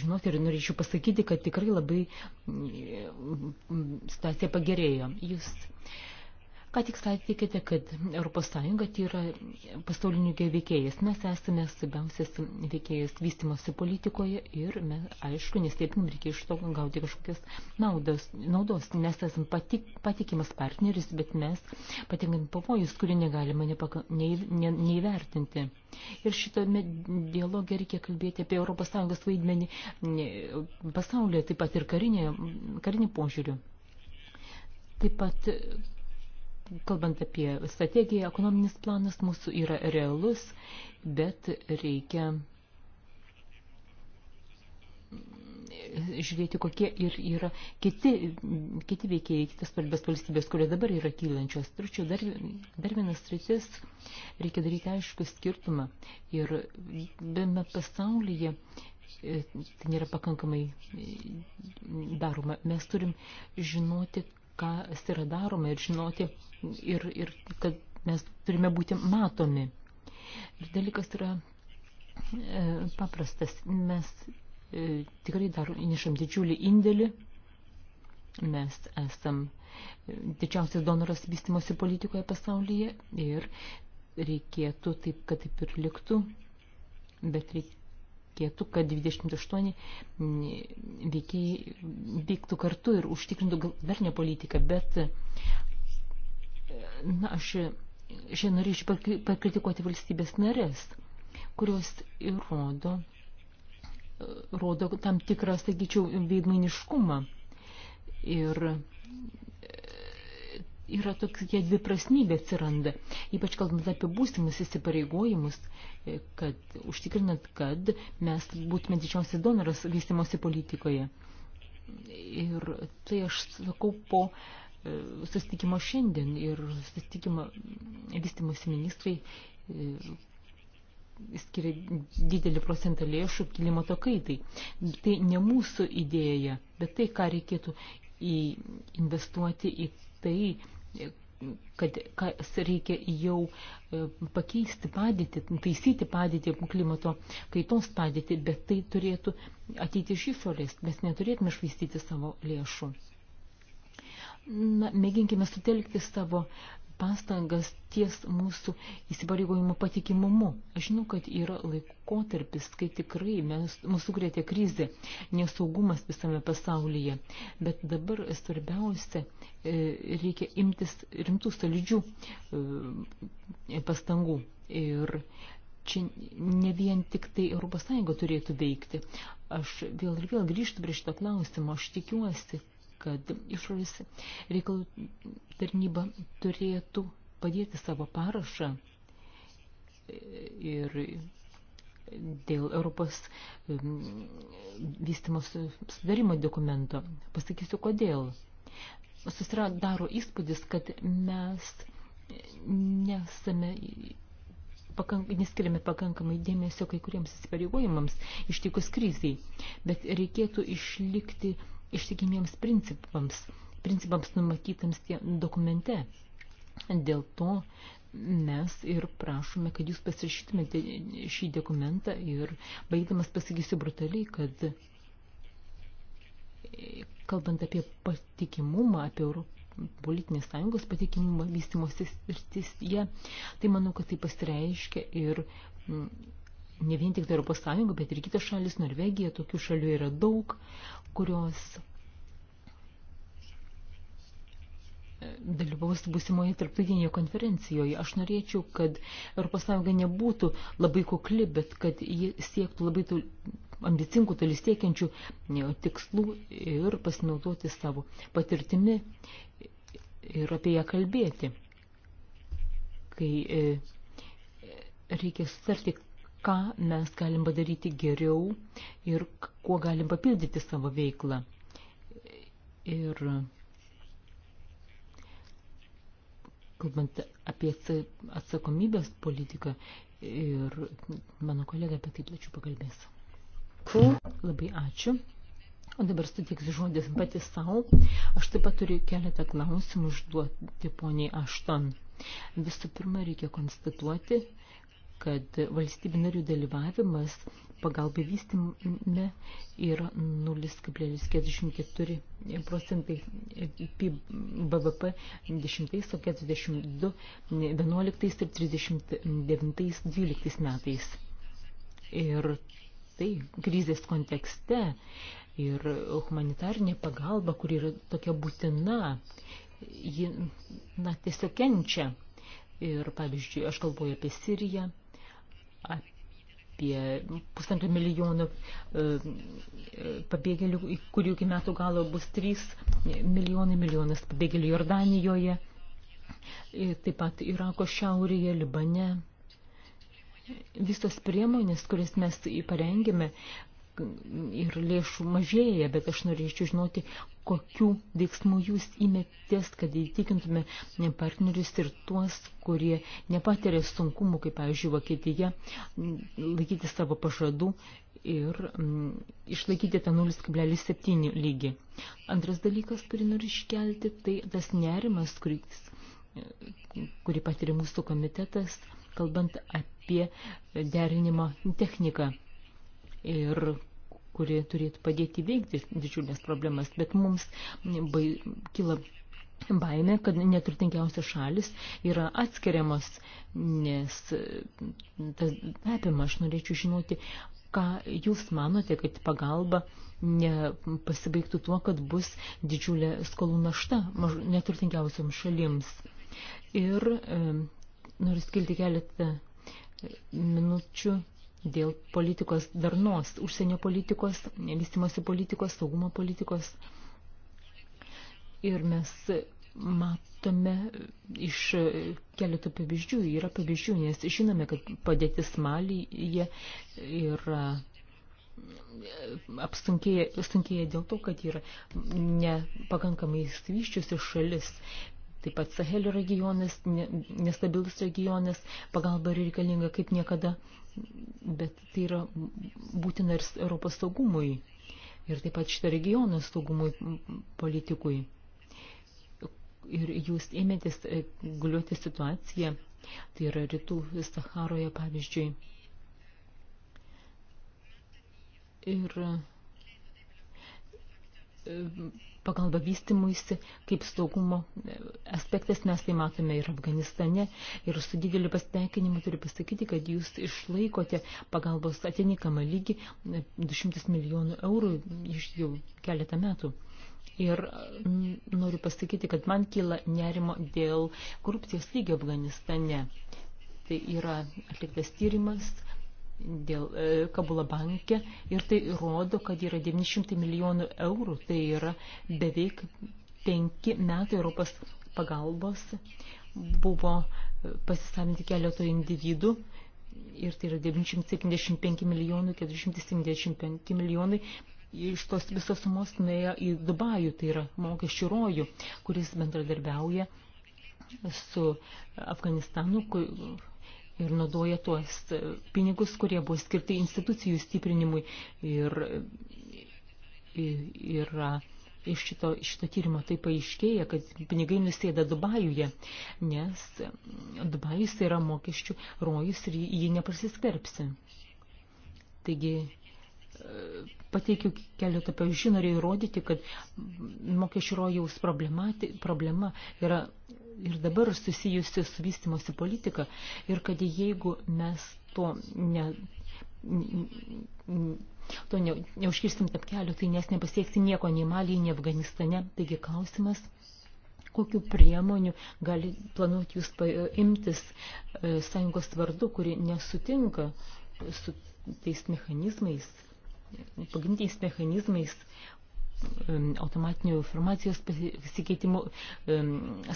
žinoti ir norėčiau pasakyti, kad tikrai labai mm, mm, situacija pagerėjo. Jūs Ką tik sakykite, kad ES tai yra pasaulinių veikėjas. Mes esame svarbiausias veikėjas vystimosi politikoje ir mes, aišku, nes taip mums reikia iš to gauti kažkokias naudos. naudos. Mes esame patik, patikimas partneris, bet mes patikim pavojus, kurį negalima nepaka, nei, ne, neįvertinti. Ir šitame dialoge reikia kalbėti apie ES vaidmenį pasaulyje, taip pat ir karinė, karinį požiūrių. Taip pat kalbant apie strategiją, ekonominis planas mūsų yra realus, bet reikia žiūrėti, kokie ir yra kiti, kiti veikėjai, kitas svarbios valstybės, kurios dabar yra kylančios. Tačiau dar, dar vienas rytis, reikia daryti aišku skirtumą. Ir bėme pasaulyje e, tai nėra pakankamai daroma. Mes turim žinoti, kas yra daroma ir žinoti, ir, ir kad mes turime būti matomi. Ir dalykas yra e, paprastas. Mes e, tikrai dar įnešam didžiulį indėlį. Mes esam e, didžiausias donoras vystimosi politikoje pasaulyje ir reikėtų taip, kad taip ir liktų, bet reikia reikėtų, kad 28 mm, veikiai veiktų kartu ir užtikrintų darnę politiką, bet na, aš šiandien norėčiau pakritikuoti valstybės narės, kurios įrodo, rodo tam tikrą, sakyčiau, veidmainiškumą ir yra tokia dviprasmybė atsiranda, ypač kalbant apie būsimus įsipareigojimus, e, kad užtikrinant, kad mes būtume didžiausias donoras vystimosi politikoje. Ir tai aš sakau po e, susitikimo šiandien ir susitikimo vystimosi ministrai e, skiria didelį procentą lėšų klimato kaitai. Tai ne mūsų idėja, bet tai, ką reikėtų investuoti į tai, kad kas reikia jau e, pakeisti padėtį, taisyti padėtį, klimato kaitos padėtį, bet tai turėtų ateiti iš išorės, mes neturėtume švaistyti savo lėšų. Na, mėginkime sutelkti savo pastangas ties mūsų įsipareigojimų patikimumu. Aš žinau, kad yra laikotarpis, kai tikrai mes, mūsų grėtė krizė, nesaugumas visame pasaulyje, bet dabar svarbiausia e, reikia imtis rimtų solidžių e, pastangų. Ir čia ne vien tik tai ES turėtų veikti. Aš vėl ir vėl grįžtu prie šito klausimo. Aš tikiuosi, kad išorės reikalų tarnyba turėtų padėti savo parašą ir dėl Europos vystimos sudarimo dokumento. Pasakysiu, kodėl. Susidaro įspūdis, kad mes nesame pakank, neskiriame pakankamai dėmesio kai kuriems įsipareigojimams ištikus kriziai, bet reikėtų išlikti ištikimiems principams, principams numatytams tie dokumente. Dėl to mes ir prašome, kad jūs pasirašytumėte šį dokumentą ir baigdamas pasakysiu brutaliai, kad e, kalbant apie patikimumą, apie Europą, politinės sąjungos patikimumą vystimosi srityje, tai manau, kad tai pasireiškia ir ne vien tik tai Europos Sąjunga, bet ir kitos šalis, Norvegija, tokių šalių yra daug, kurios e, dalyvaus būsimoje tarptautinėje konferencijoje. Aš norėčiau, kad ES nebūtų labai kukli, bet kad ji siektų labai tol, ambicingų, tolistiekiančių e, tikslų ir pasinaudoti savo patirtimi ir apie ją kalbėti. Kai e, reikia sutarti, ką mes galim padaryti geriau ir kuo galim papildyti savo veiklą. Ir kalbant apie atsakomybės politiką, ir mano kolega apie tai plačiau pakalbės. Ku. Labai ačiū. O dabar sutiksiu žodis pati savo. Aš taip pat turiu keletą klausimų užduoti poniai Ašton. Visų pirma, reikia konstatuoti, kad valstybių narių dalyvavimas pagalbai vystime yra 0,44 procentai BVP 10, o 42, 11 ir 39, 12 metais. Ir tai krizės kontekste ir humanitarinė pagalba, kuri yra tokia būtina, ji na, tiesiog kenčia. Ir pavyzdžiui, aš kalbuoju apie Siriją, apie pusantrų milijonų e, e, pabėgėlių, kurių iki metų galo bus 3 milijonai milijonas pabėgėlių Jordanijoje, taip pat Irako šiaurėje, Libane. Visos priemonės, kurias mes parengėme, ir lėšų mažėja, bet aš norėčiau žinoti, kokių veiksmų jūs įmetės, kad įtikintume partnerius ir tuos, kurie nepatiria sunkumų, kaip, pavyzdžiui, Vokietija, laikyti savo pažadų ir mm, išlaikyti tą 0,7 lygį. Antras dalykas, kurį noriu iškelti, tai tas nerimas, kuris, kurį patiria mūsų komitetas, kalbant apie derinimo techniką. Ir kuri turėtų padėti veikti didžiulės problemas, bet mums bai, kila baimė, kad neturtingiausios šalis yra atskiriamas, nes tas apima, aš norėčiau žinoti, ką jūs manote, kad pagalba nepasibaigtų tuo, kad bus didžiulė skolų našta neturtingiausioms šalims. Ir e, noriu skilti keletą e, minučių dėl politikos darnos, užsienio politikos, vystimosi politikos, saugumo politikos. Ir mes matome iš keletų pavyzdžių, yra pavyzdžių, nes žinome, kad padėtis Malyje yra apsunkėja dėl to, kad yra nepakankamai įsivyščiusi šalis. Taip pat Sahelio regionas, nestabilus regionas, pagalba reikalinga kaip niekada bet tai yra būtina ir Europos saugumui ir taip pat šitą regioną saugumui politikui. Ir jūs ėmėtės e, guliuoti situaciją, tai yra rytų Saharoje pavyzdžiui. Ir pagalba vystimuisi kaip saugumo aspektas mes tai matome ir Afganistane. Ir su dideliu pasitenkinimu turiu pasakyti, kad jūs išlaikote pagalbos atinikamą lygį 200 milijonų eurų iš jau keletą metų. Ir noriu pasakyti, kad man kyla nerimo dėl korupcijos lygio Afganistane. Tai yra atliktas tyrimas dėl e, Kabulo banke ir tai rodo, kad yra 900 milijonų eurų, tai yra beveik penki metai Europos pagalbos buvo pasisavinti keleto individų ir tai yra 975 milijonų, 475 milijonai iš tos visos sumos nuėjo į Dubajų, tai yra mokesčių rojų, kuris bendradarbiauja su Afganistanu, ir naudoja tuos e, pinigus, kurie buvo skirti institucijų stiprinimui ir e, yra iš šito, šito tyrimo tai paaiškėja, kad pinigai nusėda Dubajuje, nes mm, Dubajus tai yra mokesčių rojus ir jį neprasiskverbsi. Taigi e, pateikiu keletą pavyzdžių, norėjau įrodyti, kad mm, mokesčių rojaus problema yra ir dabar susijusi su vystimosi politika ir kad jeigu mes to ne, to ne, neužkirstim tap kelių, tai nes nepasiekti nieko nei Malyje, nei Afganistane. Taigi klausimas, kokiu priemonių gali planuoti jūs imtis e, sąjungos vardu, kuri nesutinka su tais mechanizmais, pagrindiniais mechanizmais, automatinių informacijos pasikeitimų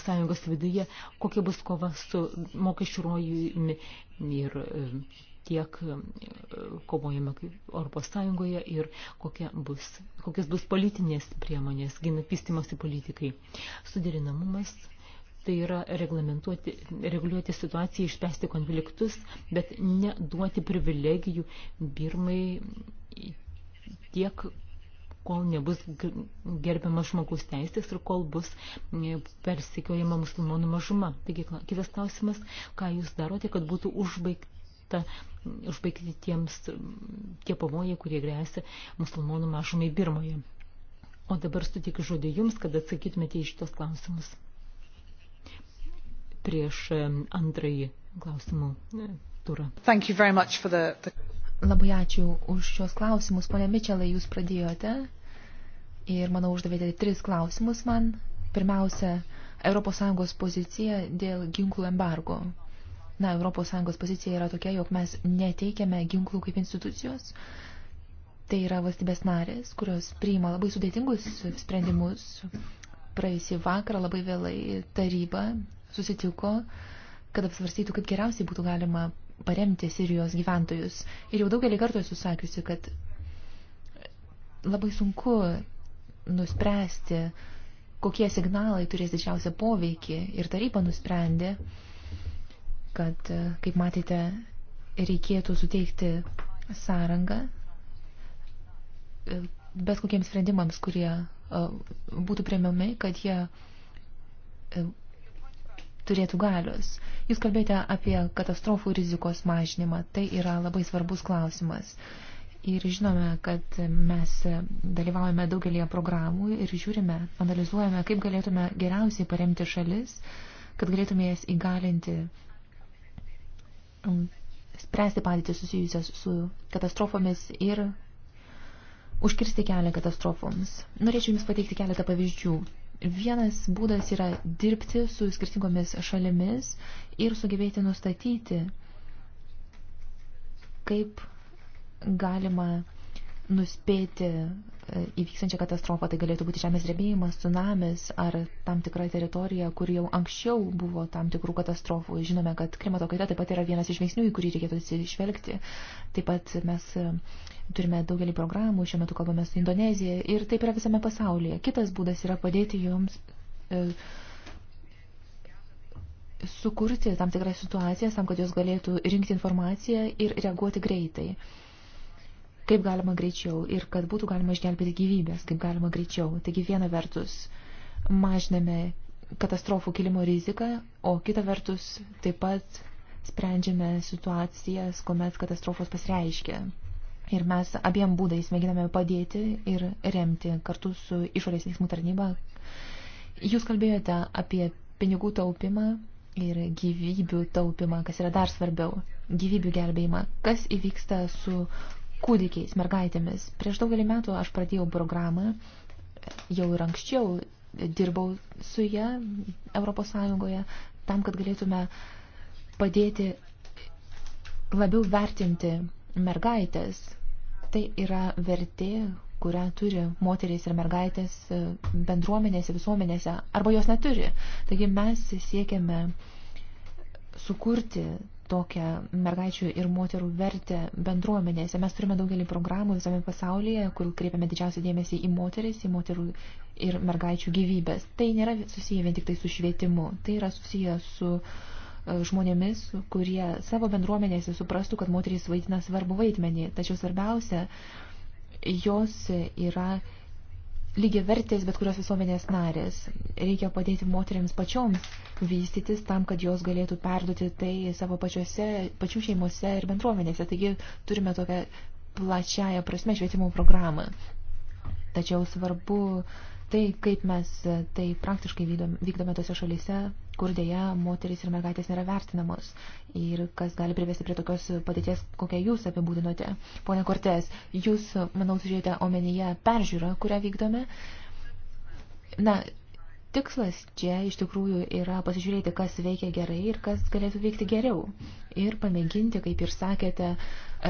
sąjungos viduje, kokia bus kova su mokesčių rojumi ir tiek kovojame Europos Sąjungoje ir kokia bus, kokias bus politinės priemonės, gynapystimosi politikai. Suderinamumas tai yra reguliuoti situaciją, išspręsti konfliktus, bet neduoti privilegijų Birmai tiek kol nebus gerbiamas žmogaus teisės ir kol bus e, persikiojama musulmonų mažuma. Taigi kitas klausimas, ką jūs darote, kad būtų užbaigta, užbaigti tiems tie pavojai, kurie grėsia musulmonų mažumai Birmoje. O dabar sutikiu žodį jums, kad atsakytumėte
į šitos klausimus.
Prieš e, antrąjį klausimų e, turą.
Thank you very much for the, the... Labai ačiū už šios klausimus. Pone Mičelai, jūs pradėjote ir, manau, uždavėte tris klausimus man. Pirmiausia, ES pozicija dėl ginklų embargo. Na, ES pozicija yra tokia, jog mes neteikiame ginklų kaip institucijos. Tai yra valstybės narės, kurios priima labai sudėtingus sprendimus. Praėjusį vakarą labai vėlai taryba susitiko, kad apsvarstytų, kaip geriausiai būtų galima paremti Sirijos gyventojus. Ir jau daugelį kartų esu sakiusi, kad labai sunku nuspręsti, kokie signalai turės didžiausią poveikį. Ir taryba nusprendė, kad, e, kaip matėte, reikėtų suteikti sąrangą e, bet kokiems sprendimams, kurie e, būtų priemiami, kad jie turėtų galios. Jūs kalbėjote apie katastrofų rizikos mažinimą. Tai yra labai svarbus klausimas. Ir žinome, kad mes dalyvaujame daugelėje programų ir žiūrime, analizuojame, kaip galėtume geriausiai paremti šalis, kad galėtume jas įgalinti um, spręsti padėtį susijusias su katastrofomis ir užkirsti kelią katastrofoms. Norėčiau Jums pateikti keletą pavyzdžių. Vienas būdas yra dirbti su skirtingomis šalimis ir sugebėti nustatyti, kaip galima nuspėti e, įvyksančią katastrofą. Tai galėtų būti žemės drebėjimas, tsunamis ar tam tikra teritorija, kur jau anksčiau buvo tam tikrų katastrofų. Žinome, kad klimato kaita taip pat yra vienas iš veiksnių, į kurį reikėtų atsižvelgti. Taip pat mes Turime daugelį programų, šiuo metu kalbame su Indonezija ir taip yra visame pasaulyje. Kitas būdas yra padėti joms e, sukurti tam tikrą situaciją, tam, kad jos galėtų rinkti informaciją ir reaguoti greitai. Kaip galima greičiau ir kad būtų galima išgelbėti gyvybės, kaip galima greičiau. Taigi viena vertus mažiname katastrofų kilimo riziką, o kita vertus taip pat sprendžiame situacijas, kuomet katastrofos pasireiškia. Ir mes abiem būdais mėginame padėti ir remti kartu su išorės veiksmų tarnyba. Jūs kalbėjote apie pinigų taupimą ir gyvybių taupimą, kas yra dar svarbiau, gyvybių gelbėjimą. Kas įvyksta su kūdikiais, mergaitėmis? Prieš daugelį metų aš pradėjau programą, jau ir anksčiau dirbau su ją Europos Sąjungoje, tam, kad galėtume padėti labiau vertinti mergaitės. Tai yra vertė, kurią turi moterys ir mergaitės e, bendruomenėse, visuomenėse, arba jos neturi. Taigi mes siekiame sukurti tokią mergaičių ir moterų vertę bendruomenėse. Mes turime daugelį programų visame pasaulyje, kur kreipiame didžiausią dėmesį į moteris, į moterų ir mergaičių gyvybės. Tai nėra susiję vien tik tai su švietimu, tai yra susiję su uh, žmonėmis, kurie savo bendruomenėse suprastų, kad moterys vaidina svarbu vaidmenį. Tačiau svarbiausia, jos yra lygiai vertės bet kurios visuomenės narės. Reikia padėti moteriams pačioms vystytis tam, kad jos galėtų perduoti tai savo pačiose, pačių šeimose ir bendruomenėse. Taigi turime tokią plačiają prasme švietimo programą. Tačiau svarbu uh, tai, kaip mes e, tai praktiškai vykdome tose šalyse, kur dėja moteris ir mergaitės nėra vertinamos ir kas gali privesti prie tokios padėties, kokią jūs apibūdinote. Pone Kortes, jūs, manau, turėjote omenyje peržiūrą, kurią vykdome. Na, Tikslas čia iš tikrųjų yra pasižiūrėti, kas veikia gerai ir kas galėtų veikti geriau. Ir pamėginti, kaip ir sakėte,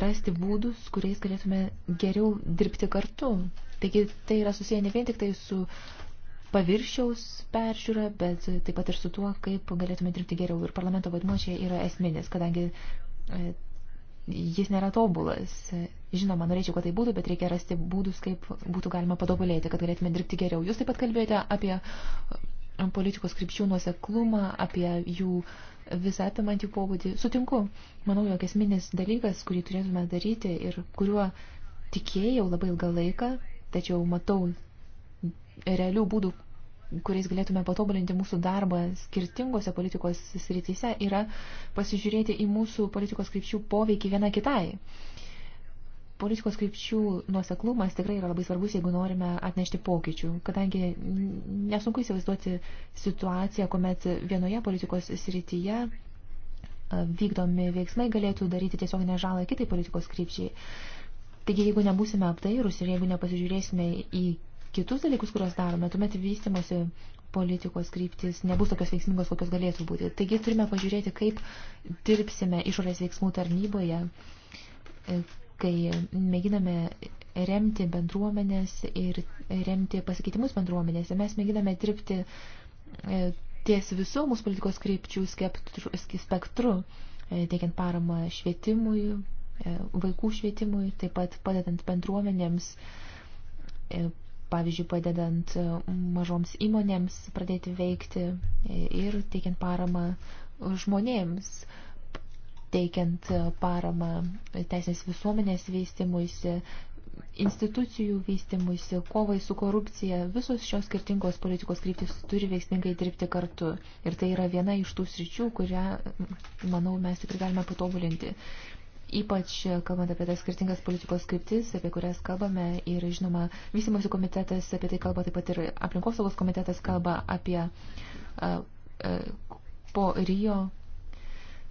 rasti būdus, kuriais galėtume geriau dirbti kartu. Taigi tai yra susiję ne vien tik tai su paviršiaus peržiūra, bet taip pat ir su tuo, kaip galėtume dirbti geriau. Ir parlamento vaidmuo čia yra esminis, kadangi e, jis nėra tobulas. Žinoma, norėčiau, kad tai būtų, bet reikia rasti būdus, kaip būtų galima patobulėti, kad galėtume dirbti geriau. Jūs taip pat kalbėjote apie um, politikos krypčių nuoseklumą, apie jų visą apimantį pobūdį. Sutinku, manau, jog esminis dalykas, kurį turėtume daryti ir kuriuo tikėjau labai ilgą laiką, tačiau matau realių būdų, kuriais galėtume patobulinti mūsų darbą skirtingose politikos srityse, yra pasižiūrėti į mūsų politikos krypčių poveikį viena kitai. Politikos krypčių nuoseklumas tikrai yra labai svarbus, jeigu norime atnešti pokyčių, kadangi nesunku įsivaizduoti situaciją, kuomet vienoje politikos srityje vykdomi veiksmai galėtų daryti tiesiog nežalą kitai politikos krypčiai. Taigi, jeigu nebūsime apdairūs ir jeigu nepasižiūrėsime į kitus dalykus, kuriuos darome, tuomet vystimosi politikos kryptis nebus tokios veiksmingos, kokios galėtų būti. Taigi turime pažiūrėti, kaip dirbsime išorės veiksmų tarnyboje, e, kai mėginame remti bendruomenės ir remti pasikeitimus bendruomenėse. Mes mėginame dirbti e, ties visų mūsų politikos krypčių spektru, e, teikiant paramą švietimui, vaikų švietimui, taip pat padedant bendruomenėms pavyzdžiui, padedant e, mažoms įmonėms pradėti veikti ir teikiant paramą žmonėms, teikiant e, paramą teisės visuomenės vystimuisi, institucijų vystimuisi, kovai su korupcija, visos šios skirtingos politikos kryptis turi veiksmingai dirbti kartu. Ir tai yra viena iš tų sričių, kurią, manau, mes tikrai galime patobulinti. Ypač e, kalbant apie tas skirtingas politikos skriptis, apie kurias kalbame ir, žinoma, vystimosi komitetas apie tai kalba, taip pat ir aplinkosaugos komitetas kalba apie uh, uh, po Rio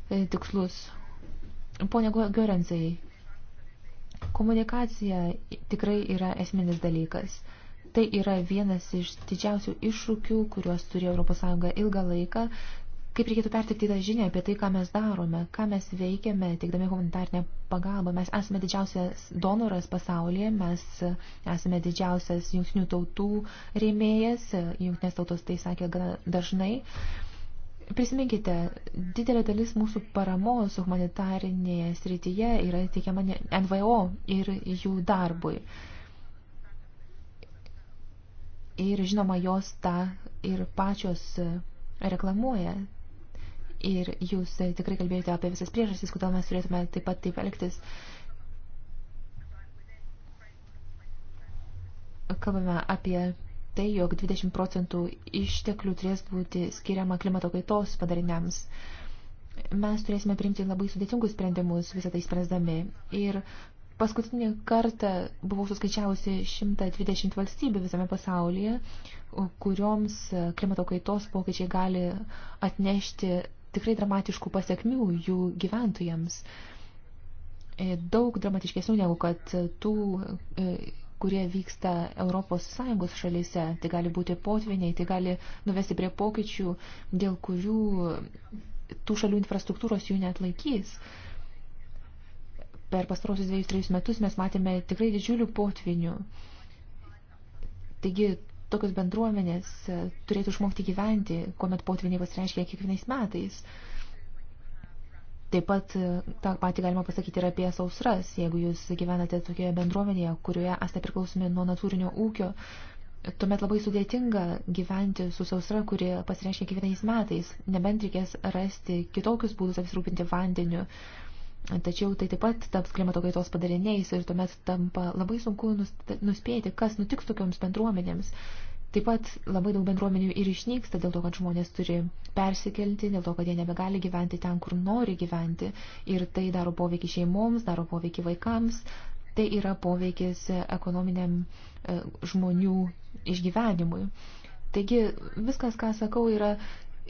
tikslus. Pone Görensai, komunikacija tikrai yra esminis dalykas. Tai yra vienas iš didžiausių iššūkių, kuriuos turėjo ES ilgą laiką kaip reikėtų pertikti tą žinią apie tai, ką mes darome, ką mes veikiame, teikdami humanitarnę pagalbą. Mes esame didžiausias donoras pasaulyje, mes esame didžiausias jungtinių tautų rėmėjas, jungtinės tautos tai sakė gana dažnai. Prisiminkite, didelė dalis mūsų paramos humanitarinėje srityje yra teikiama NVO ir jų darbui. Ir žinoma, jos tą ir pačios reklamuoja. Ir jūs e, tikrai kalbėjote apie visas priežastis, kodėl mes turėtume taip pat taip elgtis. Kalbame apie tai, jog 20 procentų išteklių turės būti skiriama klimato kaitos padariniams. Mes turėsime priimti labai sudėtingus sprendimus visą tai spręsdami. Ir Paskutinį kartą buvau suskaičiavusi 120 valstybių visame pasaulyje, kurioms e, klimato kaitos pokyčiai gali atnešti tikrai dramatiškų pasiekmių jų gyventojams. E, daug dramatiškesnių negu kad tų, e, kurie vyksta Europos Sąjungos šalyse. Tai gali būti potviniai, tai gali nuvesti prie pokyčių, dėl kurių tų šalių infrastruktūros jų net laikys per pastarosius dviejus, trejus metus mes matėme tikrai didžiulių potvinių. Taigi tokios bendruomenės e, turėtų išmokti gyventi, kuomet potviniai pasireiškia kiekvienais metais. Taip pat e, tą patį galima pasakyti ir apie sausras. Jeigu jūs gyvenate tokioje bendruomenėje, kurioje esate priklausomi nuo natūrinio ūkio, tuomet labai sudėtinga gyventi su sausra, kuri pasireiškia kiekvienais metais. Nebent reikės rasti kitokius būdus apsirūpinti vandeniu, Tačiau tai taip pat taps klimato kaitos padariniais ir tuomet tampa labai sunku nuspėti, kas nutiks tokioms bendruomenėms. Taip pat labai daug bendruomenių ir išnyksta dėl to, kad žmonės turi persikelti, dėl to, kad jie nebegali gyventi ten, kur nori gyventi. Ir tai daro poveikį šeimoms, daro poveikį vaikams. Tai yra poveikis ekonominiam e, žmonių išgyvenimui. Taigi viskas, ką sakau, yra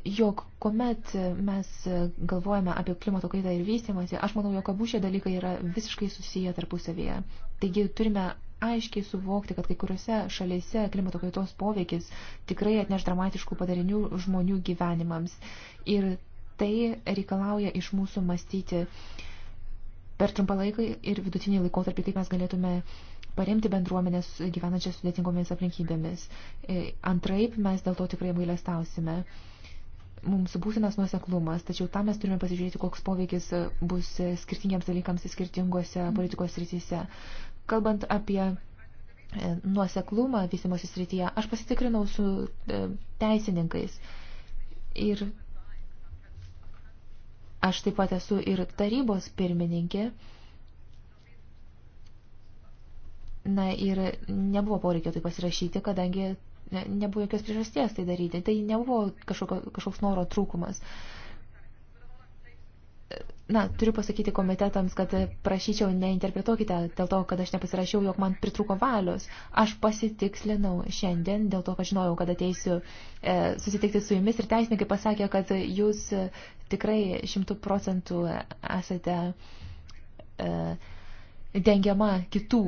jog kuomet mes galvojame apie klimato kaitą ir vystimąsi, aš manau, jog abu šie dalykai yra visiškai susiję tarpusavėje. Taigi turime aiškiai suvokti, kad kai kuriuose šalyse klimato kaitos poveikis tikrai atneš dramatiškų padarinių žmonių gyvenimams. Ir tai reikalauja iš mūsų mąstyti per trumpą laiką ir vidutinį laikotarpį, kaip mes galėtume paremti bendruomenės gyvenančias sudėtingomis aplinkybėmis. E, antraip mes dėl to tikrai apgailestausime. stausime mums būsinas nuoseklumas, tačiau tam mes turime pasižiūrėti, koks poveikis e, bus e, skirtingiams dalykams skirtingose mhm. politikos srityse. Kalbant apie e, nuoseklumą vystimosi srityje, aš pasitikrinau su teisininkais ir aš taip pat esu ir tarybos pirmininkė. Na ir nebuvo poreikio tai pasirašyti, kadangi Ne, nebuvo jokios priežasties tai daryti. Tai nebuvo kažkokio, kažkoks noro trūkumas. Na, turiu pasakyti komitetams, kad prašyčiau neinterpretuokite dėl to, kad aš nepasirašiau, jog man pritruko valios. Aš pasitikslinau šiandien dėl to, kad žinojau, kad ateisiu e, susitikti su jumis ir teisininkai pasakė, kad jūs e, tikrai šimtų procentų esate e, dengiama kitų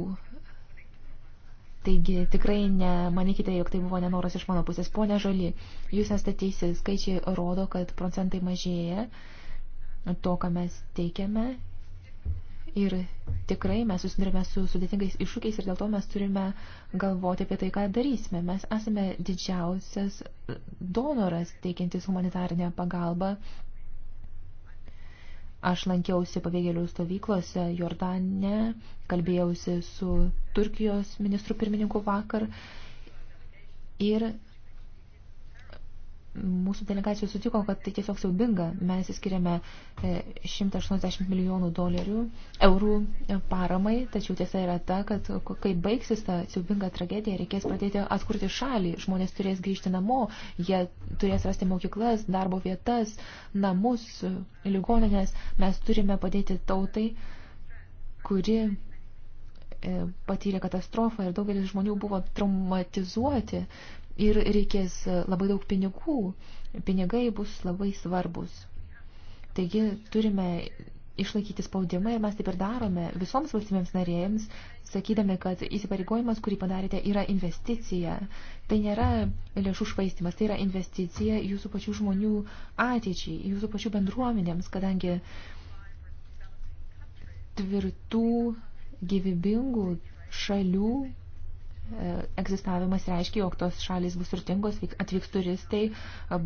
Taigi tikrai nemanykite, jog tai buvo nenoras iš mano pusės. Pone Žali, jūs esate teisi, skaičiai rodo, kad procentai mažėja to, ką mes teikiame. Ir tikrai mes susidurime su sudėtingais iššūkiais ir dėl to mes turime galvoti apie tai, ką darysime. Mes esame didžiausias donoras teikiantis humanitarinę pagalbą Aš lankiausi pabėgėlių stovyklose Jordane, kalbėjausi su Turkijos ministru pirmininku vakar ir mūsų delegacijų sutiko, kad tai tiesiog siaubinga. Mes skiriame 180 e, milijonų dolerių, eurų e, paramai, tačiau tiesa yra ta, kad kai baigsis ta siaubinga tragedija, reikės pradėti atkurti šalį. Žmonės turės grįžti namo, jie turės rasti mokyklas, darbo vietas, namus, ligoninės. Mes turime padėti tautai, kuri e, patyrė katastrofą ir daugelis žmonių buvo traumatizuoti ir reikės labai daug pinigų. Pinigai bus labai svarbus. Taigi turime išlaikyti spaudimą ir mes taip ir darome visoms valstybėms narėjams, sakydami, kad įsipareigojimas, kurį padarėte, yra investicija. Tai nėra lėšų švaistimas, tai yra investicija jūsų pačių žmonių ateičiai, jūsų pačių bendruomenėms, kadangi tvirtų, gyvybingų šalių egzistavimas reiškia, jog tos šalis bus turtingos, atvyks turistai,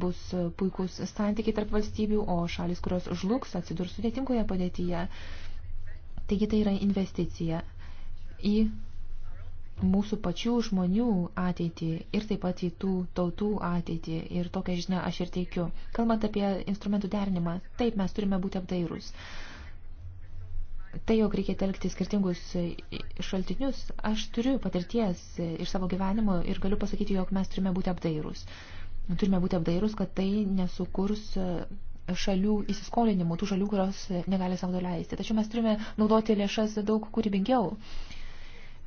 bus puikus santykiai tarp valstybių, o šalis, kurios žlugs, atsidurs sudėtingoje padėtyje. Taigi tai yra investicija į mūsų pačių žmonių ateitį ir taip pat į tų tautų ateitį. Ir tokią žinią aš ir teikiu. Kalbant apie instrumentų derinimą, taip mes turime būti apdairūs. Uh, tai, jog reikia telkti skirtingus šaltinius, aš turiu patirties iš savo gyvenimo ir galiu pasakyti, jog mes turime būti apdairūs. Turime būti apdairūs, kad tai nesukurs šalių įsiskolinimų, tų šalių, kurios negali savo leisti. Tačiau mes turime naudoti lėšas daug kūrybingiau.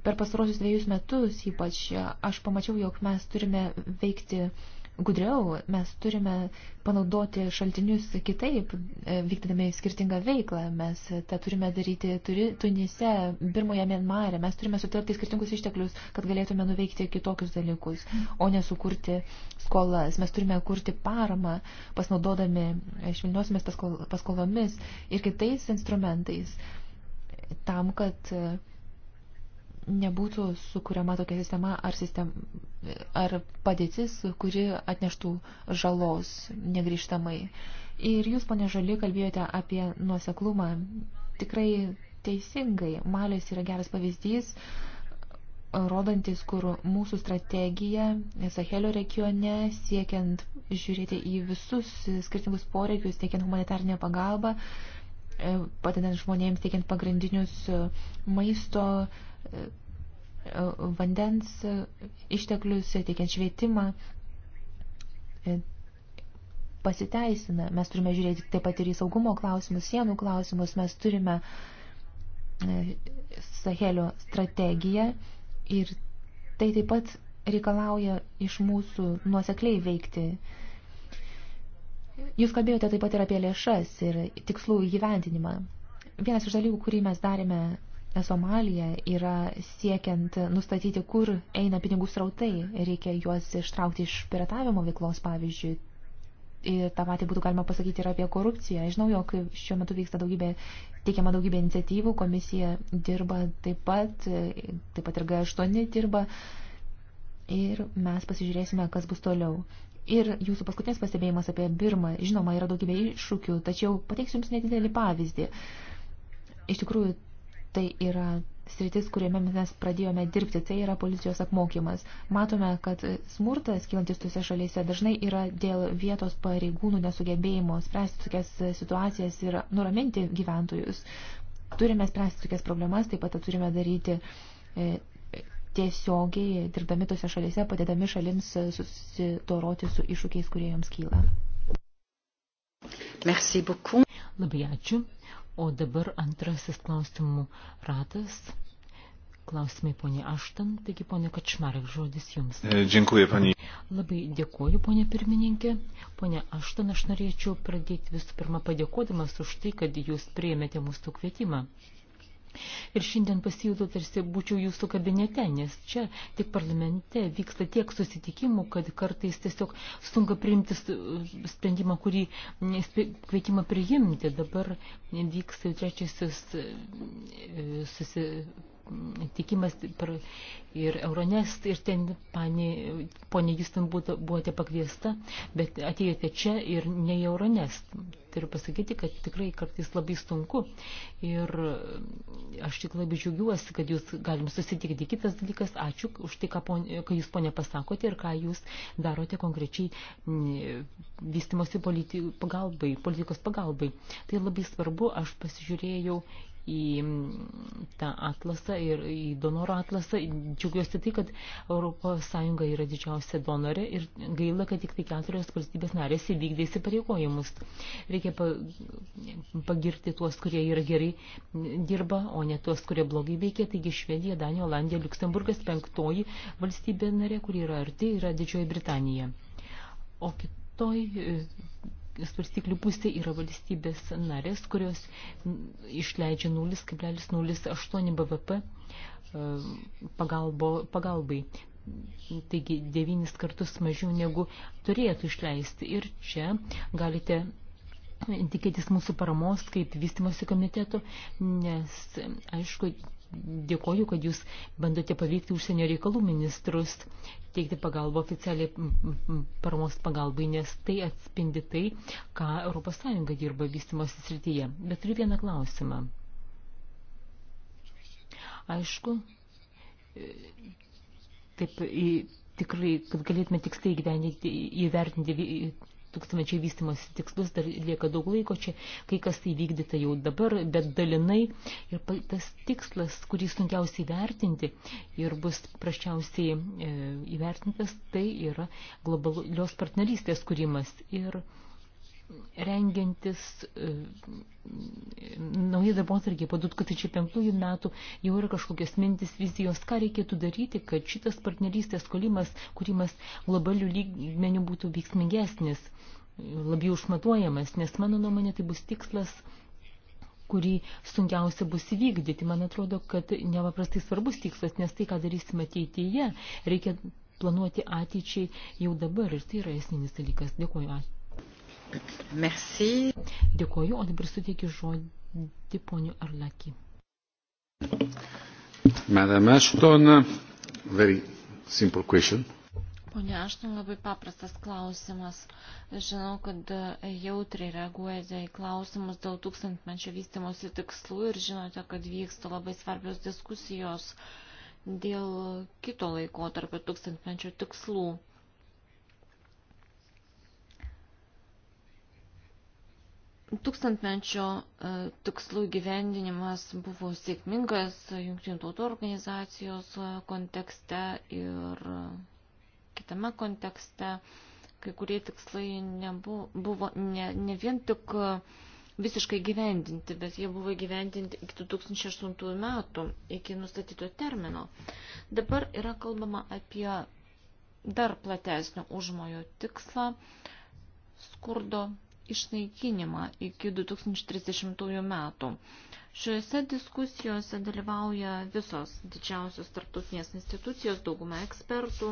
Per pastarosius dviejus metus ypač aš pamačiau, jog mes turime veikti uh, gudriau, mes turime panaudoti šaltinius kitaip, e, vykdami skirtingą veiklą. Mes tą turime daryti turi, Tunise, Birmoje, Mienmare. Mes turime sutelkti skirtingus išteklius, kad galėtume nuveikti kitokius dalykus, o ne sukurti skolas. Mes turime kurti paramą, pasinaudodami švilniosiomis paskolomis ir kitais instrumentais tam, kad uh, nebūtų sukuriama tokia sistema ar, sistem, ar padėtis, kuri atneštų žalos negrįžtamai. Ir jūs, ponė Žali, kalbėjote apie nuoseklumą. Tikrai teisingai. Malės yra geras pavyzdys, rodantis, kur mūsų strategija Sahelio regione, siekiant žiūrėti į visus skirtingus poreikius, teikiant humanitarinę pagalbą, padedant žmonėms, teikiant pagrindinius maisto vandens išteklius, teikiant švietimą, pasiteisina. Mes turime žiūrėti taip pat ir į saugumo klausimus, sienų klausimus. Mes turime e, Sahelio strategiją ir tai taip pat reikalauja iš mūsų nuosekliai veikti. Jūs kalbėjote taip pat ir apie lėšas ir tikslų įgyvendinimą. Vienas iš dalykų, kurį mes darėme Somalija yra siekiant nustatyti, kur eina pinigų srautai. Reikia juos ištraukti iš piratavimo veiklos, pavyzdžiui. Ir tą patį būtų galima pasakyti ir apie korupciją. Žinau, jog šiuo metu vyksta daugybė, teikiama daugybė iniciatyvų, komisija dirba taip pat, taip pat ir G8 dirba. Ir mes pasižiūrėsime, kas bus toliau. Ir jūsų paskutinis pastebėjimas apie Birmą. Žinoma, yra daugybė iššūkių, tačiau pateiksiu jums nedidelį pavyzdį. Iš tikrųjų, tai yra sritis, kuriame mes pradėjome dirbti, tai yra policijos apmokymas. Matome, kad smurtas kylantis tose šalyse dažnai yra dėl vietos pareigūnų nesugebėjimo spręsti tokias situacijas ir nuraminti gyventojus. Turime spręsti tokias problemas, taip pat turime daryti e, tiesiogiai, dirbdami tose šalyse, padėdami šalims susidoroti su iššūkiais, kurie joms kyla.
Merci beaucoup. Labai ačiū. O dabar antrasis klausimų ratas. Klausimai ponė Aštan, taigi ponė Kačmarek, žodis jums. E, dėkuoju, panė. Labai dėkuoju, ponė pirmininkė. Ponė Aštan, aš norėčiau pradėti visų pirma padėkodamas už tai, kad jūs priėmėte mūsų kvietimą. Ir šiandien pasijūtų tarsi būčiau jūsų kabinete, nes čia tik parlamente vyksta tiek susitikimų, kad kartais tiesiog sunka priimti sprendimą, kurį kvietimą priimti. Dabar vyks trečiasis e, susi, tikimas ir Euronest, ir ten, pani, ponė, jūs ten buvote pakviesta, bet atėjote čia ir ne į Euronest. Turiu pasakyti, kad tikrai kartais labai sunku ir aš tik labai džiaugiuosi, kad jūs galim susitikti. Kitas dalykas, ačiū už tai, ką, ponė, ką jūs ponė pasakote ir ką jūs darote konkrečiai mm, vystimosi politi pagalbai, politikos pagalbai. Tai labai svarbu, aš pasižiūrėjau į tą atlasą ir į donoro atlasą. Džiaugiuosi tai, kad ES yra didžiausia donorė ir gaila, kad tik tai keturios valstybės narės įvykdė įsipareigojimus. Reikia pagirti tuos, kurie yra gerai dirba, o ne tuos, kurie blogai veikia. Taigi Švedija, Danija, Olandija, Luksemburgas, penktoji valstybė narė, kuri yra arti, yra Didžioji Britanija. O kitoj svarstyklių pusė yra valstybės narės, kurios išleidžia 0,08 BVP e, pagalbo, pagalbai. Taigi devynis kartus mažiau negu turėtų išleisti. Ir čia galite tikėtis mūsų paramos kaip vystimosi komiteto, nes, aišku, dėkoju, kad jūs bandote pavykti užsienio reikalų ministrus, teikti pagalbą oficialiai paramos pagalbai, nes tai atspindi tai, ką ES dirba vystimosi srityje. Bet turiu vieną klausimą. Aišku, e, taip, tikrai, kad galėtume tiksliai įvertinti tūkstančiai vystimas tikslus, dar lieka daug laiko čia, kai kas tai vykdyta jau dabar, bet dalinai ir tas tikslas, kurį sunkiausiai vertinti ir bus praščiausiai e, įvertintas, tai yra globalios partnerystės kūrimas. Ir rengiantis e, nauji darbotvarkiai po 2005 metų jau yra kažkokios mintis, vizijos, ką reikėtų daryti, kad šitas partnerystės kolimas, kūrimas globalių lygmenių būtų veiksmingesnis, labiau užmatuojamas, nes mano nuomonė tai bus tikslas kurį sunkiausia bus įvykdyti. Man atrodo, kad nepaprastai svarbus tikslas, nes tai, ką darysime ateityje, reikia planuoti ateičiai jau dabar ir tai yra esminis dalykas. Dėkuoju. Merci. Dėkoju, o dabar suteikiu žodį poniu Arlaki.
Madame Ashton, very simple question.
Pone Ašton, labai paprastas klausimas. Žinau, kad jautriai reaguojate į klausimus dėl tūkstantmečio vystimosi tikslų ir žinote, kad vyksta labai svarbios diskusijos dėl kito laiko tarp tūkstantmečio tikslų. Tūkstantmečio e, tikslų gyvendinimas buvo sėkmingas Junktinių tautų organizacijos e, kontekste ir e, kitame kontekste. Kai kurie tikslai nebuvo, buvo ne, ne vien tik visiškai gyvendinti, bet jie buvo gyvendinti iki 2008 metų, iki nustatyto termino. Dabar yra kalbama apie dar platesnio užmojo tikslą skurdo išnaikinimą iki 2030 metų. Šiuose diskusijose dalyvauja visos didžiausios tarptautinės institucijos, dauguma ekspertų.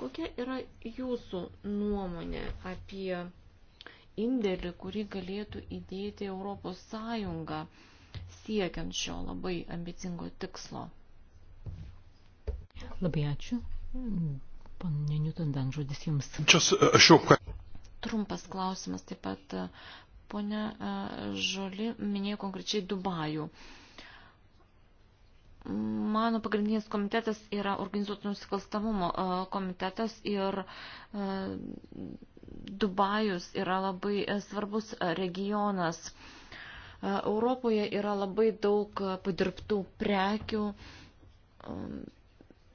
Kokia yra jūsų nuomonė apie indėlį, kurį galėtų įdėti Europos Sąjunga siekiant šio labai ambicingo tikslo?
Labai ačiū. Pane Newton, dan žodis jums. Just a short
question trumpas klausimas taip pat. Pone e, Žoli minėjo konkrečiai Dubajų. Mano pagrindinis komitetas yra organizuotų nusikalstamumo e, komitetas ir e, Dubajus yra labai svarbus regionas. Europoje yra labai daug padirbtų prekių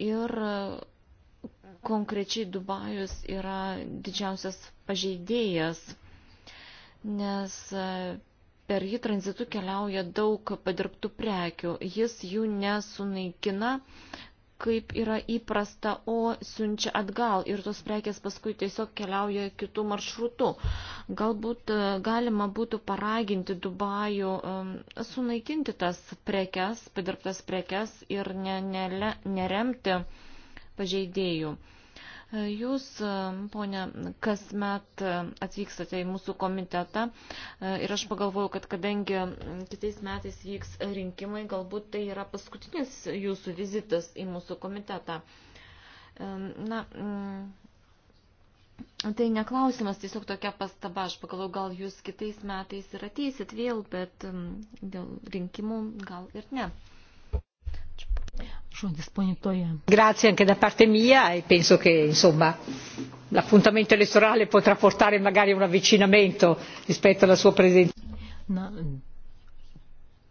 ir konkrečiai Dubajus yra didžiausias pažeidėjas, nes e, per jį tranzitu keliauja daug padirbtų prekių. Jis jų nesunaikina, kaip yra įprasta, o siunčia atgal ir tos prekės paskui tiesiog keliauja kitų maršrutų. Galbūt e, galima būtų paraginti Dubajų sunaikinti tas prekes, padirbtas prekes ir ne, ne, neremti pažeidėjų. Jūs, e, ponia, kasmet e, atvykstate į mūsų komitetą e, ir aš pagalvoju, kad kadangi kitais metais vyks rinkimai, galbūt tai yra paskutinis jūsų vizitas į mūsų komitetą. Na, Tai neklausimas, tiesiog tokia pastaba, aš pagalau, gal jūs kitais metais ir ateisit vėl, bet dėl rinkimų gal ir ne. Žodis ponitoje.
Grazie anche da parte mia e penso che, insomma, l'appuntamento elettorale potrà portare magari un avvicinamento rispetto alla sua presenza. Na,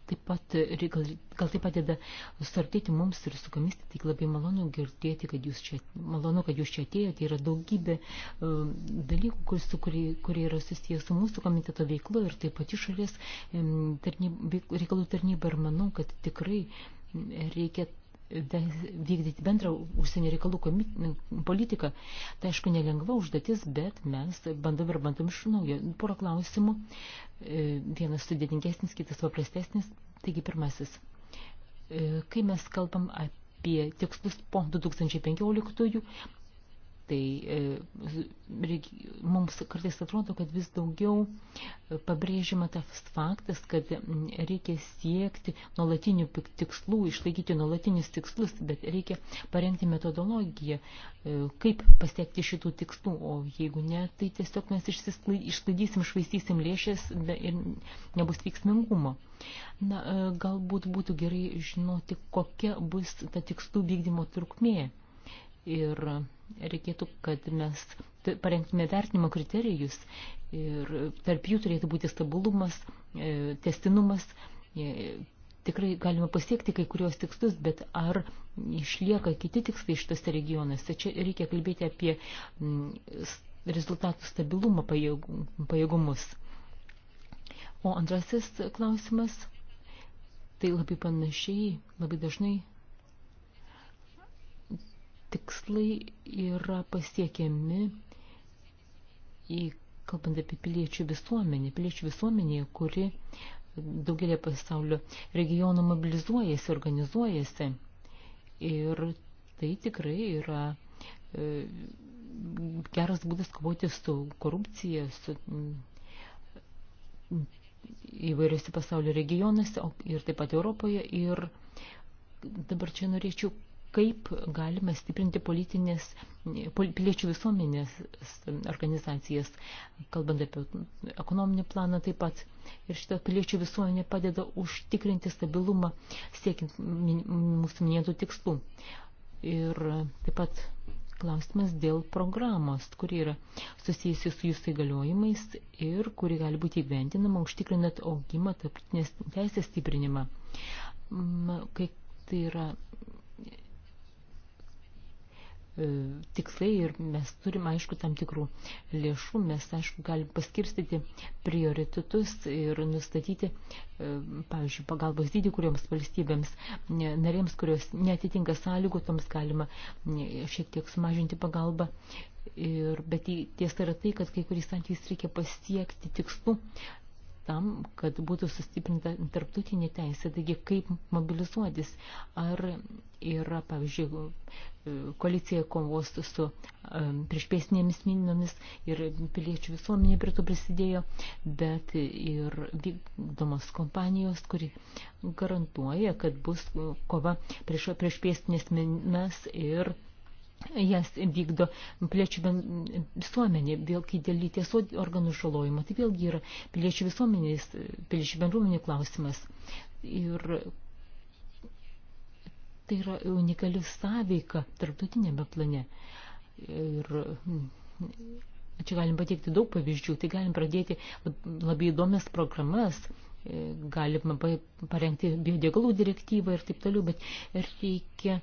taip pat, gal, gal tai padeda startyti mums ir su komis, tik labai malonu girdėti, kad jūs čia, malonu, kad jūs čia atėjote, yra daugybė um, dalykų, kuris, kurie, kurie yra susijęs su mūsų komiteto veikla ir taip pat išorės um, tarnyb, reikalų tarnyba ir manau, kad tikrai reikia vykdyti bendrą užsienio reikalų politiką. Tai aišku, nelengva užduotis, bet mes bandom ir bandom iš naujo. Porą klausimų, e, vienas sudėtingesnis, kitas paprastesnis. Taigi, pirmasis. E, kai mes kalbam apie tikslus po 2015, Tai e, mums kartais atrodo, kad vis daugiau e, pabrėžima tas faktas, kad reikia siekti nuolatinių tikslų, išlaikyti nuolatinius tikslus, bet reikia parengti metodologiją, e, kaip pasiekti šitų tikslų, o jeigu ne, tai tiesiog mes išsklaidysim, švaistysim lėšės ir nebus veiksmingumo. Na, galbūt būtų gerai žinoti, kokia bus ta tikslų vykdymo trukmė. Ir reikėtų, kad mes parengtume vertinimo kriterijus ir tarp jų turėtų būti stabilumas, e, testinumas. E, tikrai galima pasiekti kai kurios tikslus, bet ar išlieka kiti tikslai šitose regionuose? Čia reikia kalbėti apie rezultatų stabilumą pajėgumus. O antrasis klausimas, tai labai panašiai, labai dažnai tikslai yra pasiekiami į, kalbant apie piliečių visuomenį, piliečių visuomenį, kuri daugelį pasaulio regionų mobilizuojasi, organizuojasi. Ir tai tikrai yra e, geras būdas kovoti su korupcija, su įvairiose pasaulio regionuose ir taip pat Europoje. Ir dabar čia norėčiau kaip galima stiprinti politinės, piliečių visuomenės organizacijas, kalbant apie ekonominį planą taip pat. Ir šitą piliečių visuomenė padeda užtikrinti stabilumą, siekiant mūsų minėtų tikslų. Ir taip pat klausimas dėl programos, kuri yra susijusi su jūsų įgaliojimais ir kuri gali būti įgyvendinama, užtikrinant augimą, tarptautinės teisės stiprinimą. Kai tai yra E, tikslai ir mes turim, aišku, tam tikrų lėšų, mes, aišku, galim paskirstyti prioritetus ir nustatyti, e, pavyzdžiui, pagalbos dydį, kurioms valstybėms narėms, kurios netitinka sąlygų, toms galima šiek tiek sumažinti pagalbą. Ir, bet tiesa yra tai, kad kai kuriais atvejais reikia pasiekti tikslų, tam, kad būtų sustiprinta tarptautinė teisė. Taigi, kaip mobilizuotis? Ar yra, pavyzdžiui, koalicija kovos su priešpėsinėmis minomis ir piliečių visuomenė prie to prisidėjo, bet ir vykdomos kompanijos, kuri garantuoja, kad bus kova prieš, priešpėsinės minas ir jas vykdo piliečių visuomenė, vėlgi dėl lyties organų žalojimo. Tai vėlgi yra piliečių visuomenės, piliečių bendruomenė klausimas. Ir tai yra unikali sąveika tarptautinėme plane. Ir mm, čia galim pateikti daug pavyzdžių, tai galim pradėti labai įdomias programas, e, galima parengti biodegalų direktyvą ir taip toliau, bet reikia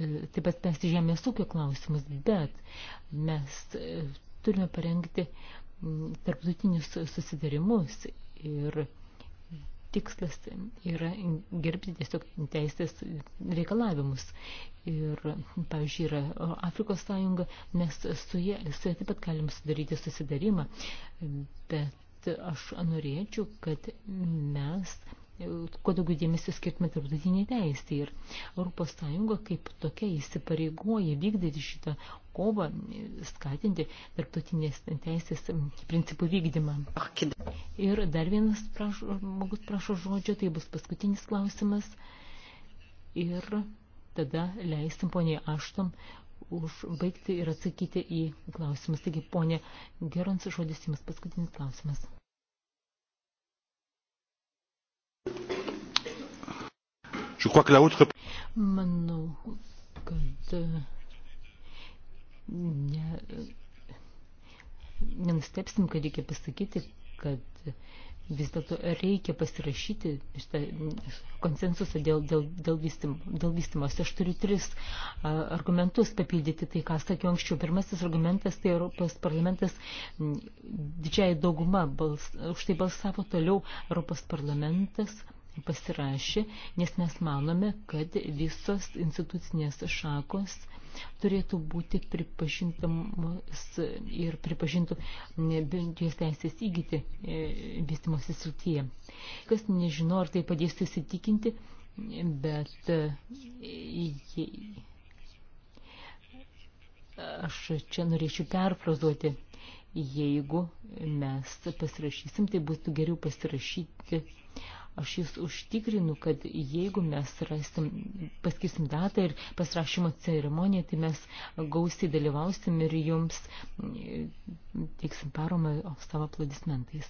taip pat spręsti žemės ūkio klausimus, bet mes e, turime parengti tarptautinius susidarimus ir tikslas yra gerbti tiesiog teisės reikalavimus. Ir, pavyzdžiui, yra Afrikos sąjunga, mes su jie, su jie taip pat galim sudaryti susidarimą, bet aš norėčiau, kad mes kuo daugiau dėmesio skirtume tarptautiniai teisė. Ir Europos Sąjunga kaip tokia įsipareigoja vykdyti šitą kovą, skatinti tarptautinės teisės principų vykdymą. Ir dar vienas prašo, žmogus prašo žodžio, tai bus paskutinis klausimas. Ir tada leisim poniai Aštom užbaigti ir atsakyti į klausimus. Taigi, ponė Gerons, žodis jums paskutinis klausimas. Manau, kad ne, nenustepsim, kad reikia pasakyti, kad vis dėlto reikia pasirašyti šitą mm, konsensusą dėl, dėl, dėl, vystym, dėl vystymas. Aš turiu tris argumentus papildyti tai, ką sakiau anksčiau. Pirmasis argumentas tai Europos parlamentas mm, didžiai dauguma bals, už tai balsavo toliau Europos parlamentas pasirašė, nes mes manome, kad visos institucinės šakos turėtų būti pripažintamos ir pripažintų bendrijos teisės įgyti e, vystimosi srityje. Kas nežino, ar tai padės įsitikinti, bet e, aš čia norėčiau perfrazuoti. Jeigu mes pasirašysim, tai būtų geriau pasirašyti Aš jūs užtikrinu, kad jeigu mes rasim, paskirsim datą ir pasirašymo ceremoniją, tai mes gausiai dalyvausim ir jums mm, teiksim paromą savo aplodismentais.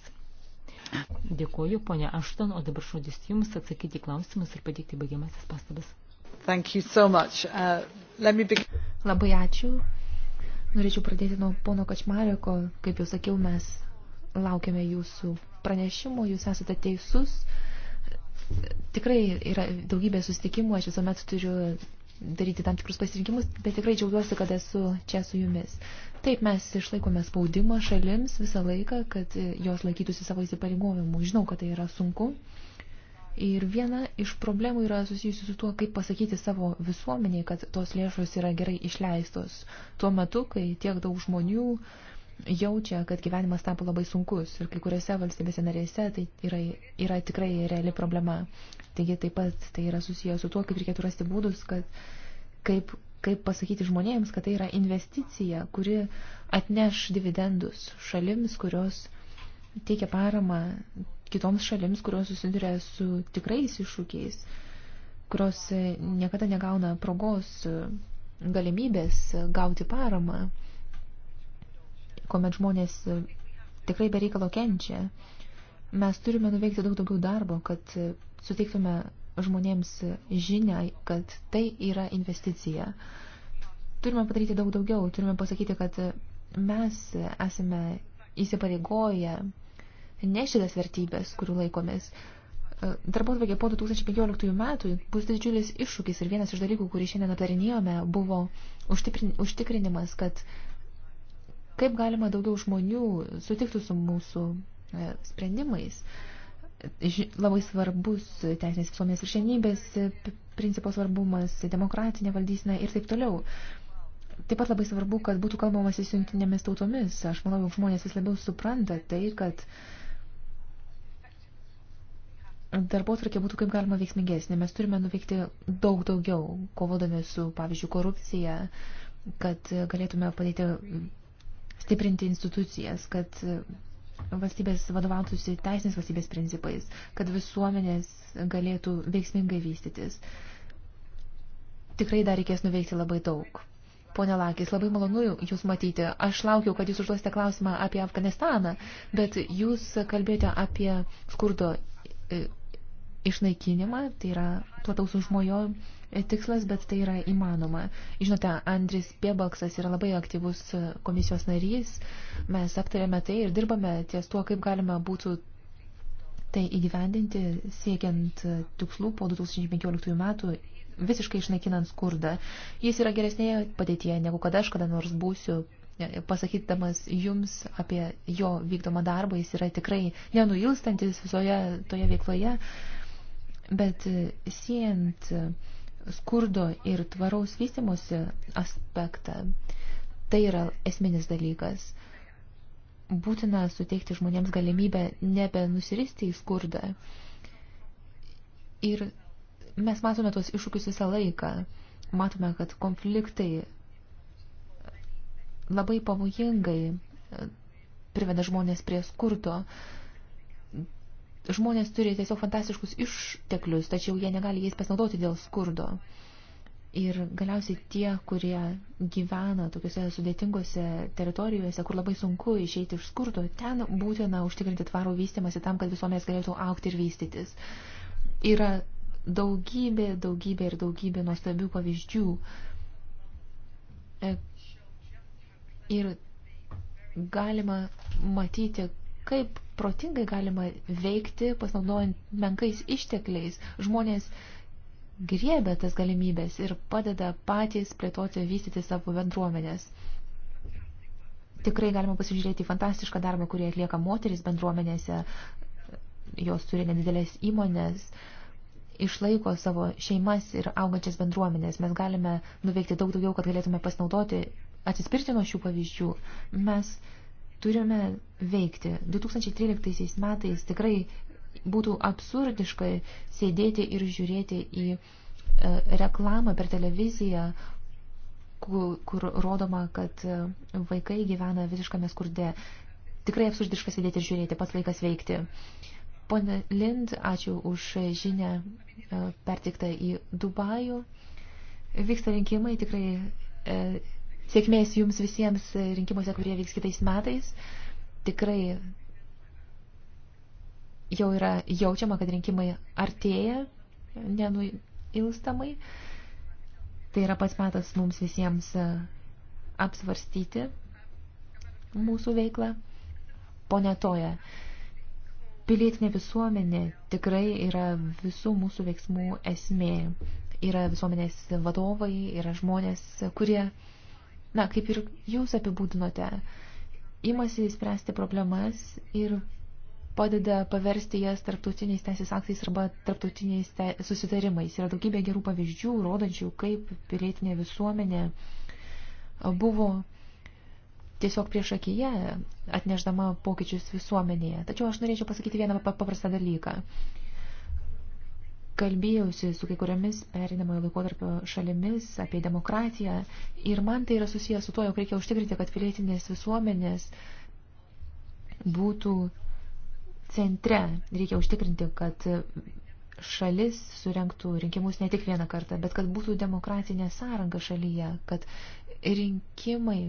Dėkuoju, ponia Ašton, o dabar žodis jums atsakyti klausimus ir pateikti baigiamasis pastabas.
Thank you so much. Uh, let me begin. Labai ačiū. Norėčiau pradėti nuo pono Kačmareko. Kaip jau sakiau, mes laukiame jūsų pranešimo, jūs esate teisus. Uh, tikrai yra daugybė susitikimų, aš visuomet turiu daryti tam tikrus pasirinkimus, bet tikrai džiaugiuosi, kad esu čia su jumis. Taip, mes išlaikome spaudimą šalims visą laiką, kad jos laikytųsi savo įsipareigojimų. Žinau, kad tai yra sunku. Ir viena iš problemų yra susijusi su tuo, kaip pasakyti savo visuomeniai, kad tos lėšos yra gerai išleistos tuo metu, kai tiek daug žmonių uh, jaučia, kad gyvenimas tapo labai sunkus ir kai kuriuose valstybėse narėse tai yra, yra tikrai reali problema. Taigi taip pat tai yra susijęs su tuo, kaip reikėtų rasti būdus, kad kaip, kaip pasakyti žmonėms, kad tai yra investicija, kuri atneš dividendus šalims, kurios teikia paramą kitoms šalims, kurios susiduria su tikrais iššūkiais, kurios e, niekada negauna progos e, galimybės gauti paramą kuomet žmonės e, tikrai bereikalo kenčia. Mes turime nuveikti daug daugiau darbo, kad e, suteiktume žmonėms e, žinę, kad tai yra investicija. Turime padaryti daug daugiau, turime pasakyti, kad mes esame įsipareigoję nešidas vertybės, kurių laikomės. Darbotvarkė po 2015 metų bus didžiulis iššūkis ir vienas iš dalykų, kurį šiandien aptarinėjome, buvo užtikrinimas, kad kaip galima daugiau žmonių sutiktų su mūsų e, sprendimais. Labai svarbus teisinės visuomenės ir šiandienybės principo svarbumas, demokratinė valdysina ir taip toliau. Taip pat labai svarbu, kad būtų kalbamasi su jungtinėmis tautomis. Aš manau, jog žmonės vis labiau supranta tai, kad darbotvarkė būtų kaip galima veiksmingesnė. Mes turime nuveikti daug daugiau, kovodami su, pavyzdžiui, korupcija, kad galėtume padėti stiprinti institucijas, kad e, valstybės vadovautųsi teisinės valstybės principais, kad visuomenės galėtų veiksmingai vystytis. Tikrai dar reikės nuveikti labai daug. Pone Lakis, labai malonu Jūs matyti. Aš laukiau, kad Jūs užduosite klausimą apie Afganistaną, bet Jūs kalbėjote apie skurdo e, išnaikinimą, tai yra plataus užmojo tikslas, bet tai yra įmanoma. Žinote, Andris Piebalksas yra labai aktyvus komisijos narys. Mes aptarėme tai ir dirbame ties tuo, kaip galima būtų tai įgyvendinti, siekiant tikslų po 2015 metų visiškai išnaikinant skurdą. Jis yra geresnėje padėtyje, negu kad aš kada nors būsiu e, pasakydamas jums apie jo vykdomą darbą, jis yra tikrai nenuilstantis visoje toje veikloje, bet e, siejant skurdo ir tvaraus vystimosi aspektą. Tai yra esminis dalykas. Būtina suteikti žmonėms galimybę nebenusiristi į skurdą. Ir mes matome tos iššūkius visą laiką. Matome, kad konfliktai labai pavojingai priveda žmonės prie skurdo. Uh, Žmonės turi tiesiog fantastiškus išteklius, tačiau jie negali jais pasinaudoti dėl skurdo. Ir galiausiai tie, kurie gyvena tokiuose sudėtingose teritorijuose, kur labai sunku išeiti iš skurdo, ten būtina užtikrinti tvarų vystimąsi tam, kad visuomenės galėtų aukti ir vystytis. Yra daugybė, daugybė ir daugybė nuostabių pavyzdžių. E, ir galima matyti, kaip protingai galima veikti, pasinaudojant menkais ištekliais. Žmonės griebia tas galimybės ir padeda patys plėtoti, vystyti savo bendruomenės. Tikrai galima pasižiūrėti į fantastišką darbą, kurį atlieka moteris bendruomenėse, jos turi nedidelės įmonės, išlaiko savo šeimas ir augančias bendruomenės. Mes galime nuveikti daug daugiau, kad galėtume pasinaudoti, atsispirti nuo šių pavyzdžių. Mes uh, Turime veikti. 2013 metais tikrai būtų absurdiška sėdėti ir žiūrėti į e, reklamą per televiziją, kur, kur rodoma, kad e, vaikai gyvena visiškame skurde. Tikrai absurdiška sėdėti ir žiūrėti, pats laikas veikti. Pone Lind, ačiū už žinę e, pertiktą į Dubajų. Vyksta rinkimai, tikrai Sėkmės jums visiems rinkimuose, kurie vyks kitais metais. Tikrai jau yra jaučiama, kad rinkimai artėja nenuilstamai. Tai yra pats metas mums visiems e, apsvarstyti mūsų veiklą. Pone Toja, pilietinė visuomenė tikrai yra visų mūsų veiksmų esmė. Yra visuomenės vadovai, yra žmonės, kurie na, kaip ir jūs apibūdinote, imasi spręsti problemas ir padeda paversti jas tarptautiniais teisės aktais arba tarptautiniais te... susitarimais. Yra daugybė gerų pavyzdžių, rodančių, kaip pilietinė visuomenė buvo tiesiog prieš akiją atneždama pokyčius visuomenėje. Tačiau aš norėčiau pasakyti vieną paprastą dalyką kalbėjausi su kai kuriomis perinamojo laikotarpio šalimis apie demokratiją ir man tai yra susijęs su to, jog reikia užtikrinti, kad pilietinės visuomenės būtų centre. Reikia užtikrinti, kad šalis surenktų rinkimus ne tik vieną kartą, bet kad būtų demokratinė sąranga šalyje, kad rinkimai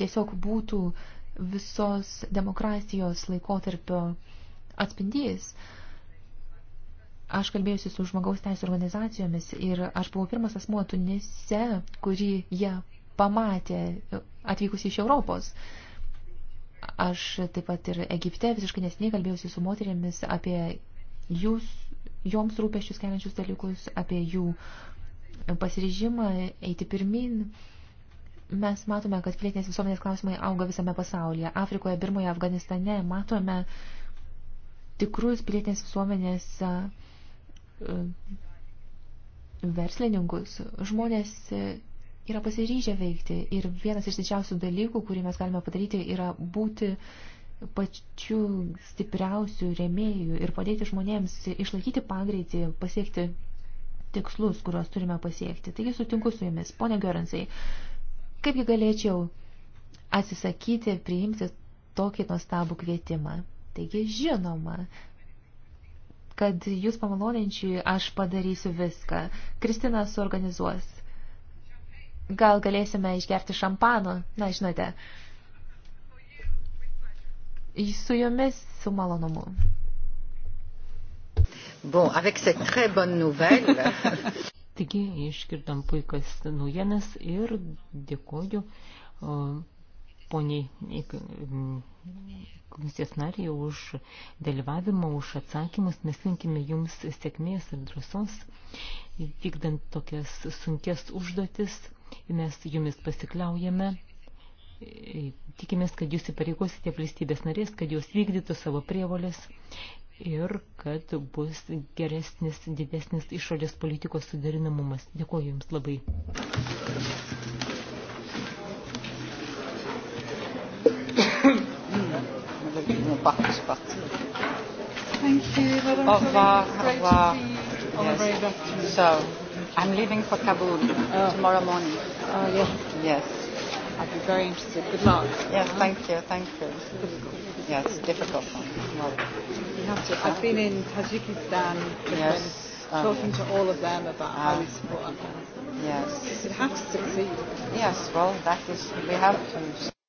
tiesiog būtų visos demokratijos laikotarpio atspindys. Uh, Aš kalbėjusi su žmogaus teisų organizacijomis ir aš buvau pirmas asmuo Tunise, kurį jie pamatė e, atvykus iš Europos. Aš taip pat ir Egipte visiškai nesiniai kalbėjusi su moterėmis apie jūs, joms rūpeščius keliančius dalykus, apie jų pasiryžimą eiti pirmin. Mes matome, kad pilietinės visuomenės klausimai auga visame pasaulyje. Afrikoje, Birmoje, Afganistane matome tikrus pilietinės visuomenės uh, verslininkus, žmonės yra pasiryžę veikti ir vienas iš didžiausių dalykų, kurį mes galime padaryti, yra būti pačių stipriausių rėmėjų ir padėti žmonėms išlaikyti pagreitį, pasiekti tikslus, kuriuos turime pasiekti. Taigi sutinku su jumis, ponia Görensai, kaipgi galėčiau atsisakyti priimti tokį nuostabų kvietimą. Taigi, žinoma, kad jūs pamaloninčiui aš padarysiu viską. Kristina suorganizuos. Gal galėsime išgerti šampano, na, žinote. Su jumis su malonumu.
Bon, avec cette très bonne nouvelle. Taigi,
išgirdom puikas naujienas ir dėkoju. Uh, poniai komisijos nariai už dalyvavimą, už atsakymus. Mes linkime jums sėkmės ir drąsos, vykdant tokias sunkes užduotis. Mes jumis pasikliaujame. Tikimės, kad jūs įpareigosite valstybės narės, kad jos vykdytų savo prievolės ir kad bus geresnis, didesnis išorės politikos suderinamumas. Dėkuoju Jums labai.
parti, je suis parti. Thank you, Madame Au revoir, au revoir. Yes. So, I'm leaving for Kabul oh. tomorrow morning. Oh, yes. Yes. I'd be very interested. Good luck. Yes, uh-huh. thank you, thank you. Yes, difficult one. Well, you have to, I've been in Tajikistan. Yes. Um, talking to all of them about um, how uh, we support Afghanistan. Yes. You have to succeed. Yes, well, that is, we have to.